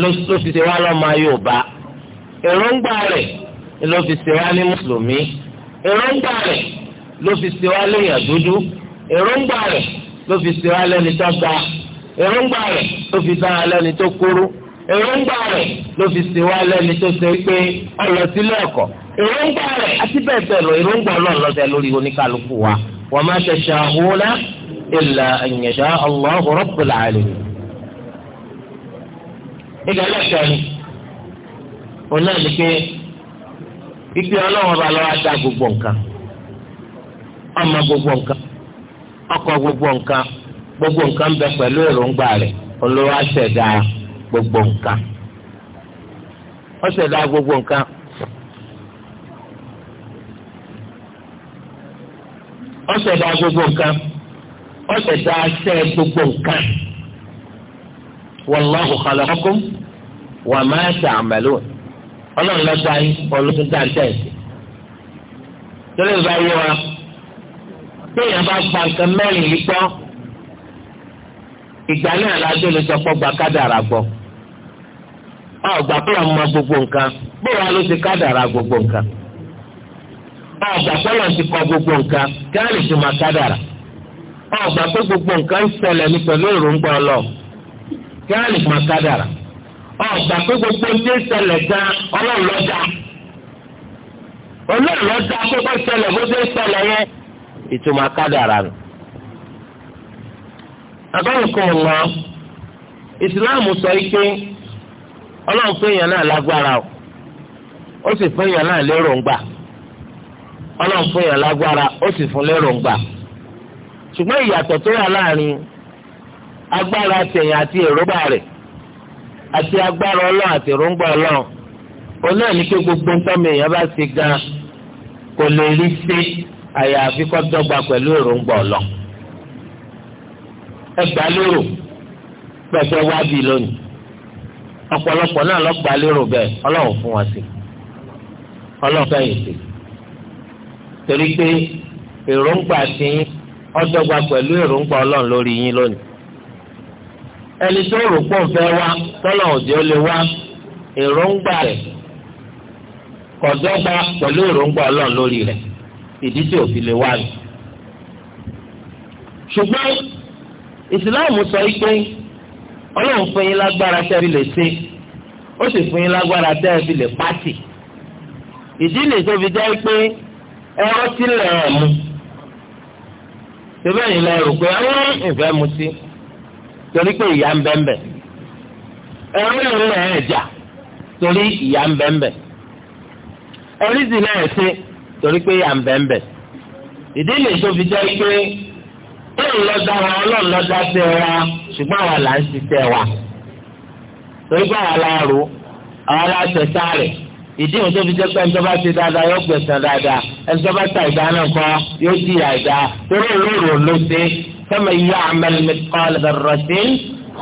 ló fi ṣe wá lọ́mọ yorùbá èròǹgbà rẹ̀ ló fi ṣe wá ní mùsùlùmí èròǹgbà rẹ̀ ló fi ṣe wá léèyàn dúdú èròǹgbà rẹ̀ ló fi ṣe wá lẹ́ni tó ga èròǹgbà rẹ̀ ló fi ṣe wá lẹ́ni tó kúrú èròǹgbà rẹ̀ ló fi ṣe wá lẹ́ni tó ṣe pé ọlọ sílé ẹ̀kọ́ èròǹgbà rẹ̀ àti bẹ́ẹ̀ bẹ́ẹ̀ lọ èròǹgbà Ọlọ́run lọsẹ lórí oníkálukú wa wa ma tasha'una illa an yasha Allahu rabbul alamin. ìgbàlẹ̀ kẹrin òun náà ní pé ìpè Ọlọ́run ọba lọ́wọ́ á dá nǹkan ọmọ gbogbo nǹkan. Ọkọ gbogbo nǹkan gbogbo nǹkan bẹ pẹ̀lú èròǹgbà rẹ̀ olówó gbogbo nǹkan gbogbo nǹkan. gbogbo nǹkan aṣẹ gbogbo nǹkan wallahu khalaqakum wa ma ta'malun ọlọ́run lọ́dọ̀ ayé ọlọ́dún dáńtẹ́ẹ̀sì. torí wa. téèyàn bá gba nǹkan mẹ́rin yìí gbọ́ ìgbà náà la tó sọ pé gba kádàrà gbọ́ ọ pé gbogbo nǹkan ló ti gbogbo nǹkan ọ pé ti kọ gbogbo nǹkan kí wọn lè máa kádàrà ọ gbà pé gbogbo nǹkan ń ní pẹ̀lú ọlọ kí wọn lè ọ pé gbogbo ń dé gan ọlọ́run lọ́jà ọlọ́run lọ́jà pé bó dé ìtumọ̀ akádàrà nù. abáyọkọ ọ̀nà ìsìláàmù sọ ike ọlọ́run fún èèyàn náà lágbára o ó sì fún èèyàn náà léròǹgbà ọlọ́run fún èèyàn lágbára ó sì fún léròǹgbà ṣùgbọ́n ìyàtọ̀ tó wà láàrin agbára tẹ̀yìn àti ati rẹ̀ àti agbára ọlọ́run àti èròǹgbà ọlọ́run náà ní pé gbogbo ń àyàfi kọ́ dọ́gba pẹ̀lú èròǹgbà ọ̀lọ́ ẹgbàá lérò pẹ̀fẹ́ wábì lónìí ọ̀pọ̀lọpọ̀ náà lọ́gbàá lérò bẹ́ẹ̀ ọlọ́run fún wọn sí ọlọ́run fẹ́yìn sí torí pé èròǹgbà ti yín ọdọ́gba pẹ̀lú èròǹgbà ọlọ́run lórí yín lónìí ẹni tó rò pọ̀ fẹ́ wá tọ́lọ̀ òjò lè wá èròǹgbà rẹ̀ kọ̀dọ́gba pẹ̀lú èròǹgbà ọlọ́run lórí rẹ̀ ìdí tí òfin lè wá yìí. ṣùgbọ́n ìsìláàmù sọ pé ọlọ́run fún yín lágbára tẹ́ ẹ fi lè ṣe ó sì fún yín lágbára tẹ́ ẹ fi lè pàṣẹ. ìdí lè tó fi jẹ́ pé ẹ̀rọ ti lẹ̀ ẹ̀ mu. ṣébẹ̀ yìí lẹ rò pé ẹ̀rọ ìfẹ́ mu sí torí pé ìyá ń bẹ́ńbẹ́. ẹ̀rọ ìlú ẹ̀ jà torí ìyá ń bẹ́ńbẹ́. ẹ̀rí sì lẹ́ẹ̀ ṣe torí pé yà ń bẹ́ńbẹ́ ìdí lè tó fi jẹ́ pé ọlọ́run lọ́dá wa ọlọ́run lọ́dá tẹ wa ṣùgbọ́n àwa là ń ṣiṣẹ́ wa torí pé àwa la rò àwa la tẹ̀ sáré ìdí òun tó fi jẹ́ pé ẹnjọba ṣe dáadáa yóò gbẹ̀sán dáadáa ẹnjọba ta ìdá náà kọ́ yóò di àìdá torí olóró ló ṣe fẹ́mi yá àmẹ́lẹ́mẹ́ kọ́lẹ̀ dọ̀rọ̀ṣẹ́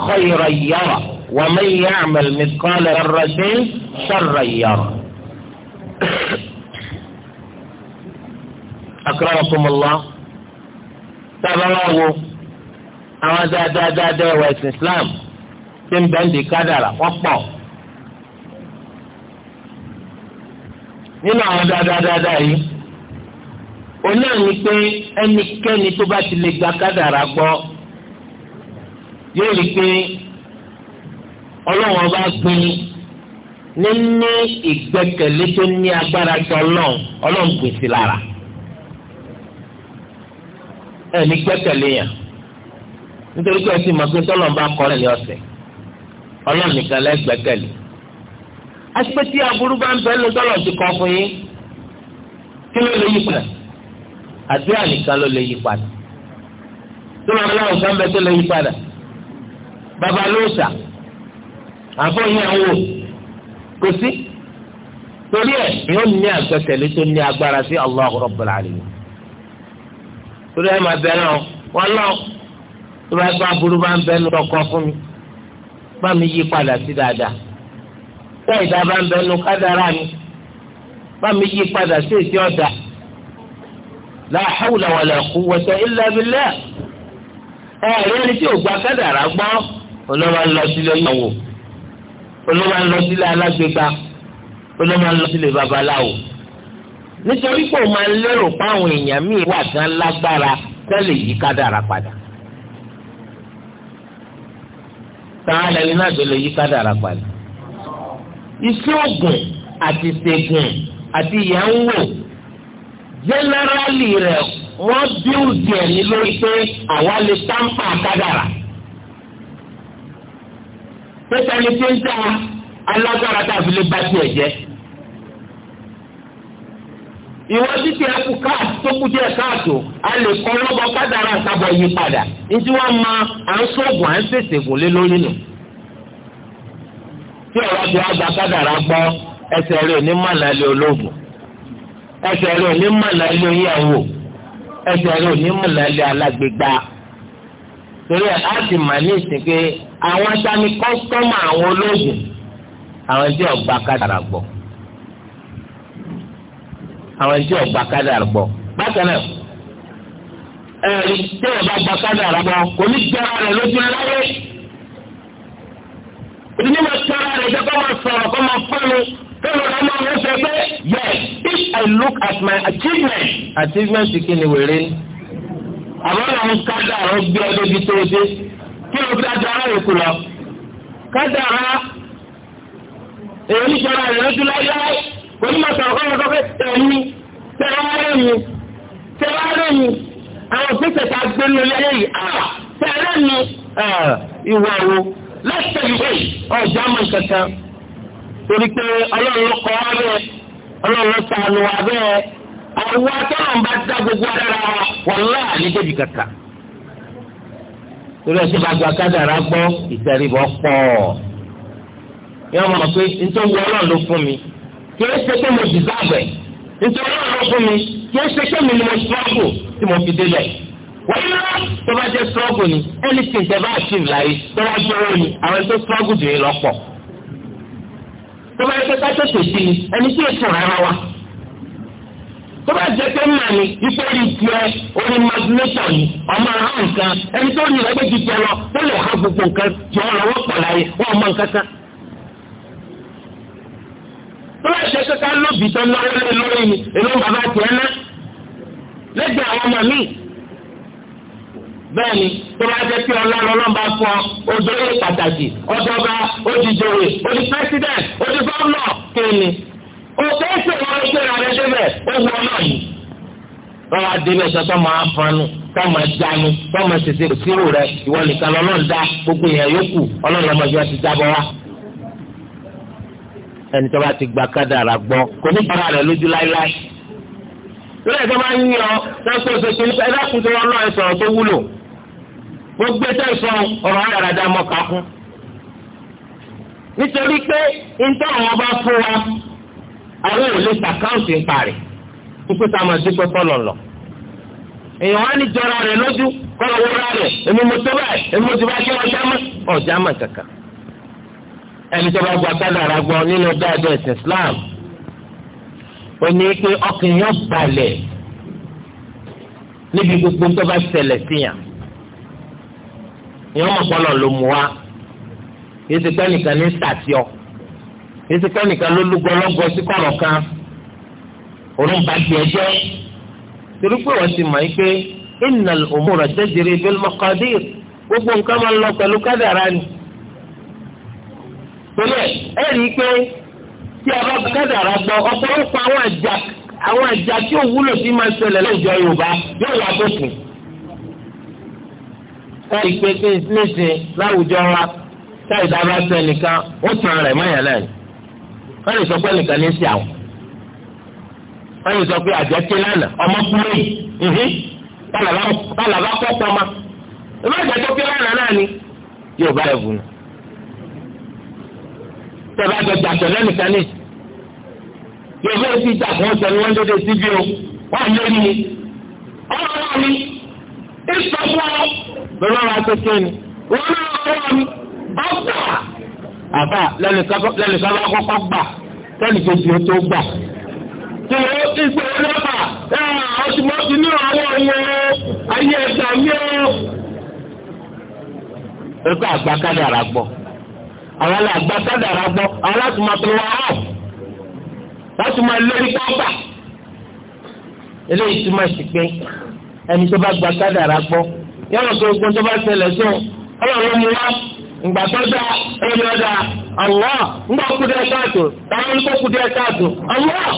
xọ́yọ̀rọ̀ yàrá wàmẹ́ yá àmẹ́lẹ́mẹ́ kọ́lẹ̀ dọ̀rọ̀ṣẹ́ sọ̀rọ̀ yàrá akramakumullah tábàlá wo àwọn dáadáadáa ẹwà ẹ̀sìn islam tí ń bẹ ń di kádàrà wọ́n pọ̀ nínú àwọn dáadáadáa yìí onáà ni pé ẹnikẹ́ni tó bá ti lè gba kádàrà gbọ́ yóò rí i pé ọlọ́run ọba gbin níní ìgbẹ́kẹ̀lé tó ní agbára tó ọlọ́run ọlọ́run gbèsè lára ẹ ní gbẹ́kẹ̀lé yàn nítorí pé ẹtì màgbé tọ́lọ̀ ń bá kọ́ ẹ̀ ní ọ̀sẹ̀ ọlọ́run nìkan lẹ́ gbẹ́kẹ̀lé asipẹ́tì aburú bá ń bẹ́ ló tọ́lọ̀ ti kọ́ fún yín kí ló lè yí padà àdúrà nìkan ló lè yí padà tó lọ́wọ́ láwọn kan bẹ tó lè yí padà bàbá lóòsà àfọyín àwọn kò sí torí ẹ̀ yóò ní àgbẹ̀tẹ̀lé tó ní agbára sí Allah Rabbul Alamin torí ẹ máa bẹ náà wọn náà tó bá gbọ́ aburú bá ń bẹ nu ọkọ fún mi bá mi yí padà sí dáadáa tó ìdá bá ń bẹ nu kádàrá mi bá mi yí padà sí èsì ọ̀dà la hawla wala quwwata illa billah ẹ ẹ lẹni tí ò gba gbọ́ olóma ń lọ sílé ìyàwó olóma ń lọ sílé alágbèéká olóma ń lọ sílé babaláwo nítorí pé òun máa ń lérò páwọn èèyàn míì wà gan lágbára tẹ́lẹ̀ yí kádàrá padà. táwọn ẹni náà tó lè yí kádàrá padà. iṣẹ́ ògùn àti ṣègùn àti ìyá ń wò jẹ́nẹ́rálì rẹ̀ wọ́n bíúdì ẹ̀ ní lórí pé àwa lè táǹpà kádàrá. pé tani tí ń ta alágbára tá a fi lè bá tiẹ̀ jẹ́. ìwọ títí ẹkù káàtì tó kú díẹ̀ káàtó a lè kọ lọbọ kádàrà àtàbọ yí padà ntí ma à ń sóògùn à ń sèse gòlé lórí nù. tí ọ̀rọ̀ ti wá gba kádàrà gbọ́ ẹsẹ̀ rẹ̀ ní olóògùn ẹsẹ̀ rẹ̀ ní ẹsẹ̀ rẹ̀ ní alágbègbà torí á àwọn ẹni tí wọ́n gba kádàrá gbọ́ bákan náà ẹ̀rí tí wọ́n bá gba kádàrá gbọ́ kò ní jẹ́ra rẹ̀ lójú láyé ìdílé máa tẹ́ra rẹ̀ jẹ́ kó máa sọ̀rọ̀ kó máa fọ́nu kó máa máa wọ́n fẹ́ pé yes if I look at my achievement achievement kí ni wèrè ni àwọn ọ̀nà ń kádàrá gbé ọdún ibi tó dé kí ló kádàrá rẹ̀ kù lọ kádàrá èyí jẹ́ra rẹ̀ lójú láyé onímọ̀ sọ̀rọ̀ kọ́ ọ̀dọ́ tẹ̀mí tẹ̀wárẹ̀ mi àwọn òfìsẹ̀ tá a gbé ní ọlẹ́yẹ yìí tẹ̀rẹ̀ mi ìwà wo lẹ́sẹ̀ yìí ọ̀jọ́ àmọ̀ kankan torí pé ọlọ́run ló kọ́ ọ bẹ́ẹ̀ ọlọ́run ló sànù wà bẹ́ẹ̀ àwọn akẹ́wọ̀n bá dá gbogbo ara wa wàlá àníjẹ́bi kankan torí ẹsẹ bá gba kádàrá gbọ́ ìtẹríbọ pọ̀ yọọ kìí ṣe pé mo dìsáàbẹ̀ nítorí wọn lọ fún mi kìí ṣe pé mi ni mo sọ́ọ̀bù tí mo fi délẹ̀ wọ́n yá tó bá jẹ́ sọ́ọ̀bù ni ẹni tí ìjẹ́ bá achieve láyé tó bá jẹ́ owó ni àwọn tó sọ́ọ̀bù jù yín lọ́pọ̀ tó bá jẹ́ ká tètè sí ni ẹni tí èso rárá wa tó bá jẹ́ pé mà ní ipò rí tiẹ̀ orí magnation ni ọmọ ara nǹkan ẹni tó ní ìrẹ́gbẹ́jì tiẹ̀ lọ tó lè ha gbogbo nǹkan jọ ọ̀rọ̀ wọ́pọ̀ láyé wọ́n mọ nǹkan kan tó bá ṣe ká lóbi tó lọ́wọ́ lé lórí ni èló bàbá tiẹ̀ ná lẹ́gbẹ̀ẹ́ àwọn ọmọ mi. bẹ́ẹ̀ni tó bá jẹ́ kí ọlọ́run ọlọ́mọba fún ọ odòwe pàtàkì ọjọba odìjòwe odi president odi gómìnà kéènì òkèèsè wọn ló gbé ìrànlẹ́ débẹ̀ ó wọ yìí. wọ́n wá débẹ̀ sọ tó máa fanu tó máa jánu tó máa ṣèṣe kò sírò rẹ ìwọ ẹni tó bá ti gba kádàrà gbọ́ kò ní bára rẹ̀ lójú láíláí. lórí ẹ̀ka máa ń yí ọ lọ́sọ̀ ṣoṣo ní ẹ̀dá kùn tó wọn náà ẹ̀ sọ̀rọ̀ tó wúlò. gbogbo ẹ̀sẹ̀ sọ ọ̀rọ̀ àràdà mọ́ka kún. nítorí pé nítorí àwọn bá fún wa àwọn ò lè sàkáǹtì ń parẹ́ kókó tá máa dúpẹ́ fọ́lọ̀ lọ. èèyàn wá ní jọra rẹ̀ lójú kọ́ ẹni tó bá gba kádàrá gbọ́ nínú dáadọ́ ẹ̀sìn Islam ó ní pé ọkàn yẹn balẹ̀ níbi gbogbo tó bá ṣẹlẹ̀ síyàn ìyẹn ọmọ kọlọ̀ ló mú wa yìí ti pẹ́ nìkan ní sàtíọ̀ yìí ti pẹ́ nìkan ló lúgọ lọ́gọ sí kọ̀rọ̀ kan òun bá tiẹ̀ jẹ́ torí pé wọ́n ti mọ̀ yìí pé innal umura tajri bil maqadir gbogbo nǹkan máa ń lọ pẹ̀lú kádàrá ni torí ẹ ẹ rí i pé tí a bá kádàrá gbọ́ ọ̀pọ̀lọpọ̀ àwọn àjà àwọn àjà tí ò wúlò sí máa ṣẹlẹ̀ lọ́jọ́ Yorùbá yóò wá bófin. ẹ rí i pé kí nísìn láwùjọ wa táì dábà sẹ nìkan ó tàn rẹ̀ mọ́yàn náà ni wọ́n lè sọ pé nìkan ní sí àwọn wọ́n lè sọ pé àjọ ké lánàá ọmọkùnrin yìí bálàbá kọ́ pọ́nmá ìmọ̀ àjọ tó ké lánàá náà ni Yorùbá ẹ̀ bùnú tẹ̀lé àjọjà tẹ̀lé nìkan ní. Yorùbá èsì ìjà fún ọ̀sẹ̀ ni wọ́n dédé síbi o, wọ́n á lórí mi. Ọlọ́run mi, ìsọ fún ọ. Bẹ́ẹ̀ wá kékeré ni, wọ́n ní ọlọ́run mi, ọgbà. Àbá lẹ́nìkan bá kọ́kọ́ gbà, kẹ́ni kejì ó tó gbà. Tí o ti gbé e lọ́pà, ní àwọn ọ̀yẹ́ ayé mi ó. Ẹ̀kọ́ àgbà kádàrà gbọ́ àwọn làgbà sádàrà gbọ́ àwọn láti máa tó wọn ọ̀f láti máa lórí pápá eléyìí túmọ̀ sí pé ẹni tó bá gba sádàrà gbọ́ yọ̀rọ̀ tó gbọ́n tó bá ṣẹlẹ̀ sóun ọlọ́run mú wá ìgbà tó dá ẹni ọ̀dà ọ̀wọ́ ńgbà kúdẹ́ káàtó táwọn ń kó kúdẹ́ káàtó ọ̀wọ́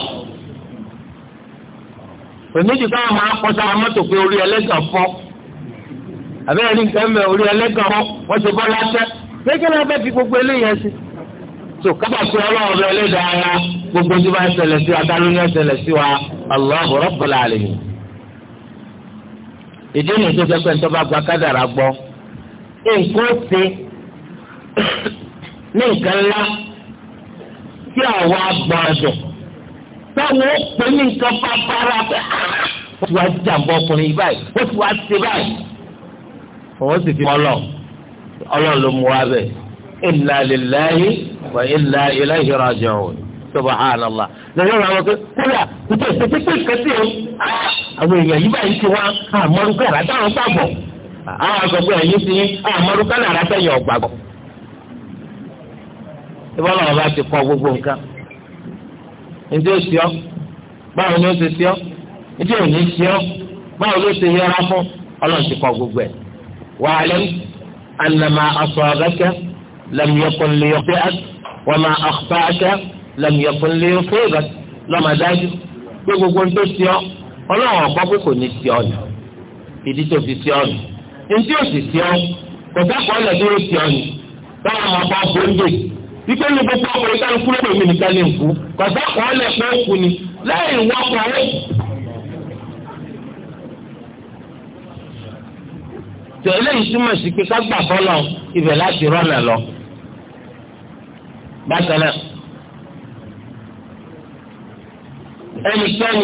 onídìí káwọn máa kọ́ sára mọ́tò pé orí ẹlẹ́gàn fọ́ àbẹ́rẹ́ ní nǹkan mẹ́ orí ẹlẹ́gàn fọ́ wọ́n ti bọ́ lásẹ́ gbẹ́gẹ́ náà bẹ́ẹ̀ fi gbogbo eléyẹn sí. tó kábà pé ọlọ́run bẹ ọlẹ́dàá ara gbogbo tí wọ́n ṣẹlẹ̀ sí wa kálú ní ọ̀ṣẹlẹ̀ sí wa Allahu Rabbul Alamin. ìdí nìyí tó sẹ́kẹ̀ tó bá gba kádàrá gbọ́ nǹkan ó ṣe ní nǹkan ńlá tí àwa gbọ́n ọ̀dọ̀ táwọn ó pè ní nǹkan bábára bẹ́ẹ̀ wọ́n ti wá jàǹbọ̀ ọkùnrin báyìí wọ́n ti wá ṣe báyìí. òun ọlọ́run ló mú wa bẹ̀ illa lillahi wa illa ilayhi raji'un subhanallah lọ́jọ́ ìwà wọn pé o àwọn èèyàn yìí báyìí ti wá gbàgbọ́ àwọn ti gbàgbọ́. ìbọn náà bá ti kọ gbogbo nǹkan ǹjẹ́ báwo ni ti sí ǹjẹ́ sí báwo ló ti yẹra fún ọlọ́run ti kọ gbogbo ẹ̀ wàhálẹ́ أن ما أصابك لم يكن ليخطئك وما أخطأك لم يكن ليصيبك لما dájú pé gbogbo tó ti ọ ọlọ́run ọ̀pọ̀ pé kò ní ti ọ nù ìdí tó fi ti ọ nù ntí ò sì ti ọ kò dákọ̀ ọ̀lẹ̀ tó ti ọ nù báwọn ọmọ ọba gbòǹdè ní gbogbo ọkùnrin káàkiri kúrò lómi nìkan lè kú kò dákọ̀ ọ̀lẹ̀ ó kú ni lẹ́yìn wọ́pọ̀ rẹ̀. tó eléyìí túmọ̀ sí pé kágbà bọ́lọ̀ ibẹ̀ láti rọ́nà lọ. bákan náà ẹnikẹ́ni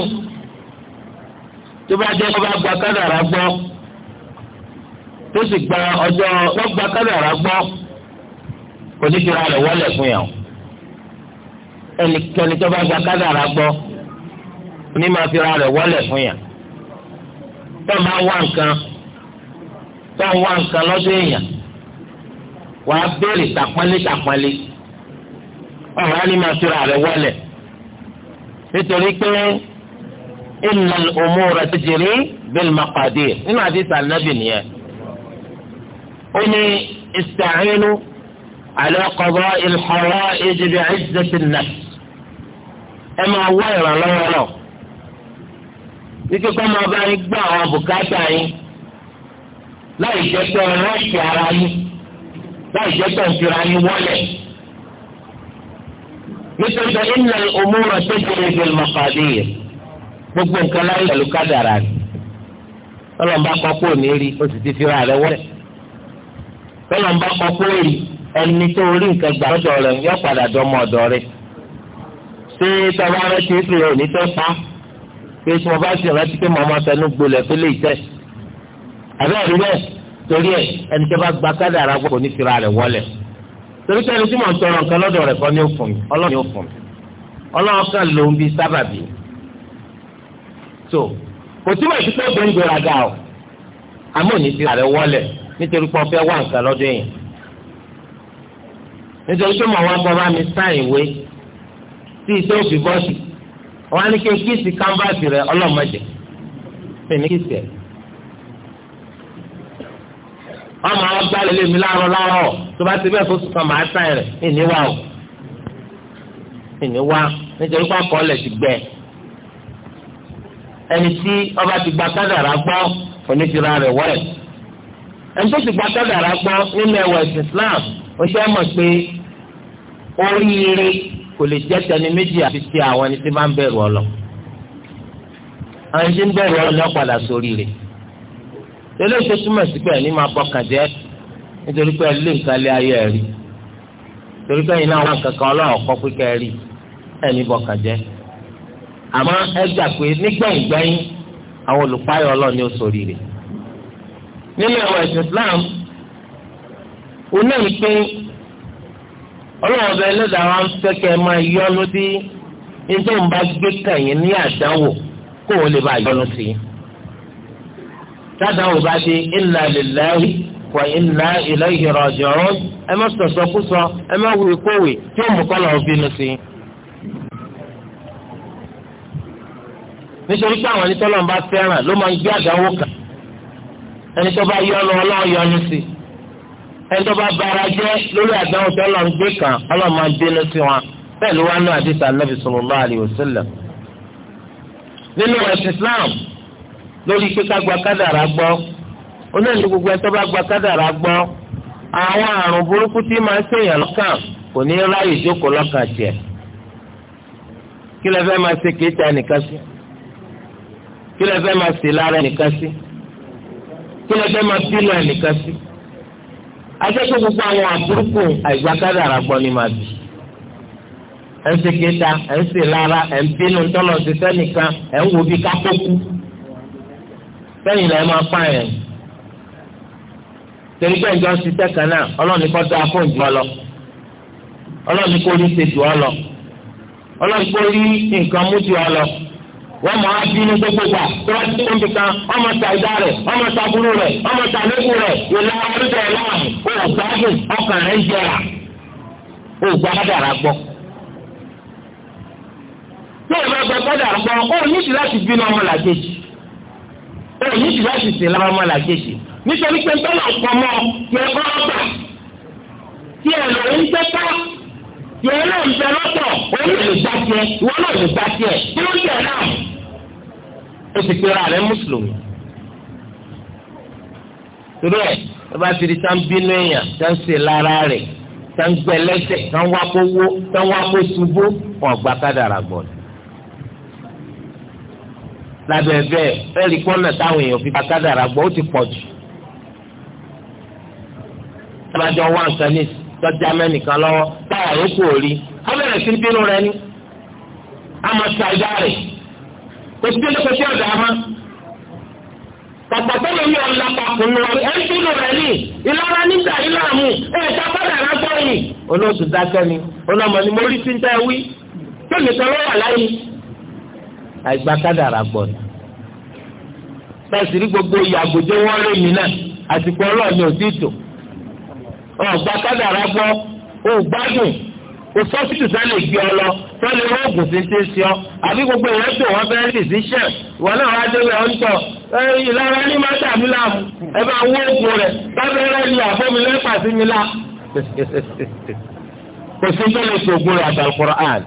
tó bá jẹ́ kó bá gba kádàrá gbọ́ tó sì gba ọjọ́ wọ́n gba kádàrá gbọ́ kò ní fi ra rẹ̀ wọ́lẹ̀ fún yàn ẹnikẹ́ni tó bá gba kádàrá gbọ́ ní máa fi ra rẹ̀ wọ́lẹ̀ fún yàn tó máa wá nǹkan tó ń wá nǹkan lọ́dọ̀ èèyàn wàá béèrè tàpọ́nlé tàpọ́nlé ọ̀rọ̀ ni máa tura rẹ̀ wọlé nítorí pé innal umura tajri bil maqadir nínú àdìsí ànábì nìyẹn ó ní ista'inu ala qada'il hara'ij bi'izzatin nafs ẹ máa wá ìrànlọ́wọ́ náà wípé kọ́ máa bá yín gbọ́ àwọn bùkátà yín láì jẹ́ pé ọ̀rọ̀ ìfẹ́ ara yín láì jẹ́ pé ìfira yín wọlé. nítorí pé iná òmù rẹ̀ tó ti lè gbèlè mọ̀kàdé yẹn gbogbo nǹkan láyé pẹ̀lú kádàrà rẹ̀ tọ́lọ́mbà kọ́kọ́ òní rí o sì ti fira rẹ̀ wọlé. tọ́lọ́mbà kọ́kọ́ rí ẹni tó rí nǹkan gbà lọ́dọ̀ rẹ̀ yọ padà dọ́mọ ọ̀dọ̀ rẹ̀. ṣé tọ́lá rẹ̀ ti fi òní tó pa? pé tí mo bá sì rántí pé màmá fẹnu gbolẹ̀ fẹ́lẹ́ ìtẹ́sí àbẹ́rẹ́ rí bẹ́ẹ̀ torí ẹ̀ ẹni tó bá gba kádàrá gbọ́ kò ní fira rẹ̀ wọlé torí pé ẹni tí mò ń tọrọ nǹkan lọ́dọ̀ rẹ̀ kọ́ ni ó fún mi ọlọ́run ni ó fún mi ọlọ́run kan ló ń bi sábàbí so kò tí wọ́n ti pé ọgbẹ́ ń gbéra ga o àmọ́ ò ní fira rẹ̀ wọlé nítorí pé ọfẹ́ wà nǹkan lọ́dọ̀ yẹn nítorí pé mọ̀ wá bọ́ bá mi sáìn ìwé tí iṣẹ́ òfin bọ́ọ̀sì wọn á ní kí n kíìsì ọmọ àwọn gbalẹ̀ lè mi láàárọ̀ láàárọ̀ tó bá ti bẹ́ẹ̀ fóṣù kan màá sáyẹn rẹ̀ ìní wa o ìní wa nítorí pé àkọọ́lẹ̀ ti gbẹ ẹni tí ọba ti gba kádàrá gbọ́ onídìrá rẹ̀ wọ́rẹ̀ ẹni tó ti gba kádàrá gbọ́ nínú ẹ̀wọ̀ ẹ̀sìn Islam ó ṣe é mọ̀ pé oríire kò lè jẹ́ tẹni méjì àfi ti àwọn ẹni tí máa ń bẹ̀rù ọlọ àwọn ẹni tí ń bẹ̀rù ọlọ ní ọ̀padà sóríire. So eléyìí tó túmọ̀ sí pé ẹni máa bọkàn jẹ́ nítorí pé ẹlẹ́ nǹkan ayé ẹ̀ rí torí pé ẹ̀yin náà wà kankan ọlọ́run ọ̀kọ́ pé kẹ́ ẹni bọkàn jẹ́ àmọ́ ẹ gbà pé àwọn olùpáyọ̀ ọlọ́run ni ó sòrí rẹ̀ nínú ẹ̀wọ̀ ẹ̀sìn Islam òun náà ń pín ọlọ́run ọba ẹlẹ́dàá wa ń fẹ́ kẹ́ ẹ máa yọ́nú tádà ò bá dé inna lillahi wa inna ilayhi raji'un ẹ má sọ̀sọ̀ kú sọ ẹ má wù kówè tí ó mú kọ́lọ̀ bínú sí i. nítorí pé àwọn onítọ́lọ́ bá fẹ́ràn ló máa ń gbé àdánwò kan ẹni tó bá yọnu ọlọ́run sí ẹni tó bá bara jẹ́ lórí àdánwò tó lọ́n gbé kan ọlọ́run máa ń bínú sí wọn bẹ́ẹ̀ ló wá ní àdìsá nàbì sallallahu alaihi wasallam nínú ẹ̀sìn Islam lórí pé ká gba kádàrá gbọ́ onáàlú gbogbo ẹtọ́ bá gba kádàrá gbọ́ àwọn àrùn burúkú tí máa ń ṣèyàn lọ́kàn kò ní ráàyè jókòó lọ́kàn tiẹ̀ kí lẹ fẹ́ máa ṣe kéèta nìkan sí kí lẹ fẹ́ máa ṣe lára nìkan sí kí lẹ fẹ́ máa bínú ẹnìkan sí akẹ́kọ̀ọ́ gbogbo àwọn àbúrúkú àìgbà kádàrá gbọ́ ni màá bì ẹ̀ ń ṣe kéèta ẹ̀ ń ṣe lára ẹ̀ ń bínú tọ́lọ̀ ṣiṣẹ́ nìkan ẹ̀ ń wo bí kápókú sẹ́yìn lẹ́ẹ̀ máa pa yẹn torí pé ìjọ ń ṣiṣẹ́ kan náà ọlọ́run ní kó dáa fún ìjọ lọ ọlọ́run ní kó rí ṣe jù ọ lọ ọlọ́run ní kó rí nǹkan mú jù ọ lọ wọ́n mọ̀ á bínú gbogbo gbà tó bá ti tóbi kan ọmọ ta ìdá rẹ̀ ọmọ ta burú rẹ̀ ọmọ ta lẹ́kù rẹ̀ ìlà ọdún ẹ̀ láàmú òògbádùn ọkàn rẹ̀ ń jẹrà òògbádàrà gbọ́. tó o bá gbọ́ gbọ́dàrà gbọ́ ó ní ìdí láti bínú ọmọ làjèjì ó ní ìdí láti sìn lára ọmọ làkejì nítorí pé tọ́lá ọ̀pọ̀mọ́ yẹ kọ́ ọ̀gbà tí ẹ lọ ń tẹ́tà yẹ náà ń bẹ lọ́tọ̀ òun lè gbà tiẹ̀ wọ́n náà lè gbà tiẹ̀ tí ó ń tẹ̀ náà ó sì pera rẹ̀ mùsùlùmí. torí ẹ̀ ẹ bá ti di tá ń bínú èèyàn tá ń sè lára rẹ̀ tá ń gbẹ lẹ́sẹ̀ tá ń wá kó wó tá ń wá kó ṣubú wọn kádàrà gbọ́dọ̀ lábẹ́ bẹ́ẹ̀ ẹ̀rí pọ́nà táwọn èèyàn fi bàkádàrà gbọ́ ó ti pọ̀ jù. tábàjọ wá nǹkan ní tọ́jà mẹ́nìkan lọ́wọ́ táwa yòókù ò rí á bẹ̀rẹ̀ sí bínú rẹ ní. a máa ta ìdá rẹ̀ kò sí délé kò sí ọ̀dà má. pàpàtó lórí ọ̀la pàkùn lọ ẹ̀ ń bínú rẹ ní ìlara nígbà ìlàmù ẹ̀ ta bàdàrà gbọ́ olóòtú dákẹ́ ni olóòmọ ni mo rí sí ń tẹ́ àìgbà kádàrà gbọ́ ni. bẹ́ẹ̀ sì rí gbogbo ìyàgòjé wọ́n lé mi náà àsìkò ọlọ́ọ̀ni ò sí tò. ọ̀gbà kádàrà gbọ́ ò gbádùn kò sọ́sìtì sá lè gbé ọ lọ sọ lè wọ́n ògùn sí ti sí ọ àbí gbogbo ìyẹn tó wọ́n fẹ́ẹ́ dìsíṣẹ̀ ìwọ náà wá dé rẹ̀ ọ́ ń tọ̀ ìlara ní má dàmí láàmú ẹ bá wó ògùn rẹ̀ lábẹ́rẹ́ ni àbọ̀mí lẹ́pà sí mi lá. kò sí tó lè sògùn rẹ̀ àtàkùrọ̀ àn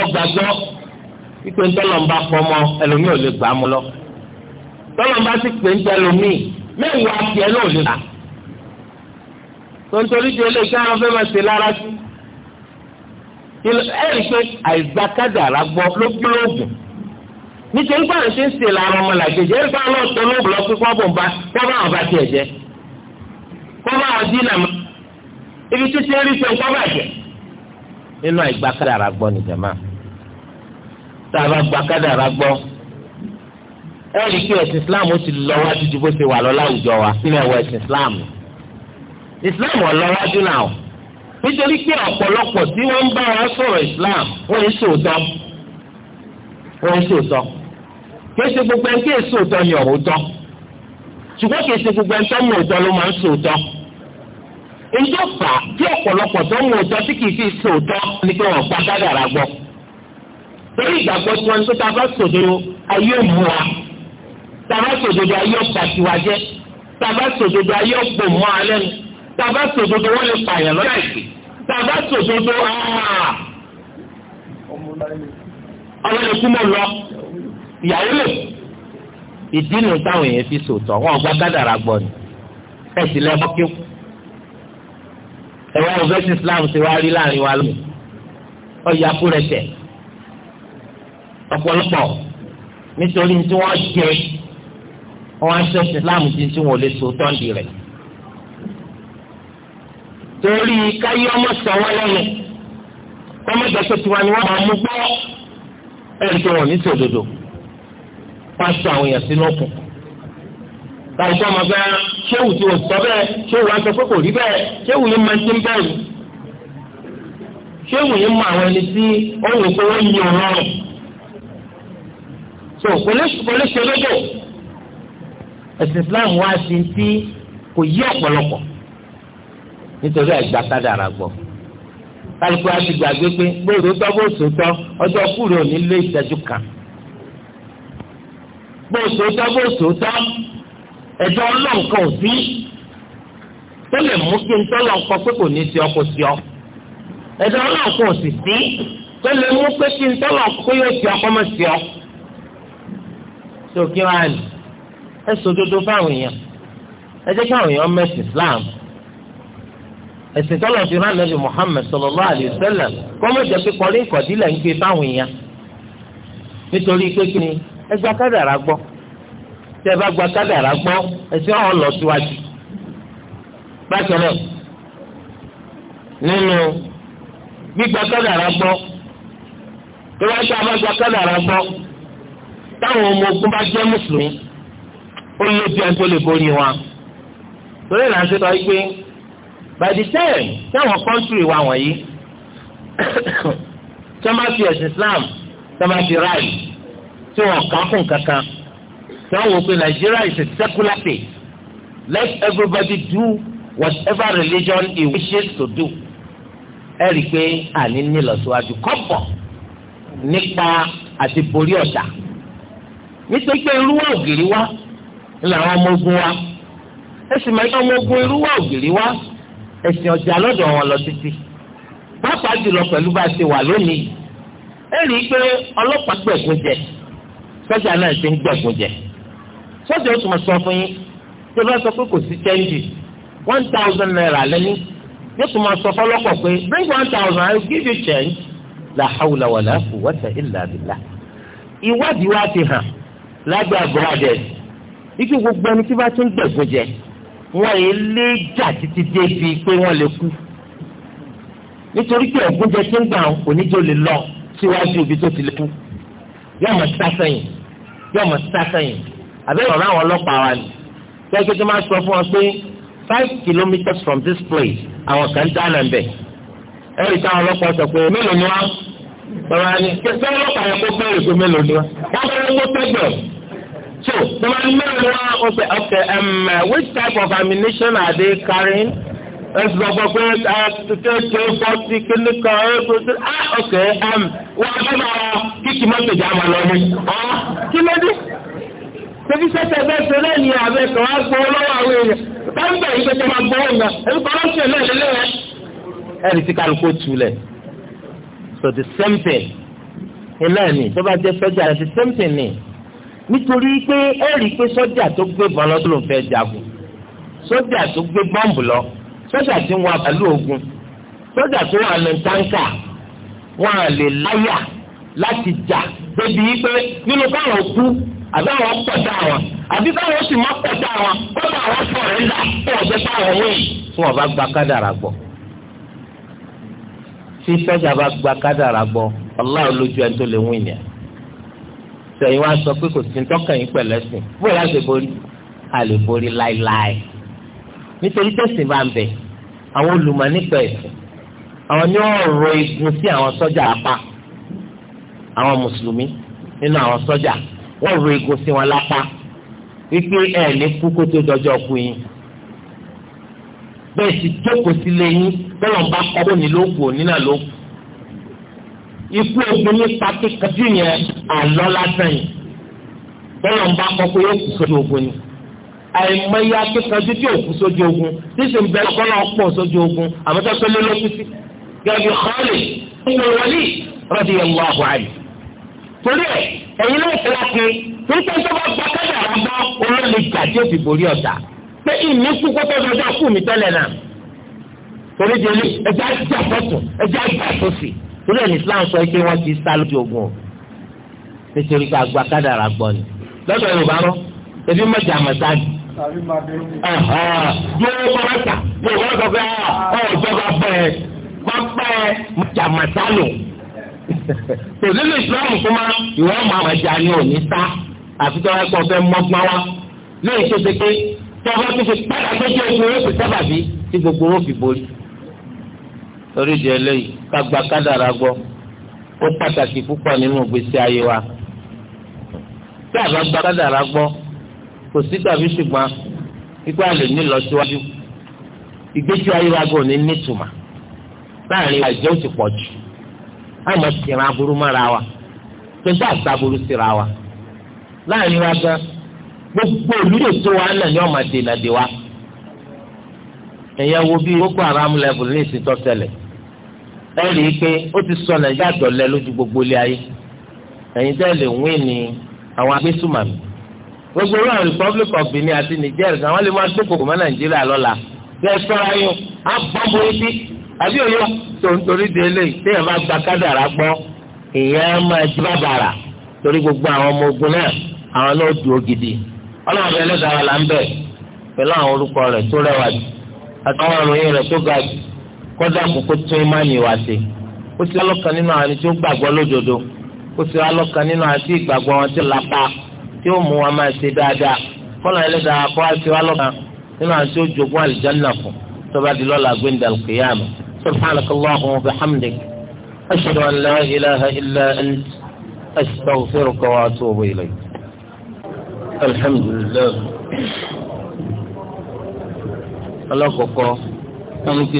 ọgbàgbọ́ ipe ntọ́lọ́mbà pọ́mọ ẹlòmíì ò lè gbà á mú lọ tọ́lọ́mbà sì pé ntẹ́lòmíì mẹ́wàá tiẹ̀ náà ò lè gbà. tontorí di eléyìí káwọn fẹ́ máa ṣe lára sí ẹ̀rí pé àìgbà kádàrá gbọ́ ló gbé oògùn nítorí pé àwọn ṣe ń ṣe lára ọmọ làjèjì ẹ̀rí pàrọ̀ náà tọ́ lóògùn lọ pé kọ́ bọ̀ bá kọ́ bá àwọn bá tiẹ̀ jẹ́ kọ́ bá àwọn dínà mọ́ ibi títí rí pé kọ́ bàjẹ́ nínú àìgbà kádàrá gbọ́ nìjàmáà. tá a bá gba kádàrá gbọ́ ẹ rí i islam ó ti lọ wájú ju bó ṣe wà lọ wa ẹ̀sìn islam islam ọ̀ lọ wájú náà nítorí pé ọ̀pọ̀lọpọ̀ tí wọ́n ń bá wa sọ̀rọ̀ islam wọ́n ń sòótọ́ wọ́n ń sòótọ́ kìí ṣe gbogbo ẹni tí èso òótọ́ ni ọ̀rọ̀ òótọ́ ṣùgbọ́n gbogbo ẹni tó mú òótọ́ ló máa ń sòótọ́ ìjọba tí ọ̀pọ̀lọpọ̀ tó mú fi sòótọ́ ni wọ́n torí ìgbàgbọ́ tí wọ́n ń pé tá a bá sòdodo ayé òmù wa tá a bá sòdodo ayé ọ̀pá tiwa jẹ́ tá a bá sòdodo ayé ọ̀pọ̀ mọ́ alẹ́ nu tá bá sòdodo wọ́n lè pààyàn lọ́la ìgbè tá bá sòdodo ọmọ lè kú mọ́ lọ ìyàwó lè ìdí nu táwọn èèyàn fi sòtọ̀ wọn gba gádàrà gbọ́ ni ẹ sì lẹ́ bọ́kí ẹ̀wọ̀n ọ̀fẹ́sì Islam ti wá rí láàrin wa lónìí ọ̀yà kúrẹ́tẹ̀ ọ̀pọ̀lọpọ̀ nítorí tí wọ́n jẹ wọ́n aṣọ ìsìláàmù tí tí wọ́n lè so tọ́ǹdì rẹ̀ torí káyé ọmọ sọ wọn lẹ́nu kọ́mọ̀dé tó tiwa ni wọ́n máa mú gbọ́ ẹ̀rí tó wọ̀ ní sòdodo wọ́n àwọn èèyàn sínú òkun báyìí ọmọ bẹ́ẹ̀ ṣéwù tí o sọ bẹ́ẹ̀ ṣéwù aṣọ pé kò rí bẹ́ẹ̀ ṣéwù yìí máa ń ti ń bẹ̀rù ṣéwù yìí mọ àwọn ẹni tí ó wò pé wọ́n yin òun rọrùn so kòlẹ́sì lódò ẹ̀sìn Islam wá sí ti kò yí ọ̀pọ̀lọpọ̀ nítorí ẹ̀gbá kádàrà gbọ́ kálukú á ti gbàgbé pé bóòrò tọ́ bó sòótọ́ ọjọ́ kúrò nílé ìtẹ́jú kan bó sòótọ́ bó sòótọ́ ẹ̀jọ́ ọlọ́ǹkan ò sí tó lè mú kí n tọ́lọ̀ ńkọ pé kò ní sí ọ sí ọ ẹ̀jọ́ ọlọ́ǹkan ò sí tó lè mú pé kí n tọ́lọ̀ pé yóò sí ọ mọ̀ sí ọ. tó kí wàá nì ẹ sòdodo fáwọn èèyàn ẹ káwọn èèyàn Islam ẹ̀sìn tọ́lọ̀ fi rán nàbì Muhammad sallallahu alayhi wa sallam pé kọ́lé ìkọ̀dílẹ̀ ń gbé fáwọn èèyàn nítorí pé kí ni ẹ gba kádàrá gbọ́ ẹ bá gba kádàrá gbọ́ ọ̀hún táwọn ọmọ ogun bá jẹ́ mùsùlùmí ó lé bí ẹni tó lè borí wọn. torí là ń ṣe sọ pé by the time táwọn kọ́ńtìrì wa wọ̀nyí tí wọ́n bá fi ẹ̀sìn Islam tí wọ́n bá fi ráàyè tí wọ́n kàn fún kankan tí wọ́n wò pé Nigeria is a secular state let everybody do whatever religion he wishes to do ẹ rí i pé àní nílọsíwájú kọ́pọ̀ nípa àti borí ọ̀tá nítorí pé irúwà ògiri wá ńlá àwọn ọmọ ogun wa ẹsìn máa ń ọmọ ogun irúwà ògiri wá ẹsìn ọjà lọ́dọ̀ wọn lọ títí pàápàá jùlọ pẹ̀lú bá a ṣe wà lónìí ẹ rí i pé ọlọ́pàá gbẹ̀gùn jẹ sọ́jà náà ṣe ń gbẹ̀gùn jẹ sọ́jà ó tún sọ fún yín tó bá sọ pé kò sí chẹ́ńjì one thousand naira lẹ́ni yóò tún máa sọ fọlọ́pọ̀ pé bring one thousand I give you change la hawla wala quwwata ìwádìí wa ti hàn lábẹ́ àbúrádẹ ike gbogbo ẹni tí bá tún gbẹ̀gùn jẹ wọn yìí lé jà títí dé fi pé wọn lè kú nítorí pé ẹ̀gùn jẹ tí ń gbà kò ní jẹ́ olè lọ síwájú ibi tó ti lè kú yóò mọ̀ sá sẹ́yìn yóò mọ̀ sá sẹ́yìn àbẹ́rẹ́ ọ̀rọ̀ àwọn ọlọ́pàá wa ni kẹ́kẹ́ tó máa sọ fún wọn pé five kilometres from this place àwọn kan dáná ń bẹ̀ ẹ̀rí táwọn ọlọ́pàá sọ pé mélòó ni wá bàbá ni kẹsàn-án ọlọ́pàá yẹn kó bẹ́ẹ̀rẹ̀ pé So the man wá ó okay um, which type of ammunition are they carrying? Ẹsùn ọ̀pọ̀ pé ṣe ṣe fọ́tí kíní kan ẹ̀ kó ṣe ah okay wọ́n á bá máa kíkì mọ́tò jà máa lọ ní. that ló dé? Ṣébí sẹ́sẹ̀ bẹ́ẹ̀ ṣe lẹ́yìn àbẹ̀ kan á gbọ́ lọ́wọ́ àwọn èèyàn. Báńbẹ̀ yìí pé kí wọ́n gbọ́ ọ̀nà ẹ̀rú kọ́lọ́sì náà lélẹ́yìn. Ẹ̀rì tí kálukú tulẹ̀. So the same thing. Ilé ẹ̀mí tó bá jẹ́ fẹ́jà the same thing ni nítorí pé ẹ rí i pé sọ́jà tó gbé bọ́n lọ tó ló fẹ́ jagun sọ́jà tó gbé bọ́ǹbù lọ sọ́jà tí wọ́n abàlú ogun sọ́jà tó wà ní táǹkà wọ́n à lè láyà láti jà débi pé nínú káwọn kú àbí àwọn pọ̀tà wọn àbí káwọn sì má pọ̀tà wọn kọ́tà àwọn sọ̀rọ̀ ńlá fún ọ̀jẹ̀ táwọn wọ̀nyí tí wọ́n bá gba kádàrà gbọ́ tí sọ́jà bá gba kádàrà gbọ́ ọlọ́run lójú ẹni sẹ́yìn wá sọ pé kò sí tọ́kàn yín pẹ̀lẹ́ sìn bóyá láti borí a lè borí láéláé nítorí tẹ̀sìn bá ń bẹ̀ àwọn olùmọ̀ nípa ẹ̀sìn àwọn ní ọ̀rọ̀ igun sí àwọn sọ́jà apá àwọn mùsùlùmí nínú àwọn sọ́jà wọ́n rọ igun sí wọn lápá wípé ẹ̀ ní kú kó tó dọjọ́ kú yín bẹ́ẹ̀ sì jókòó sílé yín bẹ́ẹ̀ lọ́n bá kọ́ bóni ló kù òní náà ló ikú obìnrin pàtẹ́kẹ́jú yẹn àlọ́ lásán yìí bọ́lá ń bá kọ́ pé yóò kú sójú ogun ni àìmọye akẹ́kọ̀ọ́jú tí yóò kú sójú ogun tí sì ń bẹ kọ́lá ọ̀pọ̀ sójú ogun àmọ́tẹ́ pé lélọ́kú sí gẹ́gẹ́ bí Khalid ibn Walid radiyallahu anhu torí ẹ̀ ẹ̀yin náà ti láti torí pé tó bá gba kẹ́kẹ́ àbá olóòlì jà tí borí ọ̀tá pé ìní kú kótó torí ẹni Islam sọ pé wọ́n ti sá lójú ogun o nítorí pé agba kádàrà gbọ́ ni lọ́dọ̀ Yorùbá rọ ebi mọ̀jà mọ̀tá ni. yóò wọ́n bá ta yóò wọ́n sọ pé ah, ọ̀ ìjọba bẹ́ẹ̀ bá bẹ́ẹ̀ mọ̀jà mọ̀tá lò. kò nínú Islam fún ma ìwọ ọmọ àmàjà ni ò ní sá àfi tí wọ́n kọ́ fẹ́ mọ́gbọ́n wa lóyè tó ṣe pé tí wọ́n bá tún fi padà tó ṣe ogun ó sì sábàbí tí gbogbo ó fi borí. torí di eléyìí ká gba o ó pàtàkì púpọ̀ nínú ìgbésí ayé wa tí a bá gba kádàrá gbọ́ kò sí tàbí ṣùgbọ́n ipá lè ní lọ́síwájú ìgbésí ayé wa gbọ́ ní nítumà láàrin ó ti pọ̀ jù àmọ́ wa tuntun àtàbùrú síra wa gbogbo olùdó wa náà ọmọ wa ẹ̀yẹ wo Boko Haram level ní ìsìntọ́ ẹ rí i pé ó ti sọ nàìjíríà dọ̀lẹ́ lójú gbogbo ilé ayé ẹ̀yin tẹ́ lè wí ni àwọn agbésùmàmì gbogbo ìlú àwọn Republic of Benin àti Niger àwọn lè máa gbé kòkòrò mọ́ nàìjíríà lọ́la bí ẹ sọ́ra yín á bọ́ bo etí àbí òye tó ń torí de eléyìí téèyàn bá gba kádàrá gbọ́ èèyàn á máa jí bàbàrà torí gbogbo àwọn ọmọ ogun náà àwọn náà dùn ògidì ọlọ́run ẹlẹ́dàá wa là ń bẹ̀ pẹ̀lú àwọn orúkọ rẹ̀ tó rẹwà jù àtàwọn ìròyìn rẹ̀ tó ga jù kọ́dà àkókò tún ìmánì wa ṣe ó sì alọ́kan nínú àwọn tí ó gbàgbọ́ lódodo ó sì alọ́kan nínú àti ìgbàgbọ́ wọn tí ó lápá tí ó mú wa máa ṣe dáadáa kọ́nà ẹlẹ́dàá kọ́ àti alọ́kan nínú àwọn tí ó jogún àlìjáná fún tọ́ba di lọ́la gbẹ̀ndàl kìyàmù سبحانك الحمد لله الله wọ́n ní kí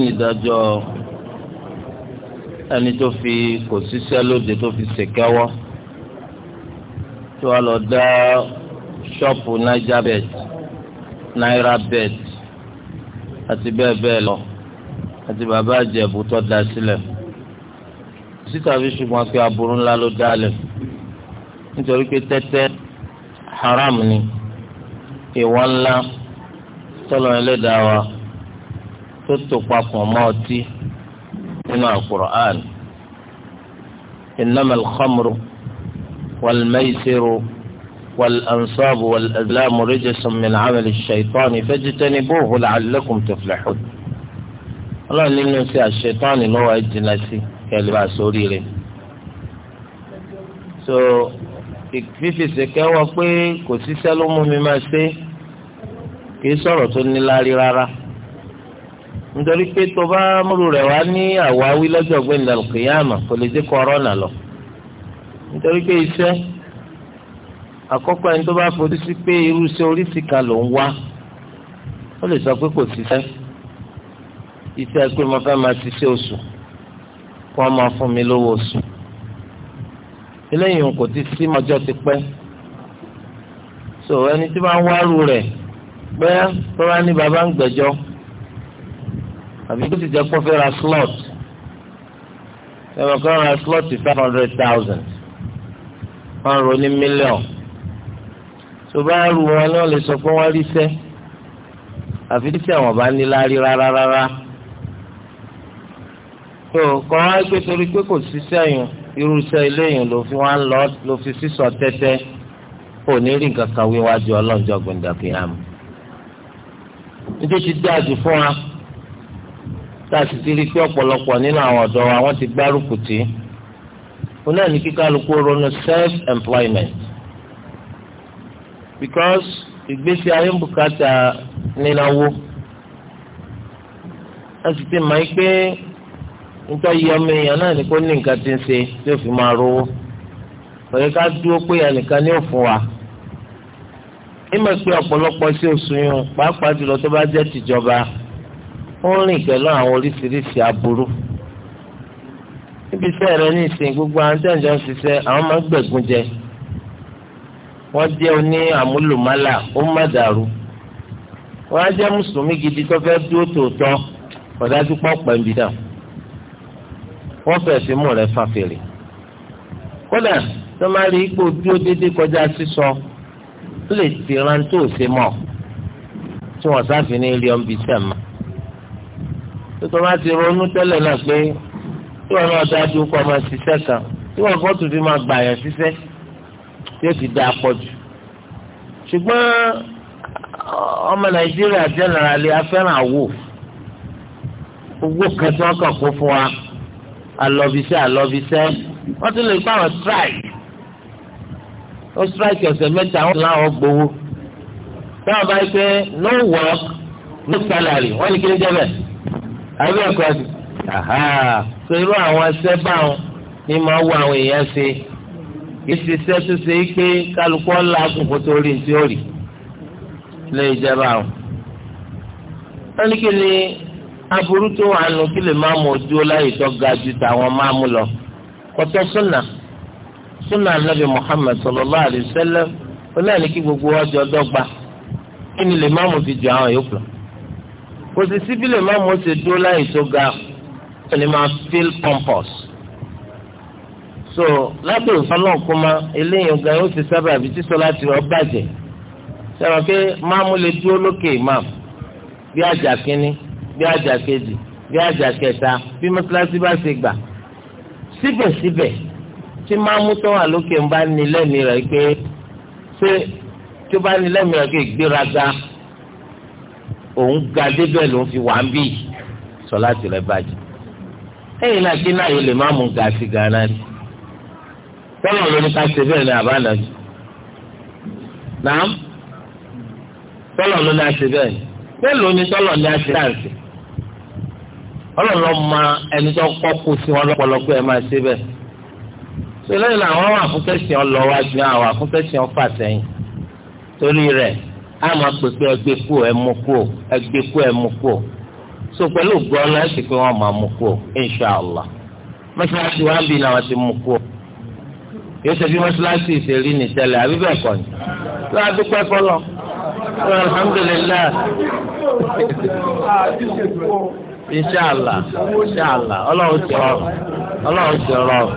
ẹni tó fi kò síṣẹ́ lóde tó fi ṣèkẹ́wọ́ tí wọ́n lọ dá ṣọ́ọ̀pù naija bet naira bet àti bẹ́ẹ̀ bẹ́ẹ̀ lọ àti bàbá àjẹ̀bù tó da sílẹ̀ síta fi ṣùgbọ́n pé aburú ńlá ló dálẹ̀ nítorí pé tẹ́tẹ́ haram ni ìwọ ńlá tọ́lọ́ ẹlẹ́dàá wa tó tó papọ̀ mọ́ ọtí nínú alukur'an innama alhamru walmaisiru walansabu walazlamu rijasun min amali shaitani fajitanibuhu la'allakum tuflihun ọlọ́run nínú sí àṣetánì lọ́wọ́ ìjìnlẹ̀ sí kẹlẹ́ bá so fífèsì kẹwọ́ pé kò síṣẹ́ ló mú mi máa ṣe kì í sọ̀rọ̀ tó níláárí rárá nítorí pé tó bá múru rẹ̀ wá ní àwáwí lọ́jọ́ gbẹ̀ndà kìyàmà kò lè dé kọ́rọ́nà lọ nítorí pé iṣẹ́ àkọ́kọ́ ẹni tó bá fojú sí pé irú iṣẹ́ oríṣi kan ló ń wá ó lè sọ pé kò síṣẹ́ iṣẹ́ pé mo fẹ́ máa ṣiṣẹ́ oṣù kí wọ́n máa fún mi lówó oṣù eléyìí kò ti sí mọ́jọ́ ti pẹ́ so ẹni tí wọ́n wá rú rẹ̀ bẹ́ẹ̀ tó bá ní baba ń gbẹ́jọ́ àbí kó sì jẹ́ kó fẹ́ ra slot ẹ̀rọ kan ra slot five hundred thousand wọ́n rò ní mílíọ̀n tó bá rù wọn náà lè sọ pé wọ́n rí sẹ́ àfi tí àwọn bá ní láárí rárá rárá tó kọ́ wá pé torí pé kò sí sẹ́yìn irúṣẹ́ eléyìn ló fi wọ́n lọ ló fi sísọ tẹ́tẹ́ kò ní rí nǹkan kan wíwájú ọlọ́njọ́ gbọ̀ndàkìyàmù nítorí ti dáa jù fún wa. tá a sì ti rí i pé ọ̀pọ̀lọpọ̀ nínú àwọn ọ̀dọ́ àwọn ti gbárùkù tì òun náà ní kíkálukú ronú self employment because ìgbésí ayé ń bùkátà nínáwó a sì ti mọ̀ pé nítorí ọmọ èèyàn náà ní kó ní nǹkan ti ń ṣe tí ó fi máa rówó òye ká dúró pé ẹnìkan ní òfin wa ìmọ̀ pé ọ̀pọ̀lọpọ̀ sí oṣù yìí pàápàá jùlọ tó bá jẹ́ ó ń rìn pẹ̀lú àwọn oríṣiríṣi aburú níbi iṣẹ́ rẹ ní ìsìn gbogbo àwọn tí àjọ ń ṣiṣẹ́ àwọn máa ń gbẹ̀gùn jẹ wọ́n jẹ́ oní àmúlòmálà ó má dàrú wọ́n á jẹ́ mùsùlùmí gidi tó fẹ́ dúró tòótọ́ ọ̀dájú pọ̀ pẹ̀lú dà wọ́n fẹ̀ sí mú rẹ̀ fa kódà tó máa rí ipò dúró dédé kọjá sísọ ó lè ti rántó òsè mọ́ tí wọ́n sáfì ní ilé ọ̀nbí sẹ́ẹ̀ máa tó máa ti ronú tẹ́lẹ̀ náà pé tí wọn náà dájú kọ́ máa ṣiṣẹ́ kan tí wọn fọ́tò fi máa gbà yàn ṣiṣẹ́ tí ó ti da pọ̀jù. ṣùgbọ́n ọmọ nàìjíríà jẹ́nẹ̀rálì afẹ́ràn àwò owó kẹtọ́ kan kó fún wa alọ́bisẹ́ alọ́bisẹ́ wọ́n tún lè pa àwọn strike ó strike ọ̀sẹ̀ mẹ́ta wọ́n tún láwọn gbowó táwọn bá yí pé no work no salary wọ́n ní kí ní jẹ́ bẹ́ẹ̀ àbí ẹ̀kọ́ ni so irú àwọn ẹsẹ̀ báwọn ni máa wọ àwọn èèyàn ṣe kì í ṣe iṣẹ́ tó ṣe é pé kálukú ọ̀la kò tó rí ní tí lè jẹba àwọn. wọ́n ní kí ni aburú tó wà nù kí lè máa mú ojú láyé tó ga ju tàwọn máa mú lọ kọ́tọ́ súnà súnà nàbì Muhammad sallallahu alaihi wasallam ó náà ní kí gbogbo ọjọ́ dọ́gba kí ni lè máa mú fi ju àwọn yòókù lọ kò sí síbílẹ̀ má mo ṣe dúró láyè tó ga ó lè máa feel pompous so lábẹ́ òfin náà kó ma eléyìí gan yóò fi sábà àbí tí sọlá ti rọ bàjẹ́ sọ̀rọ̀ pé máàmú lè dúró lókè imam bí àjà kínní bí àjà kejì bí àjà kẹta bí mọ́tíláṣí bá ṣe gbà síbẹ̀síbẹ̀ tí máàmú tó wà lókè ń bá ní lẹ́mìí rẹ̀ pé ṣé tó bá ní lẹ́mìí rẹ̀ pé ìgbéraga òun ga débẹ̀ ló ń fi wà ń bì sọ láti rẹ bàjẹ́ ẹ̀yìn náà kí náà yóò lè má mú ga sí gánà rí tọ́lọ̀ ló ní ká ṣe bẹ́ẹ̀ ni àbá nàbí nàám tọ́lọ̀ ló ní àṣẹ bẹ́ẹ̀ ni bẹ́ẹ̀ ló ní tọ́lọ̀ ní dáǹsì ma ẹni tó kọ́ kó sí wọn lọ́pọ̀lọpọ̀ máa ṣe bẹ́ẹ̀ sọ lẹ́yìn náà wọ́n wà fún kẹ́sì ọlọ́wájú àwọn àfúnkẹ́sì ọfà sẹ́yìn torí á máa pè pé ẹgbẹ́ kú ẹ mú kú ẹgbẹ́ kú ẹ mú kú so pẹ̀lú gbọ́n náà sì pé wọ́n máa mú kú inshàlá mọ́ṣáláṣí wa ń bí làwọn ti mú kú yóò ṣe bí mọ́ṣáláṣí ìṣèlú ní tẹ́lẹ̀ àbí bẹ́ẹ̀ kọ́ ni lọ́wọ́ adúpẹ́ fọlọ́ alhamdulilayi inshàlá inshàlá ọlọ́run ti rọrùn ọlọ́run ti rọrùn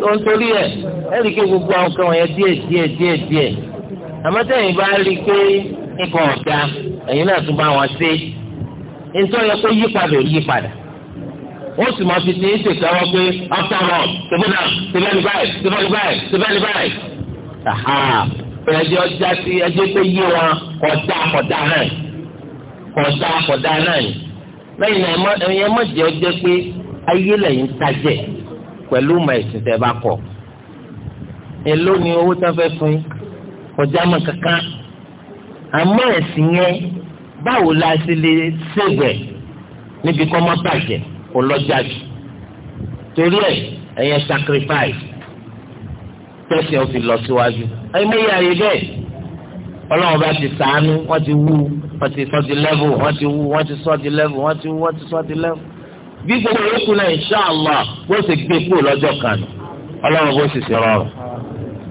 tó ń torí ẹ̀ ẹ̀ríkẹ́ gbogbo àwọn kan wọ̀nyẹn díẹ̀ díẹ̀ díẹ̀ díẹ̀ àmọ́ sẹ́yìn bá rí i pé nǹkan ọ̀dà ẹ̀yin náà tún bá wọn ṣe nítorí yẹ kó yípadà ò yípadà wọ́n sì máa fi ti ń ṣètò àwọn pé after all tẹ̀bọ́n náà tẹ̀bọ́n ní báyìí tẹ̀bọ́n ní báyìí tẹ̀bọ́n ní báyìí. ẹjọ́ já sí ẹjọ́ tó yé wọn kọjá kọjá náà kọjá kọjá náà ni lẹ́yìn náà ẹ̀yin ẹ̀ mọ̀jẹ́ ọjọ́ pé ayé lẹ́yìn tajẹ̀ pẹ̀lú mọ̀ ẹ̀sìn tẹ́ kọjá mọ́ kankan àmọ́ ẹ̀sìn yẹn báwo la ṣe lè ṣègbè níbi kọ́ mọ́ bàjẹ́ kò lọ́jà jù torí ẹ̀ ẹ̀yẹn sacrifice tẹ̀sí ọ̀ fi lọ síwájú ẹ̀yìn mẹ́yà ayé bẹ́ẹ̀ ọlọ́run bá ti sàánú wọ́n ti wú wọ́n ti sọ́ di level wọ́n ti wú wọ́n ti sọ́ di level wọ́n ti wú wọ́n ti sọ́ di level bí gbogbo yòókù náà inshallah bó ṣe gbé kúrò lọ́jọ́ kan ọlọ́run bó sì ṣe rọrùn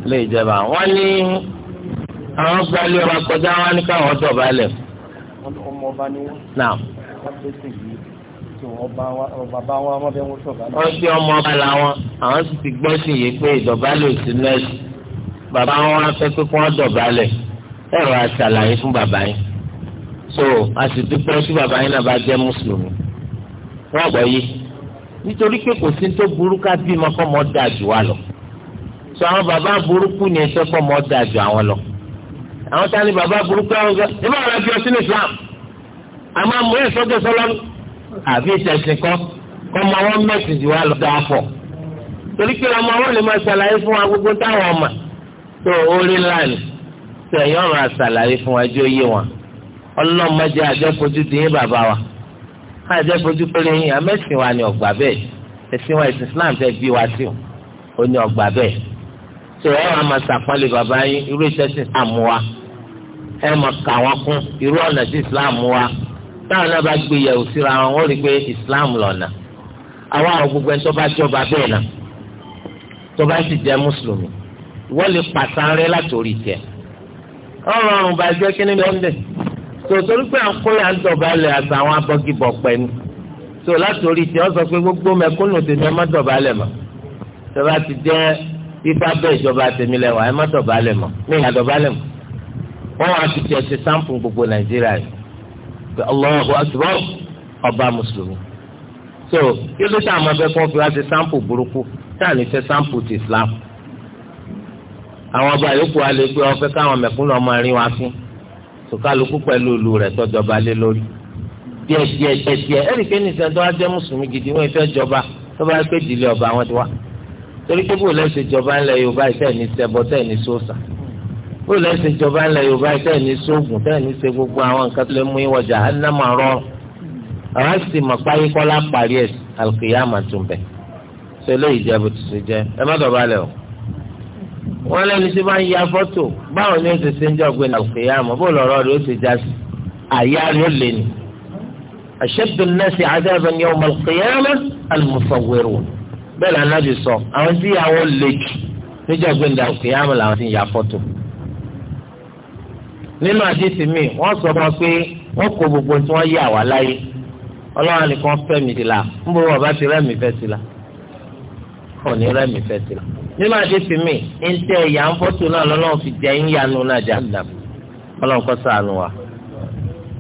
lè jẹba wọ́n ní àwọn gbalẹ̀ ọba kọjá wọn ní káwọn dọ̀bálẹ̀. wọ́n gbé ọmọ ọba làwọn àwọn sì ti gbọ́ sí iye pé ìdọ̀bálẹ̀ ò sí nẹ́ẹ̀sì bàbá wọn wá fẹ́ pé kí wọ́n dọ̀bálẹ̀ ẹ̀rọ àṣàlàyé fún bàbá yín so a sì dúpẹ́ sí bàbá yín náà bá jẹ́ mùsùlùmí wọ́n gbọ́ yìí nítorí pé kò sí tó burú ká bímọ mọ́ dáa jù lọ so àwọn bàbá burúkú ni ẹ fẹ́ kọ́ mọ́ dáa àwọn lọ àwọn tani bàbá burúkú àwọn gbà ẹ bá wọn fi ọtí ní Islam àmọ́ àmọ́ ẹ sọjọ sọlọ àbí ìtẹsìn kọ kọ mọ àwọn mẹsìlì wa lọ dáa fọ torí pé ọmọ àwọn lè máa ṣàlàyé fún wa gbogbo táwọn ọmọ tó orí ńlá ni tó ẹ̀yìn ọ̀rọ̀ àṣàlàyé fún wa jẹ́ òye wọn ọlọ́mọdé àjẹfojú ti yé bàbá wa àjẹfojú péré yín àmẹ́sìn wa ni ọ̀gbà bẹ́ẹ̀ ẹ̀sìn wa ìsìn Islam fẹ́ bí wa sí o ó ní ọ̀gbà bẹ́ẹ̀ tó ẹ wàá máa sàpọ́nlé bàbá yín irú ìtẹ́sí ìsìlámù wa ẹ máa kà wọ́n kún irú ọ̀nà sí ìsìlámù wa táwọn náà bá gbé yẹ̀wò síra wọn wọ́n rí i pé ìsìlámù lọ́nà àwọn àwọn gbogbo ẹni tó bá jọba bẹ́ẹ̀ náà tó bá sì jẹ́ mùsùlùmí wọ́n lè pàṣẹ látòrí tiẹ̀ ọ̀rọ̀ bá jẹ́ kí ni lọ́ndẹ̀ tòtòrí pé à ń kó yà ń dọ̀bálẹ̀ àti àwọn abọ́gibọ̀ pẹ̀lú tó látòrí tiẹ̀ ọ pé gbogbo mẹ̀kúnnù tèmi ẹ má dọ̀bálẹ̀ mọ́ tó bá ti jẹ́ ifá bẹ́ẹ̀ ìjọba tèmi lẹ́wà ẹ má dọ̀bálẹ̀ mọ́ ní ìyá dọ̀bálẹ̀ mọ́ wọ́n wá fi tiẹ̀ ṣe sáǹpù gbogbo nàìjíríà yìí pé Allahu ọba mùsùlùmí so kí ló sáà máa bẹ fún fi wá ṣe sáǹpù burúkú táà ṣe sáǹpù ti Islam àwọn ọba yòókù wa lè gbé ọfẹ káwọn mẹ̀kúnnù ọmọ rìn wá fún sọkálukú pẹ̀lú olú rẹ̀ tọ́jọba lé lórí díẹ̀ díẹ̀ díẹ̀ díẹ̀ ẹnì kéènì sẹńtọ́ á jẹ́ mùsùlùmí gidi wọ́n ìfẹ́ jọba tó bá pé ìdílé ọba wọn ti wá torí pé bó lẹ́sẹ̀ jọba ńlẹ̀ yorùbá ìtẹ́ ní ṣẹbọ tẹ́ ní sọ́sà bó lẹ́sẹ̀ jọba ńlẹ̀ yorùbá ìtẹ́ ní sóògùn tẹ́ ní ṣe gbogbo àwọn nǹkan tó lè mú ìwọ jahannama rọrùn àwọn sì mọ̀ páyé kọ́lá parí ẹ̀ alùkìyàmà tún bẹ̀ ṣe lóyìí jẹ́ bó ti ṣe jẹ́ ẹ má dọ̀bálẹ̀ o wọ́n lẹ́ni tí wọ́n ya fọ́tò báwọn ni ó ti ń jọ bẹ́ẹ̀ la nàbì sọ àwọn tí ìyàwó lè jù níjọ́ gbẹ̀ndà òkè yàmù làwọn ti ń ya fọ́tò nínú àdìsí mi wọ́n sọ fún ọ pé wọ́n kó gbogbo tí wọ́n yí àwa láyé ọlọ́run nìkan fẹ́ mi ti la ń bọ́ bàbá ti rẹ́ mi fẹ́ ti la òní rẹ́ mi fẹ́ ti la nínú àdìsí mi ń tẹ ìyá ń fọ́tò náà lọ́lọ́run fi jẹ́ ń yanu náà jà dàm ọlọ́run kọ́ sànù wa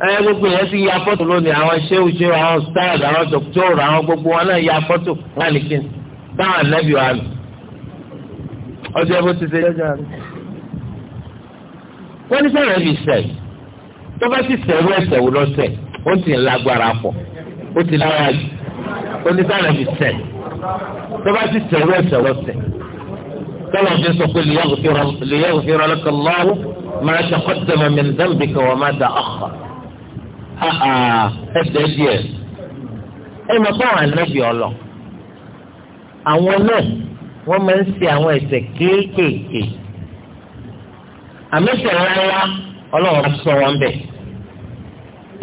ẹ gbogbo yẹn ti ya fọ́tò lónìí àwọn ṣéwù ṣéwù àwọn stars àwọn dọ́kítọ́rù àwọn gbogbo wọn náà ya fọ́tò wọn á ní kí táwọn ànábì wa mi ọjọ́ bó ti ṣe jẹ́jà mi. wọ́n ní sọ̀rọ̀ ẹ̀bí sẹ́yìn tó bá ti sẹ̀rú ẹ̀sẹ̀ wò lọ́sẹ̀ ó ti ń lágbára pọ̀ ó ti lára jù ó ní sọ̀rọ̀ ẹ̀bí sẹ́yìn tó bá ti sẹ̀rú ẹ̀sẹ̀ lọ́sẹ̀ tọ́lá ọ̀dẹ́ sọ pé lèyẹ́wò fi rọ lọ́kọ̀ lọ́wọ́ máa ṣàkọ́tẹ̀mọ̀ mi dẹ́nbi kan wọ́n máa da ọ̀kọ̀ ẹ̀sẹ̀ díẹ̀ ẹ̀ mọ̀ fáwọn ànábì ọlọ́ọ̀ àwọn náà wọ́n máa ń ṣe àwọn ẹ̀ṣẹ̀ kéékèèké àmẹ́sẹ̀ ńláńlá ọlọ́run bá sọ wọn bẹ̀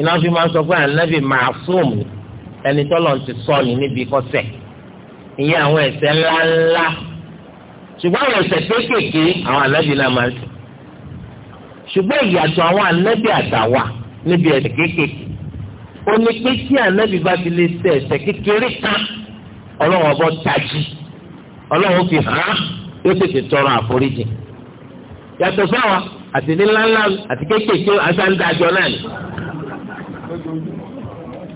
iná fi máa ń sọ pé ànábì màásùm ẹni tọ́lọ̀ ti sọ ní níbi kọ́sẹ̀ ìyẹn àwọn ẹ̀ṣẹ̀ ńláńlá ṣùgbọ́n àwọn ẹ̀ṣẹ̀ kéékèèké àwọn ànábì náà máa ń sọ ṣùgbọ́n ìyàtọ̀ àwọn ànábì àtàwà níbi ẹ̀ṣẹ̀ kéékèèké ó ní pé tí ànábì bá ti lè ṣe ẹ̀ṣẹ̀ kékeré kan ọlọ́run ọbọ̀ tají ọlọ́run fi hàn án yóò tètè tọrọ àforíjì yàtọ̀ sáwa àti ní ńláńlá àti kéékèèké asáńdájọ náà ni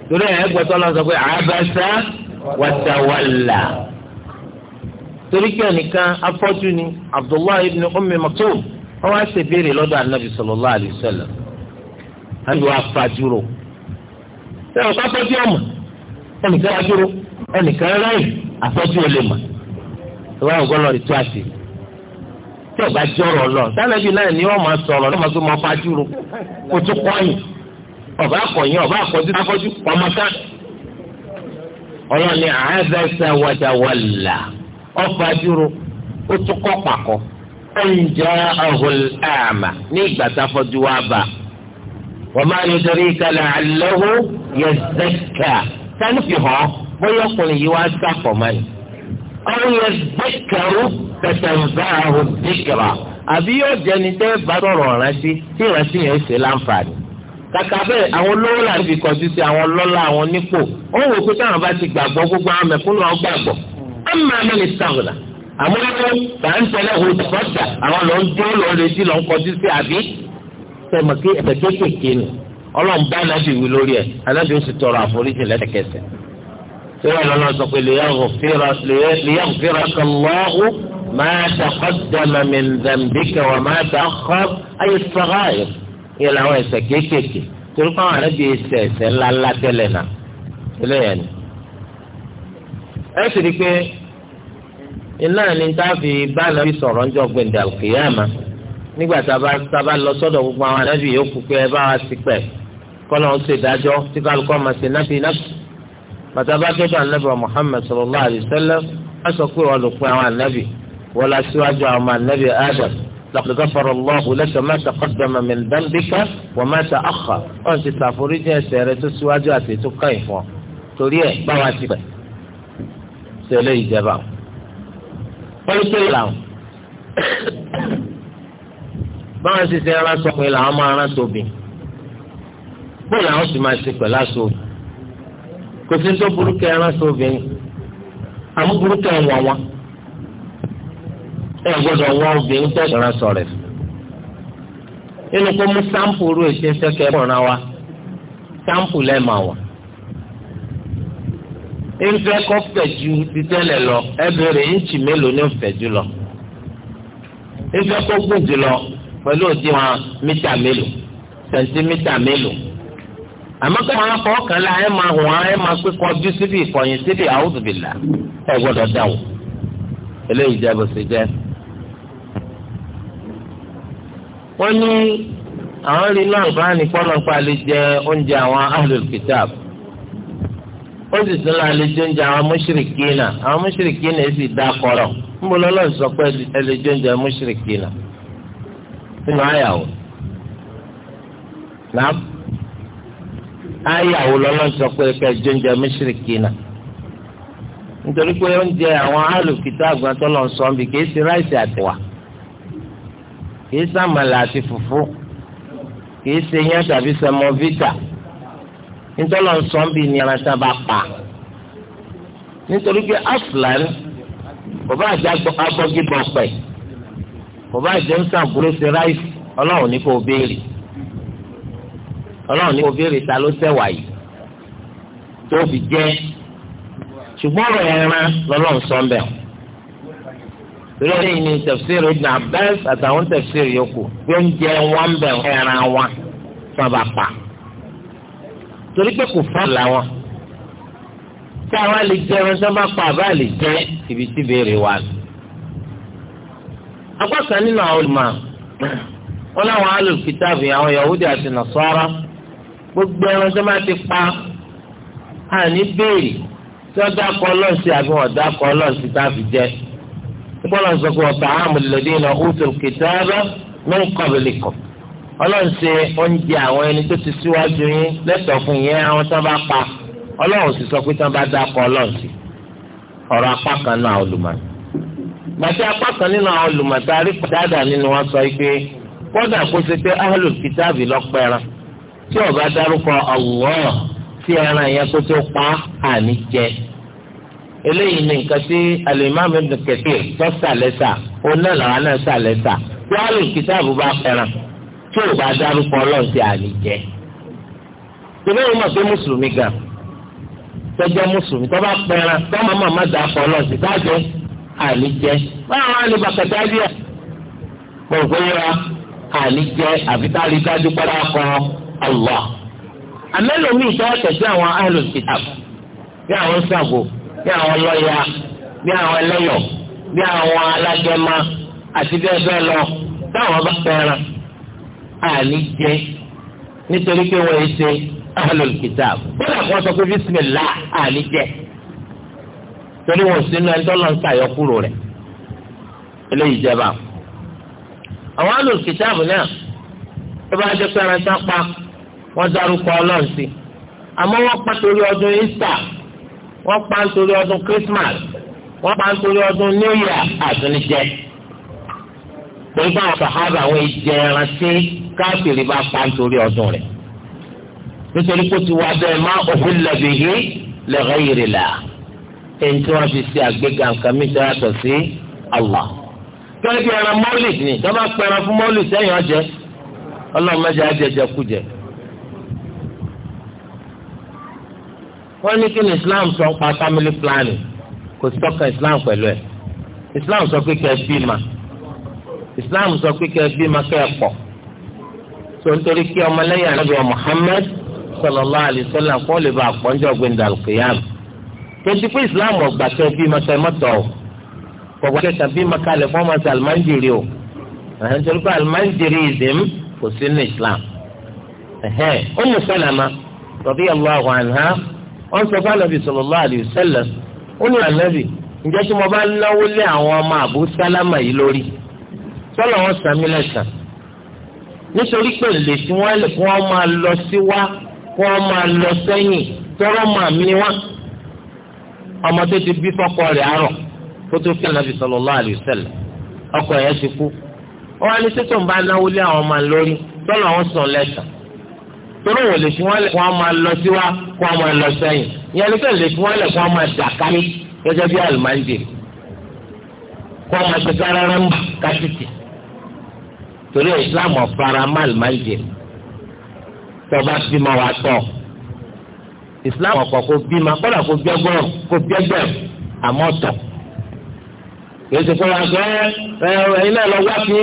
torí ẹ̀ gbọ́dọ̀ lọ sọ pé àbẹ̀sẹ̀ wàtàwàlà torí kí ẹnìkan afọ́jú ni abdullahi ibn ummi maktoum wọ́n wá ṣe béèrè lọ́dọ̀ anabi sallallahu alayhi wa sallam ayọ̀ afajuro ṣé ọ̀ká fọ́jú ọmọ ẹnìkan wájú ro. ẹnìkan rẹ́yìn àfọ́jú olè mà àti tí ọba lọ náà ni wọn máa sọ̀rọ̀ lọ́mọ tó máa fajúro kó tó kọyìn ọba akọyìn ọba akọjú akọjú ọmọká ọlọ́ni àádọ́sẹ̀ wàjàwàlà ọfajúro ó tó kọ́ pàkọ́ oúnjẹ ọ̀hún àmà ní ìgbà tá a wa bá wọ́n máa yẹ zẹ́kà hàn bóyá ọkùnrin yìí wá sàpọ̀ mọ́ni. ọ̀run yẹn dẹ́kẹ̀rú tẹ̀tẹ̀ ń bá àrùn dẹ́kẹ̀rà àbí yóò jẹni tẹ́ bá tọrọ rántí tí ìrántí yẹn ṣe láǹfààní. kàkà bẹ́ẹ̀ àwọn olówó là ń fi kọjú sí àwọn lọ́lá àwọn nípò ó wò pé táwọn bá ti gbàgbọ́ gbogbo àwọn mẹ̀kúnnù ọgbàgbọ́ ama amẹ́lẹ̀ sàwùnà àmọ́ bá ń tẹ̀lé òtúfọ́tà àwọn lọ́n dúró lọ́n retí lọ́n kọjú sí àbí sẹ́mi kí ẹ̀fẹ̀ kéékèèké nù sọ́wọ́n lọ́nà sọ pé lèyàgòfèrè kàlọ́hù máa tàkọ́dàmà mẹ́ndàmbíkà wà máa tàkọ́ ayé sàgáyé yẹ làwọn ẹ̀ṣẹ̀ kéékèèké torí pé àwọn àrẹ́bí ẹ̀ṣẹ̀ ẹ̀ṣẹ̀ ńláńlá tẹ́lẹ̀ náà tẹ́lẹ̀ yẹn ni. ẹ sì rí i pé iná ni táàfì bá nàbí sọ̀rọ̀ ń jọ gbẹ̀ndà kìyàmà nígbà tá a bá lọ sọ́dọ̀ gbogbo àwọn àrẹ́bí yòókù pé ẹ bá wa sí pẹ̀ kọ́ bàtàbà dọ́dọ̀ anabi muhammed sallallahu alayhi wa sallam a sọ pé wọn lò pé àwọn anabi wọn la síwájú àwọn anabi adam laqad ghafara Allahu laka ma taqaddama min dhanbika wa ma ta'akhkhara wọn ti ṣàforíjì ẹ̀ṣẹ̀ rẹ̀ tó síwájú àti tó kàn fún ọ torí ẹ báwa ti bẹ ṣẹlẹ̀ ìjẹba wọn tó yẹ làwọn báwọn ti sọpin làwọn máa rán sóbì bóyá wọn sì máa ṣe pẹ̀lú aṣọ òbí kò sí tó burúkú ẹran sí obìnrin àmú burúkú ẹ̀ wọ̀n wọn ẹ gbọ́dọ̀ wọ́n obìnrin tó ẹ̀rọ sọ̀rọ̀ nínú kó mú sáǹpùlù èsì sẹ́kẹ̀ ẹ̀kọ́ra wa sáǹpùlù ẹ̀ máa wà ńfẹ́ kọ́ fẹ̀jú ti tẹ́lẹ̀ lọ ẹbẹ̀rẹ̀ ńchì mélòó ní fẹ̀jú lọ ńfẹ́ kó gùn jù lọ pẹ̀lú òdiwọ̀n mítà mélòó sẹ̀ntímítà mélòó àmọ́ kí wọ́n fọ́ kàn lá ẹ̀ máa wọ́n ẹ̀ máa pé kọjú síbi ìkọ̀yìn síbi àwùjọ ẹ̀ gbọ́dọ̀ dà wọ́ eléyìí jẹ́ bó ṣe jẹ́. wọ́n ní àwọn rí náà bá ní pọ́nlọ́pọ́ alẹ́ oúnjẹ àwọn ahlul ó sì tún náà oúnjẹ àwọn àwọn lọ́lọ́ sọ pé ayàwó lọ́lọ́n pé ká jẹ́njẹ mẹ́sìrìkì náà nítorí pé oúnjẹ àwọn alùpùpù àgbàtọ́ lọ sọ bí kìí ṣe ráìsì àtẹ̀wà kìí sàmàlà àti fùfú kìí ṣe yẹn tàbí sẹmọ́vítà nítorí sọ bí ní aránsá bá pa nítorí pé aflan kò àjẹ agbọ́gí bọ̀ pẹ̀ kò àjẹ ń sàgbóró ṣe ráìsì ọlọ́run ní kò béèrè. ọlọ́run ní kò béèrè ta ló sẹ́wàá yìí tó fi jẹ́ ṣùgbọ́n ọ̀rọ̀ ẹran lọ́lọ́run sọ ń bẹ̀. lórí ní tẹ̀síìrì Ibn Abbas àtàwọn tẹ̀síìrì yòókù pé ń jẹ wọn bẹ̀ ẹran wa tí wọ́n bá pa. torí pé kò fọ́ làwọn tí àwa lè jẹ ẹran tí wọ́n bá pa àbá lè jẹ ibi tí béèrè wa. apá kan nínú àwọn olùmọ̀ wọn láwọn alùpùpù tábìlì àwọn Yahudi àti Nasara gbogbo ẹran tó máa ti pa àní béèrè tí wọ́n dákọ̀ ọlọ́ọ̀sì àbí wọ́n dákọ̀ ọlọ́ọ̀sì tá a fi jẹ. ìbọ̀lọ̀ sọ pé ọ̀tá àmì lòdì iná hútùl kìtàbà min qablikum. ọlọ́run ṣe oúnjẹ àwọn ẹni tó ti síwájú yín lẹ́tọ̀ọ́ fún yẹn àwọn tán bá pa ọlọ́run sì sọ pé tán bá dákọ̀ ọlọ́ọ̀sì. ọ̀rọ̀ apá kan náà olùmọ̀ gbàtí apá kan nínú àwọn olùmọ̀tàrí dáadáa nínú wọn sọ pé kódà kó ṣe pé ahlul kìtàbì lọ́pẹ́ran tí ó bá dárúkọ Allah tí ẹran yẹn kó tó pa àní jẹ eléyìí ni nǹkan tí alimam ibn Kathir tó sàlẹ́sà oná làwọn náà sàlẹ́sà wọ́n á lè kìtàbù bá fẹ́ràn tí ò bá dárúkọ ọlọ́run tí àní jẹ tẹ́lẹ̀ wọn mọ̀ pé mùsùlùmí gan tẹ́jọ́ mùsùlùmí tọ́ bá pẹran tọ́ máa máa má lọ sí sáàjọ́ àníjẹ́ báwọn á lè bàkàtà bí ẹ̀ pọ̀ pé yẹra àníjẹ́ àfi tá dájú pẹ́lá kọ́ Allah amẹ́lòmí ìtọ́wọ́tẹ̀ sí àwọn ahlul kitab bí àwọn sago bí àwọn lọ́ya bí àwọn ẹlẹ́yọ̀ bí àwọn alágẹ̀má àti bẹ́ẹ̀ bẹ́ẹ̀ lọ táwọn bá fẹ́ràn àní jẹ nítorí pé wọ́n yé ṣe ahlul kitab wọ́n lè kọ́ sọ pé bismillah àní jẹ torí wọn sínú ẹni tọ́lọ́ ń ṣàyọkúrò rẹ̀ eléyìí jẹba àwọn ahlul náà tó bá jẹ́ pé ẹran tán pa wọ́n dárúkọ ọlọ́run sí àmọ́ wọ́n pa torí ọdún Easter wọ́n pa nítorí ọdún Christmas wọ́n pa nítorí ọdún New Year àtúnijẹ́ pẹ̀lú àwọn sàhábà àwọn ìjẹ ẹran sí káàkiri bá pa nítorí ọdún rẹ̀ nítorí kó ti wá bẹ́ẹ̀ má òfin lẹ̀bi yìí lẹ́rọ̀ la ẹni tí wọ́n fi ṣe àgbéga nǹkan mi tó yàtọ̀ sí Allah kẹ́kẹ́ ẹran mọ́lìd ni tọ́ bá pẹran fún mọ́lìd sẹ́yìn ọjẹ́ ọlọ́run mẹ́jọ ajẹjẹ kú jẹ. wọ́n ní kí ni islam sọ pa family planning kò sí tọ́ka islam pẹ̀lú ẹ̀ islam sọ pé kẹ́ ẹ bímọ islam sọ pé kẹ́ ẹ bímọ kẹ́ ẹ pọ̀ tó nítorí kí ọmọlẹ́yìn ànábì muhammed sallallahu alaihi wasallam kó lè ba àpọ́njọ́ gbẹ̀ndà alqiyam tonti pé islam ọgbà kẹ́ ẹ bímọ kẹ́ ẹ mọ́tọ̀ o kọ̀gbọ́n kẹ́ ẹ bímọ kalẹ̀ fún ọmọ sí alimanjiri o ẹ̀hẹ́n pé alimanjiri ìdìm kò sí ní islam ẹ̀hẹ́n ó wọ́n sọ fún anabi sallallahu alayhi wa ó ní anabi ǹjẹ́ tí bá náwó lé àwọn ọmọ sálámà yìí lórí sọ́lọ́ wọn sàmì lẹ́sàn nítorí pé lè tí wọ́n lè máa lọ sí wá lọ sẹ́yìn tọ́rọ́ máa ọmọ tó ti bí fọ́kọ rẹ̀ àárọ̀ kó tó fi anabi sallallahu alayhi wa sallam yẹn ti kú wọ́n ní bá náwó lé torí òun lè fi wọn lẹ kó wọn máa lọ sí wa kó wọn máa lọ sẹ́yìn ìyẹn ní kẹ́lẹ́ fi wọn lẹ kó wọn máa dà kárí gẹ́gẹ́ bí àlùmáńdè kó wọn máa ṣe kárára ń bà kásìtì torí Islam ọ̀fara má àlùmáńdè tọba bímọ wa tọ Islam ọ̀pọ̀ kó bímọ kọ́dà kó bí ẹgbẹ́rún kó bí ẹgbẹ́rún àmọ́ tọ̀ kìí ṣe fún wa ẹ ẹ ilé ẹ lọ wá sí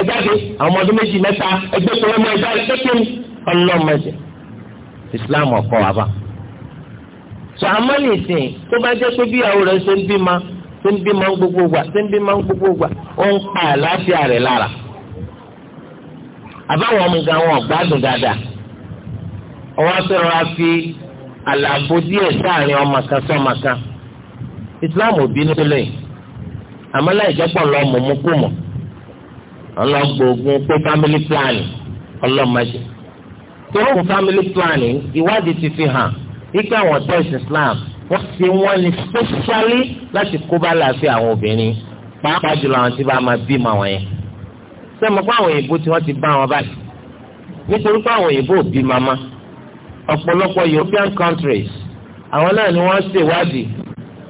ẹjáde àwọn ọmọdún méjì mẹ́ta ẹgbẹ́ tó lọ́mọ ẹjáde kékeré ọlọ́mọdé islam ọkọ wa bá sọ àmọ́ nìsín tó bá jẹ́ pé bíyàwó rẹ̀ ṣe ń bímọ ṣe ń bímọ ń gbogbo gbà ṣe ń bímọ ń gbogbo gbà ó ń pa àlàáfíà rẹ̀ lára àbáwọn ọmọ gan wọn gbádùn dáadáa ọwọ́ sọ̀rọ̀ a fi àlàfo díẹ̀ sáàrin ọmọ kan sọ́mọ kan islam ò bínú tó lóyìn àmọ́ láì jẹ́ pọ̀ lọ́mọ mú kú mọ́ ọlọ́gbọ̀ọ́gùn pé family planning ọlọ́mọdé torókùn family planning ìwádìí ti fi hàn wípé àwọn tẹ́sí Islam wọ́n ti wọ́n ní specially láti kó bá láàfin àwọn obìnrin pàápàá jùlọ àwọn tí bá máa bímọ wọn yẹn sẹ́mi pé àwọn òyìnbó tí wọ́n ti bá wọn báyìí nítorí pé àwọn òyìnbó ò bí mama ọ̀pọ̀lọpọ̀ European countries àwọn náà ni wọ́n ṣèwádìí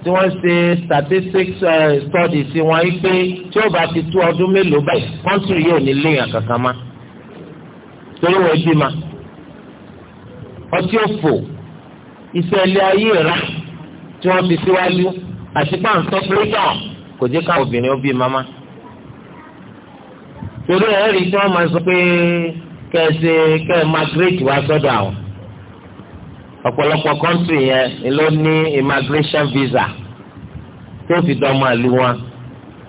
tí wọ́n ṣe statistics eh, studies wọn yìí pé tí ó bá ti tó ọdún mélòó báyìí country yóò ní léèyàn kankan má torí wọ́n bí ma ọtí òfò ìṣẹ̀lẹ̀ ayé rà tí wọ́n fi síwájú àti pàǹtọ́ píríkà kò jẹ́ ká obìnrin ó bí mama. torí ẹ̀ rí tí wọ́n máa sọ pé kẹ́ ṣe kẹ́ ẹ wá sọ́dọ̀ àwọn. ọ̀pọ̀lọpọ̀ kọ́ńtì yẹn ló ní immigration visa tó fi dọ́mọ ìlú wọn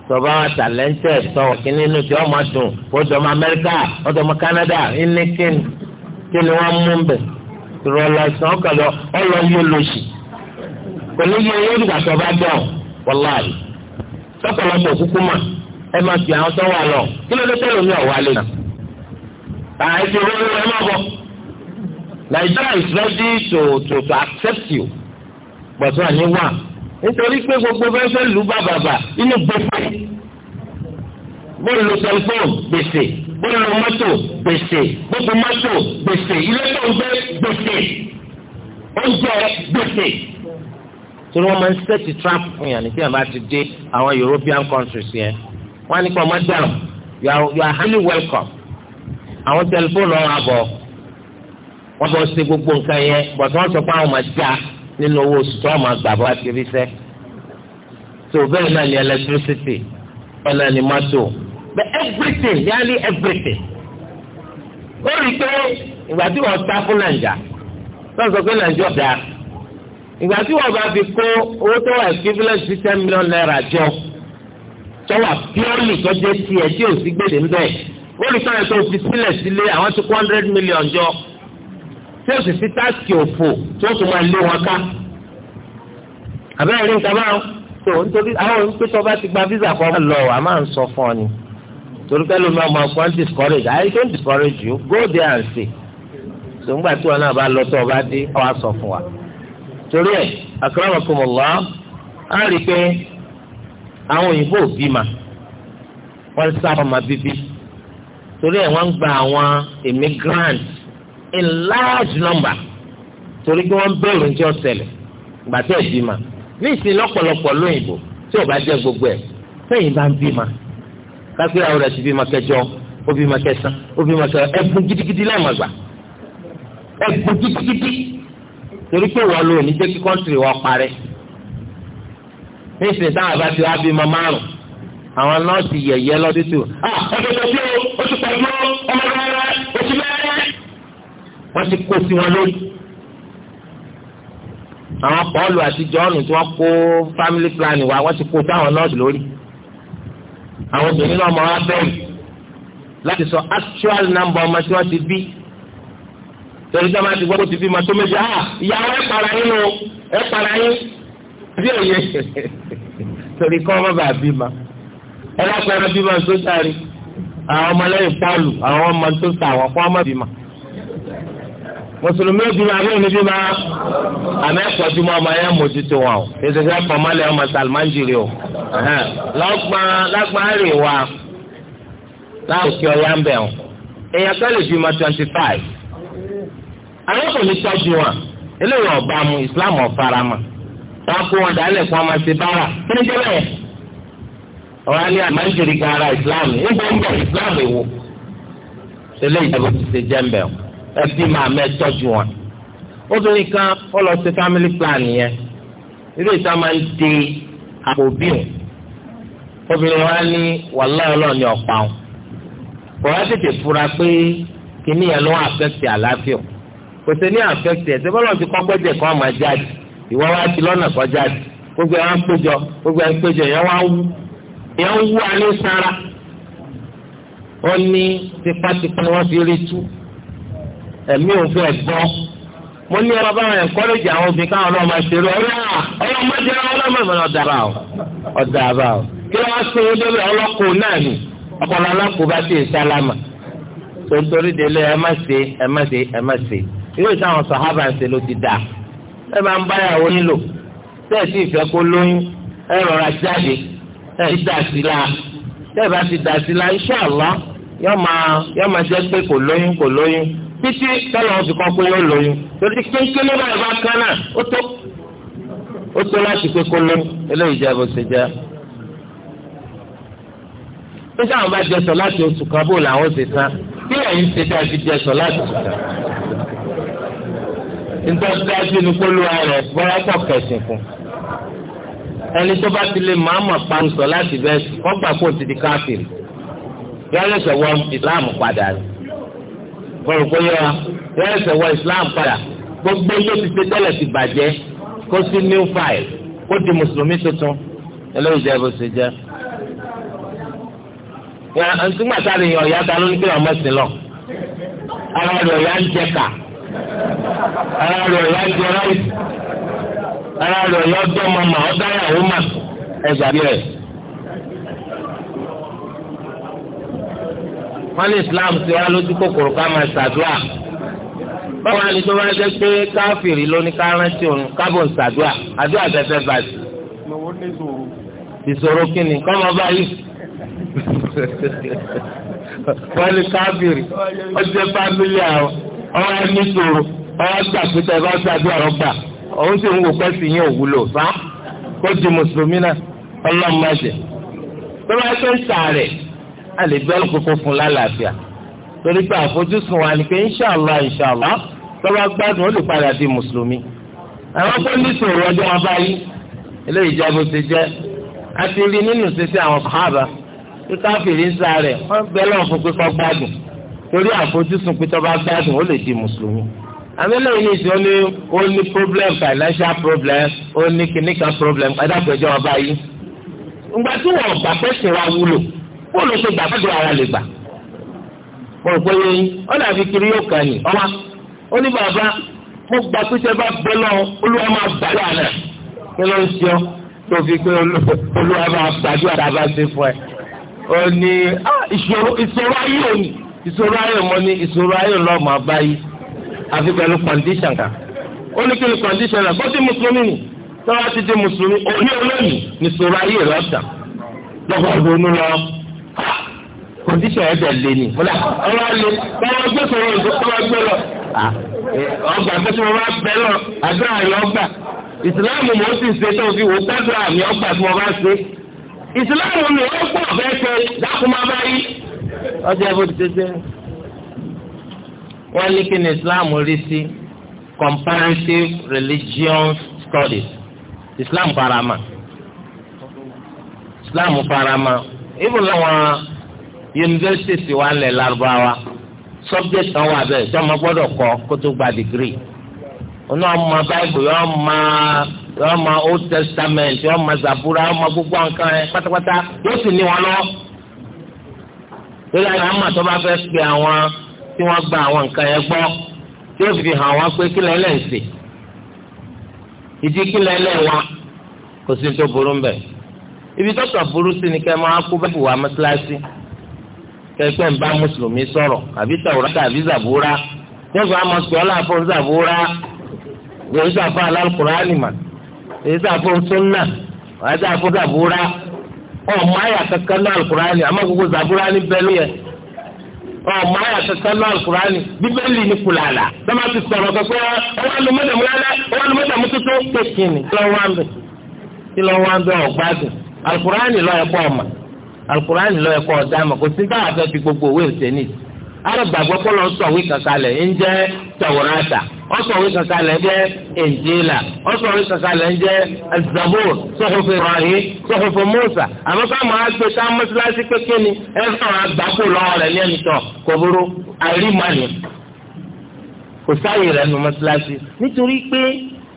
tọba wa talented tọwọ kínní inú tí wọn máa dùn ó dọmọ Amẹ́ríkà ó dọmọ Canada ìníkìn kí ni wọn mú bẹ́ẹ̀ ìrọ̀lá ìsàn ọ̀kàlọ̀ ọ̀lọ́ yóò lò sí kò ní yẹ yóò dìgbà tó bá dọ̀ wọláì sọ́kọ̀lọ́pọ̀ kúkú mà ẹ máa fi àwọn tó wà lọ kí ló dé tẹ́lẹ̀ mi ọ̀wá lè nà. àìsí olóró ẹ má bọ̀ Nigeria is ready to to to accept you but wà ní wà nítorí pé gbogbo bẹ́ẹ̀ fẹ́ lù bàbàbà inú gbèsè mo lò tẹlifóònù gbèsè bóyá lo mọ́tò gbèsè gbogbo mọ́tò gbèsè ilé tó ń gbé gbèsè oúnjẹ gbèsè. torí wọ́n máa ń sẹ́ẹ̀tì trap fún yàn ní bí àbá ti dé àwọn European countries yẹn wọ́n ní kọ́ madam you are you are highly welcome. àwọn tẹlifóònù ọ̀hún abọ̀ wọ́n bọ̀ ṣe gbogbo nǹkan yẹn bọ̀tún wọ́n sọ pé àwọn máa já nínú owó oṣù tó wọ́n máa gbà bọ́ àti rí sẹ́. tó bẹ́ẹ̀ náà ni electricity bẹ́ẹ̀ náà ni mọ́tò but everything nearly everything ó rí i pé ìgbà tí wọ́n ta fún nàìjà náà sọ pé nàìjà ọ̀dà ìgbà tí wọ́n bá fi kó owó tó wà equivalent sí ten million naira jọ tó wà purely tó jẹ́ tiẹ̀ tí ò sí gbèdé ń bẹ̀ ó rí i pé tó fi sílẹ̀ sílé àwọn tó kó hundred million jọ tí ó sì sí táàkì òfò tó tún máa lé wọn ká àbẹ́rẹ́ ní ìta báwọn tó nítorí àwọn òun pé tó bá ti gba visa kan lọ àmà ń sọ fún ọ ni. torí pẹ́ lómi ọmọ kan discourage I don't discourage you go there and see so ńgbà tí wọn náà bá lọ tó ọba dé ọwọ́ sọ fún wa torí ẹ̀ akramakumullah á rí i pé àwọn òyìnbó òbí ma wọn sá bíbí torí gba àwọn in large number torí pé wọn bẹ̀rù ní tí wọ́n ìbí ma ní ìsìn lóyìnbó tí gbogbo ẹ sẹ́yìn bá ma kápẹ́ àwọn rẹ̀ sì bí ma kẹjọ ó bí ma kẹsàn ó bí ma kẹsàn ẹ̀bùn gidigidi lẹ́ẹ̀mọ̀gbà ẹ̀bùn gidigidi torí pé wọ́n lò ní jẹ́ kí kọ́ńtìrì wọn parẹ́ nísìnyí táwọn bá ti wá bí ma márùn àwọn nọ́ọ̀sì yẹ̀yẹ́ lọ́dún tó ah, wọ́n ti kó sí wọn lórí àwọn Pọ́ọ̀lù àti Jọ́ọ̀nù tí wọ́n kó family planning wa wọ́n ti kó sáwọn nọ́ọ̀sì lórí àwọn obìnrin náà máa wá bẹ́ẹ̀ láti sọ actual number ọmọ tí wọ́n ti bí torí sábà ti gbọ́ kó ti bí ma tó méjì ah ìyàwó ẹ̀ para yín o ẹ̀ para yín bí òye torí kọ́ ọmọ bàá bí ma ẹ̀ lápẹ̀rẹ̀ bí ma sójà rí àwọn ọmọ lẹ́yìn pọ́ọ̀lù àwọn ọmọ tó ta àwọn fún ọmọ bí ma mùsùlùmí bí ma abẹ́rẹ́ níbí ma àmẹ́ pọ̀jù mọ́ ọmọ yẹn mójútó wọn o ìṣẹ̀ṣẹ̀ pọ̀mọ́lẹ̀ ọmọ sàlmájìrì o lọ́gbọ́n lágbọ́n rè wa láòkè ọ̀yá ń bẹ̀ o èèyàn kan lè bí ma twenty five àwọn kò ní tọ́jú wọn eléyìí ọ̀bá mu Islam ọ̀farama wọn kó wọn dálẹ̀ fún ọmọ sí bára kí ni jẹ́lẹ̀ ọ̀rọ̀ alẹ́ àmájìrì gara Islam nígbà ń bọ̀ Islam èwo eléyìí ìjọba ti ṣe ẹbí máa mẹ́ tọ́jú wọn. obìnrin kan ó sí family plan yẹn irú ìta máa ń de àpò bíùn obìnrin wa ní wàhálà ọlọ́run ní ọ̀pá wọn. kò wá tètè fura pé kíní yẹn ló ń àfẹ́tì àlàáfíà kò sí ní àfẹ́tì ẹ̀ sẹ́fọ́lọ́ ti kọ́ gbẹ́jẹ̀ kan máa jáde ìwọ́ wa ti lọ́nà kan jáde gbogbo ẹ̀ wá ń péjọ gbogbo ẹ̀ ń péjọ ìyẹn wá wú ìyẹn wú wa ní sára ó ní tipátipá ni wọ́n fi rí tú ẹ̀mí òun fẹ́ gbọ́ mo ní ọba báwọn ẹ̀ńkọ́rẹ́jì àwọn obìnrin káwọn náà máa ṣe rẹ ọlọ́mọdé ọlọ́mọdé ọ̀dàbà ọ̀ ọ̀dàbà ọ̀ kí wọ́n ṣe é lórí ọlọ́kùn náà ni ọpọlọ alákùn bá ti sálámà tontori délé ẹ má ṣe ẹ má ṣe ẹ má ṣe irú ìtàwọn sàhábà ń ṣe ló ti dà ẹ máa ń báyàwó nílò tẹ́ẹ̀sì ìfẹ́ kó lóyún ẹ rọra jáde ẹ ti dà sí la tẹ́ẹ̀ bá ti dà sí la inṣàlá yọ máa yọ máa jẹ́ pé kò lóyún kò lóyún títí tọ́lọ̀ oṣù kan pé yóò lóyún torí kéńkéńlé báyìí bá kán náà ó tó ó tó láti pé kó lóyún eléyìí jẹ́ bó ṣe jẹ́. bí sáwọn bá jẹ sọ láti oṣù kan bó làwọn ṣe san bí ẹ̀yin ṣe dá fi jẹ sọ láti oṣù kan. nítorí dájú ni kólúwa rẹ̀ bọ́lá pọ̀ kẹsìn fún ẹni tó bá ti lè máa mọ̀ pansọ̀ láti bẹ́ẹ̀ kọ́gbà kó ti di káfíìn yálẹ̀ sọ̀wọ́ ìsìláàmù padà rẹ̀ kọlùkọ yẹ wa yọ ẹsẹ̀ wọ islam padà gbogbo tó ti ṣe tẹ́lẹ̀ ti bàjẹ́ kó sí new file kó di mùsùlùmí tuntun eléyìí jẹ́ bó ṣe jẹ́. ntúmọ̀ sáré yàn ọ̀yá ta ló ní kí ọmọ sí lọ ara rẹ̀ ọ̀yá ń jẹ kà ara rẹ̀ ọ̀yá ń jẹ ráìsì ara rẹ̀ ọ̀yá ọdọ́ mọ̀mọ́ ọ̀dá ìyàwó mà ẹ̀ gbàgbé rẹ̀. wọ́n ní islam ti wá lójú kòkòrò ká máa ṣàdúrà báwo ni tó bá jẹ́ pé káfíìrì ló ní ká rántí òun kábọ̀ ṣàdúrà àdúrà tẹ́tẹ́ bàjẹ́. ìṣòro kí ni kọ́mọ báyìí wọ́n ní káfíìrì ó jẹ́ fámílì àwọn ọmọ ẹni ṣòro ọmọ ṣàpètẹ bá ṣàdúrà rọ́gbà òun sì ń wò pẹ́sì yín òwúlò fáà kó di mùsùlùmí náà ọlọ́mọdé tó bá ṣe ń sàárẹ̀ a lè gbẹ́ lókòkò fún lálàáfíà torí pé àfojúsùn wa ni pé inṣàlá inṣàlá tọ́ba gbádùn ó lè padà di mùsùlùmí àwọn tó ní sòrò ọjọ́ wọn báyìí eléyìí jẹ́ bó ti jẹ́ a ti rí nínú sísẹ àwọn sàhábà kí káfíìrì ń sáré wọ́n gbẹ́ lọ́wọ́ fún pípọ́ gbádùn torí àfojúsùn pé tọ́ba gbádùn ó lè di mùsùlùmí àmì lẹ́yìn ní ìsìn ó ní problem financial problem ó ní clinical problem ẹ̀dá pẹ̀jọ́ ọba yìí ìgbà tí wọ́n gbà pẹ́sìn wa wúlò bóòlù ṣe gbà fúdi ara lè gbà mo rò pé ó dàbí kiri yóò kàn ní ọmọ ó ní bàbá mo gbà pé tẹ bá bẹ lọ olúwa máa gbàdúrà náà kí ló ń ṣe ọ tó fi pé olúwa máa gbàdúrà tá bá ṣe fún ẹ ó ní ah, ìṣòro ìṣòro ayé òní ìṣòro ayé mo ní ìṣòro ayé lọ máa bá yí àfi pẹ̀lú kọ̀ǹdíṣàn kan ó ní kí ni kọ̀ǹdíṣàn náà bọ́tí mùsùlùmí ni tọ́wọ́ ti di mùsùlùmí òní olóyìn ìṣòro ayé rẹ̀ ọ̀tàn kòndíṣọ̀ ẹ̀dẹ̀ lé ni mo là ọlọ́ lé báwọn gbé sọ̀rọ̀ ìgbó báwọn gbé lọ. ọgbà tó ti mo bá bẹ lọ àdúrà rẹ ọgbà ìsìláàmù mo sì ṣe tó fi wò gbàdúrà mi ọgbà tí mo bá ṣe ìsìláàmù mi ó pọ̀ bẹ́ẹ̀ ṣe dákúmá bá yí. ọjọ́ ẹ̀fọ́ ti ṣe wọ́n ní kí ni ìsìláàmù rí sí comparative religion studies islam farama islam farama even làwọn yunifásitì ti wà lẹ̀ subject kan wà bẹ́ẹ̀ tí ọmọ kọ kó gba degree onu ọmọ bible yọ ọmọ old testament yọ zabura ọmọ gbogbo nǹkan ẹ pátápátá yóò sì ní wọn lọ lórí àwọn àmọ́ tó bá àwọn tí wọ́n gba àwọn nǹkan yẹn tí fi hàn pé ìdí kò sí tó ibi tọ́tọ̀ burú sí ni kẹ́ máa kó bẹ́ẹ̀ wá mọ́sálásí kẹ́kẹ́ ń bá mùsùlùmí sọ̀rọ̀ àbí tàwùrá tàbí zàbúrà yẹ́sùn àmọ́ sọ ọ́ láàfọ̀ zàbúrà yẹ́sùn àfọ̀ alárùkùránì mà yẹ́sùn àfọ̀ sunna yẹ́sùn àfọ̀ zàbúrà ọmọ àyà kankan náà alùkùránì àmọ́ gbogbo zàbúrà ní bẹ́ẹ̀ ló yẹ ọmọ àyà kankan náà alùkùránì bíbélì ní kùlàlà bẹ́ẹ̀ ti sọ̀rọ̀ kẹ́kọ́ ọwọ́ alùmọ́dàmú lálẹ́ ọwọ́ alùmọ́dàmú tuntun kékin ni kí lọ́wọ́ àǹbẹ̀ kí lọ́wọ́ àǹbẹ̀ ọ̀gbádùn alukurani lọ ẹkọ ọmọ alukurani lọ ẹkọ ọdá ọmọ kò sí táwọn afẹ́ fi gbogbo òwe òsèlú alùpàgbọ́ kọ́lọ́ sọ̀wé kankalẹ̀ ń jẹ́ tawurata ọ̀sọ̀wé kankalẹ̀ ń jẹ́ injila ọ̀sọ̀wé kankalẹ̀ ń jẹ́ zabur sọ̀fọ̀fẹ̀ rahim sọ̀fọ̀fẹ̀ musa àmọ́ káwọn àgbẹ̀ ká mọ́sálásí kékeré ni ẹ fọwọ́ àgbàkù lọ́wọ́ rẹ̀ lẹ́nu tọ̀ kò burú àrímọ́ni kò sáyè rẹ̀ nu mọ́sálásí nítorí pé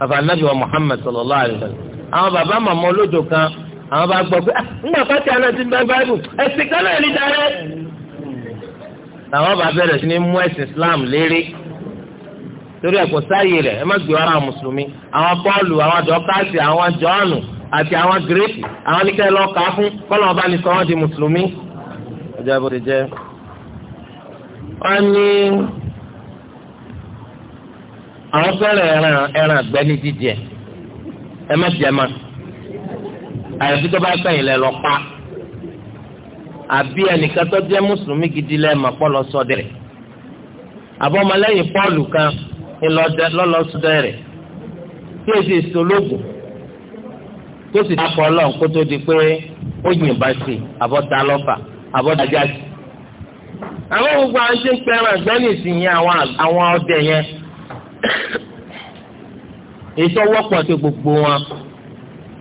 bàbá anabi wa muhammed sallallahu alayhi wa sallam àwọn bàbá màmá olódò kan àwọn bá gbọ́ pé ah, nígbà pàtí àná ti bá báyìí ẹ̀sìn kan náà ní dáre. làwọn bá bẹ̀rẹ̀ sí ní mú ẹ̀sìn islam lérí torí ẹ̀kọ́ sáyé rẹ̀ ẹ má gbé ara mùsùlùmí àwọn pọ́ọ̀lù àwọn dọ́kásì àwọn jọ́ọ̀nù àti àwọn gírèkì àwọn oníkẹ́ lọ kà fún kọ́lọ̀ ọba ní sọ wọ́n di mùsùlùmí. ọjọ́ ìbò ti jẹ́ wọ́n ní àwọn fẹ́ràn ẹran ẹran àgbẹ̀ ní jíjẹ ẹ má jẹ ma àyàfi tó bá sẹ́yìn lẹ lọ pa àbí ẹnìkan tó jẹ́ mùsùlùmí gidi lẹ́ẹ̀mà pọ̀ lọ sọdẹ rẹ̀ àbọ̀mọlẹ́yìn pọ́ọ̀lù kan lọ́lọ́ sọdẹ rẹ̀ tí èsì ìsológùn tó sì dápọ̀ ọlọ́run kó tó di pé ó yìnbá sí àbọ̀tá lọ́fà àbọ̀tá jáde àwọn gbogbo àwọn ṣe ń pẹ́ràn àgbẹ̀ nìsín yẹn àwọn ọdẹ yẹn ètò wọ́pọ̀ tó gbogbo wọn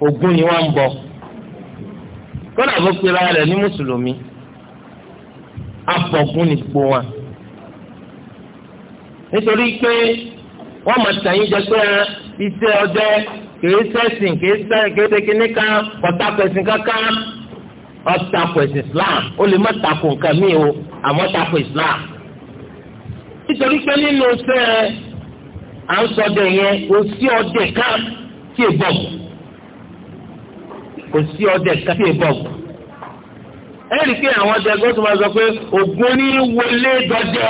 Ògún ni wọ́n ń bọ kódà bó pera rẹ̀ ní mùsùlùmí abọ̀gún ni gbogbo wọn nítorí pé wọ́n mọ̀ sàyìn jẹ pé iṣẹ́ ọdẹ kìí sẹ́sìn kìí sẹ́sìn kìíní kan ọ̀tá pẹ̀sìn kankan ọ̀tá pẹ̀sìn Islam ó lè má takò nǹkan mi o àmọ́ takò Islam nítorí pé nínú sẹ́ẹ̀ à ń sọdẹ yẹn kò sí ọdẹ kan tí è bọ̀ kò sí ọdẹ kan tí è bọ̀ ẹnì kí àwọn ọdẹ gbọ́dọ̀ máa sọ pé ògùn ní wọlé dọdẹ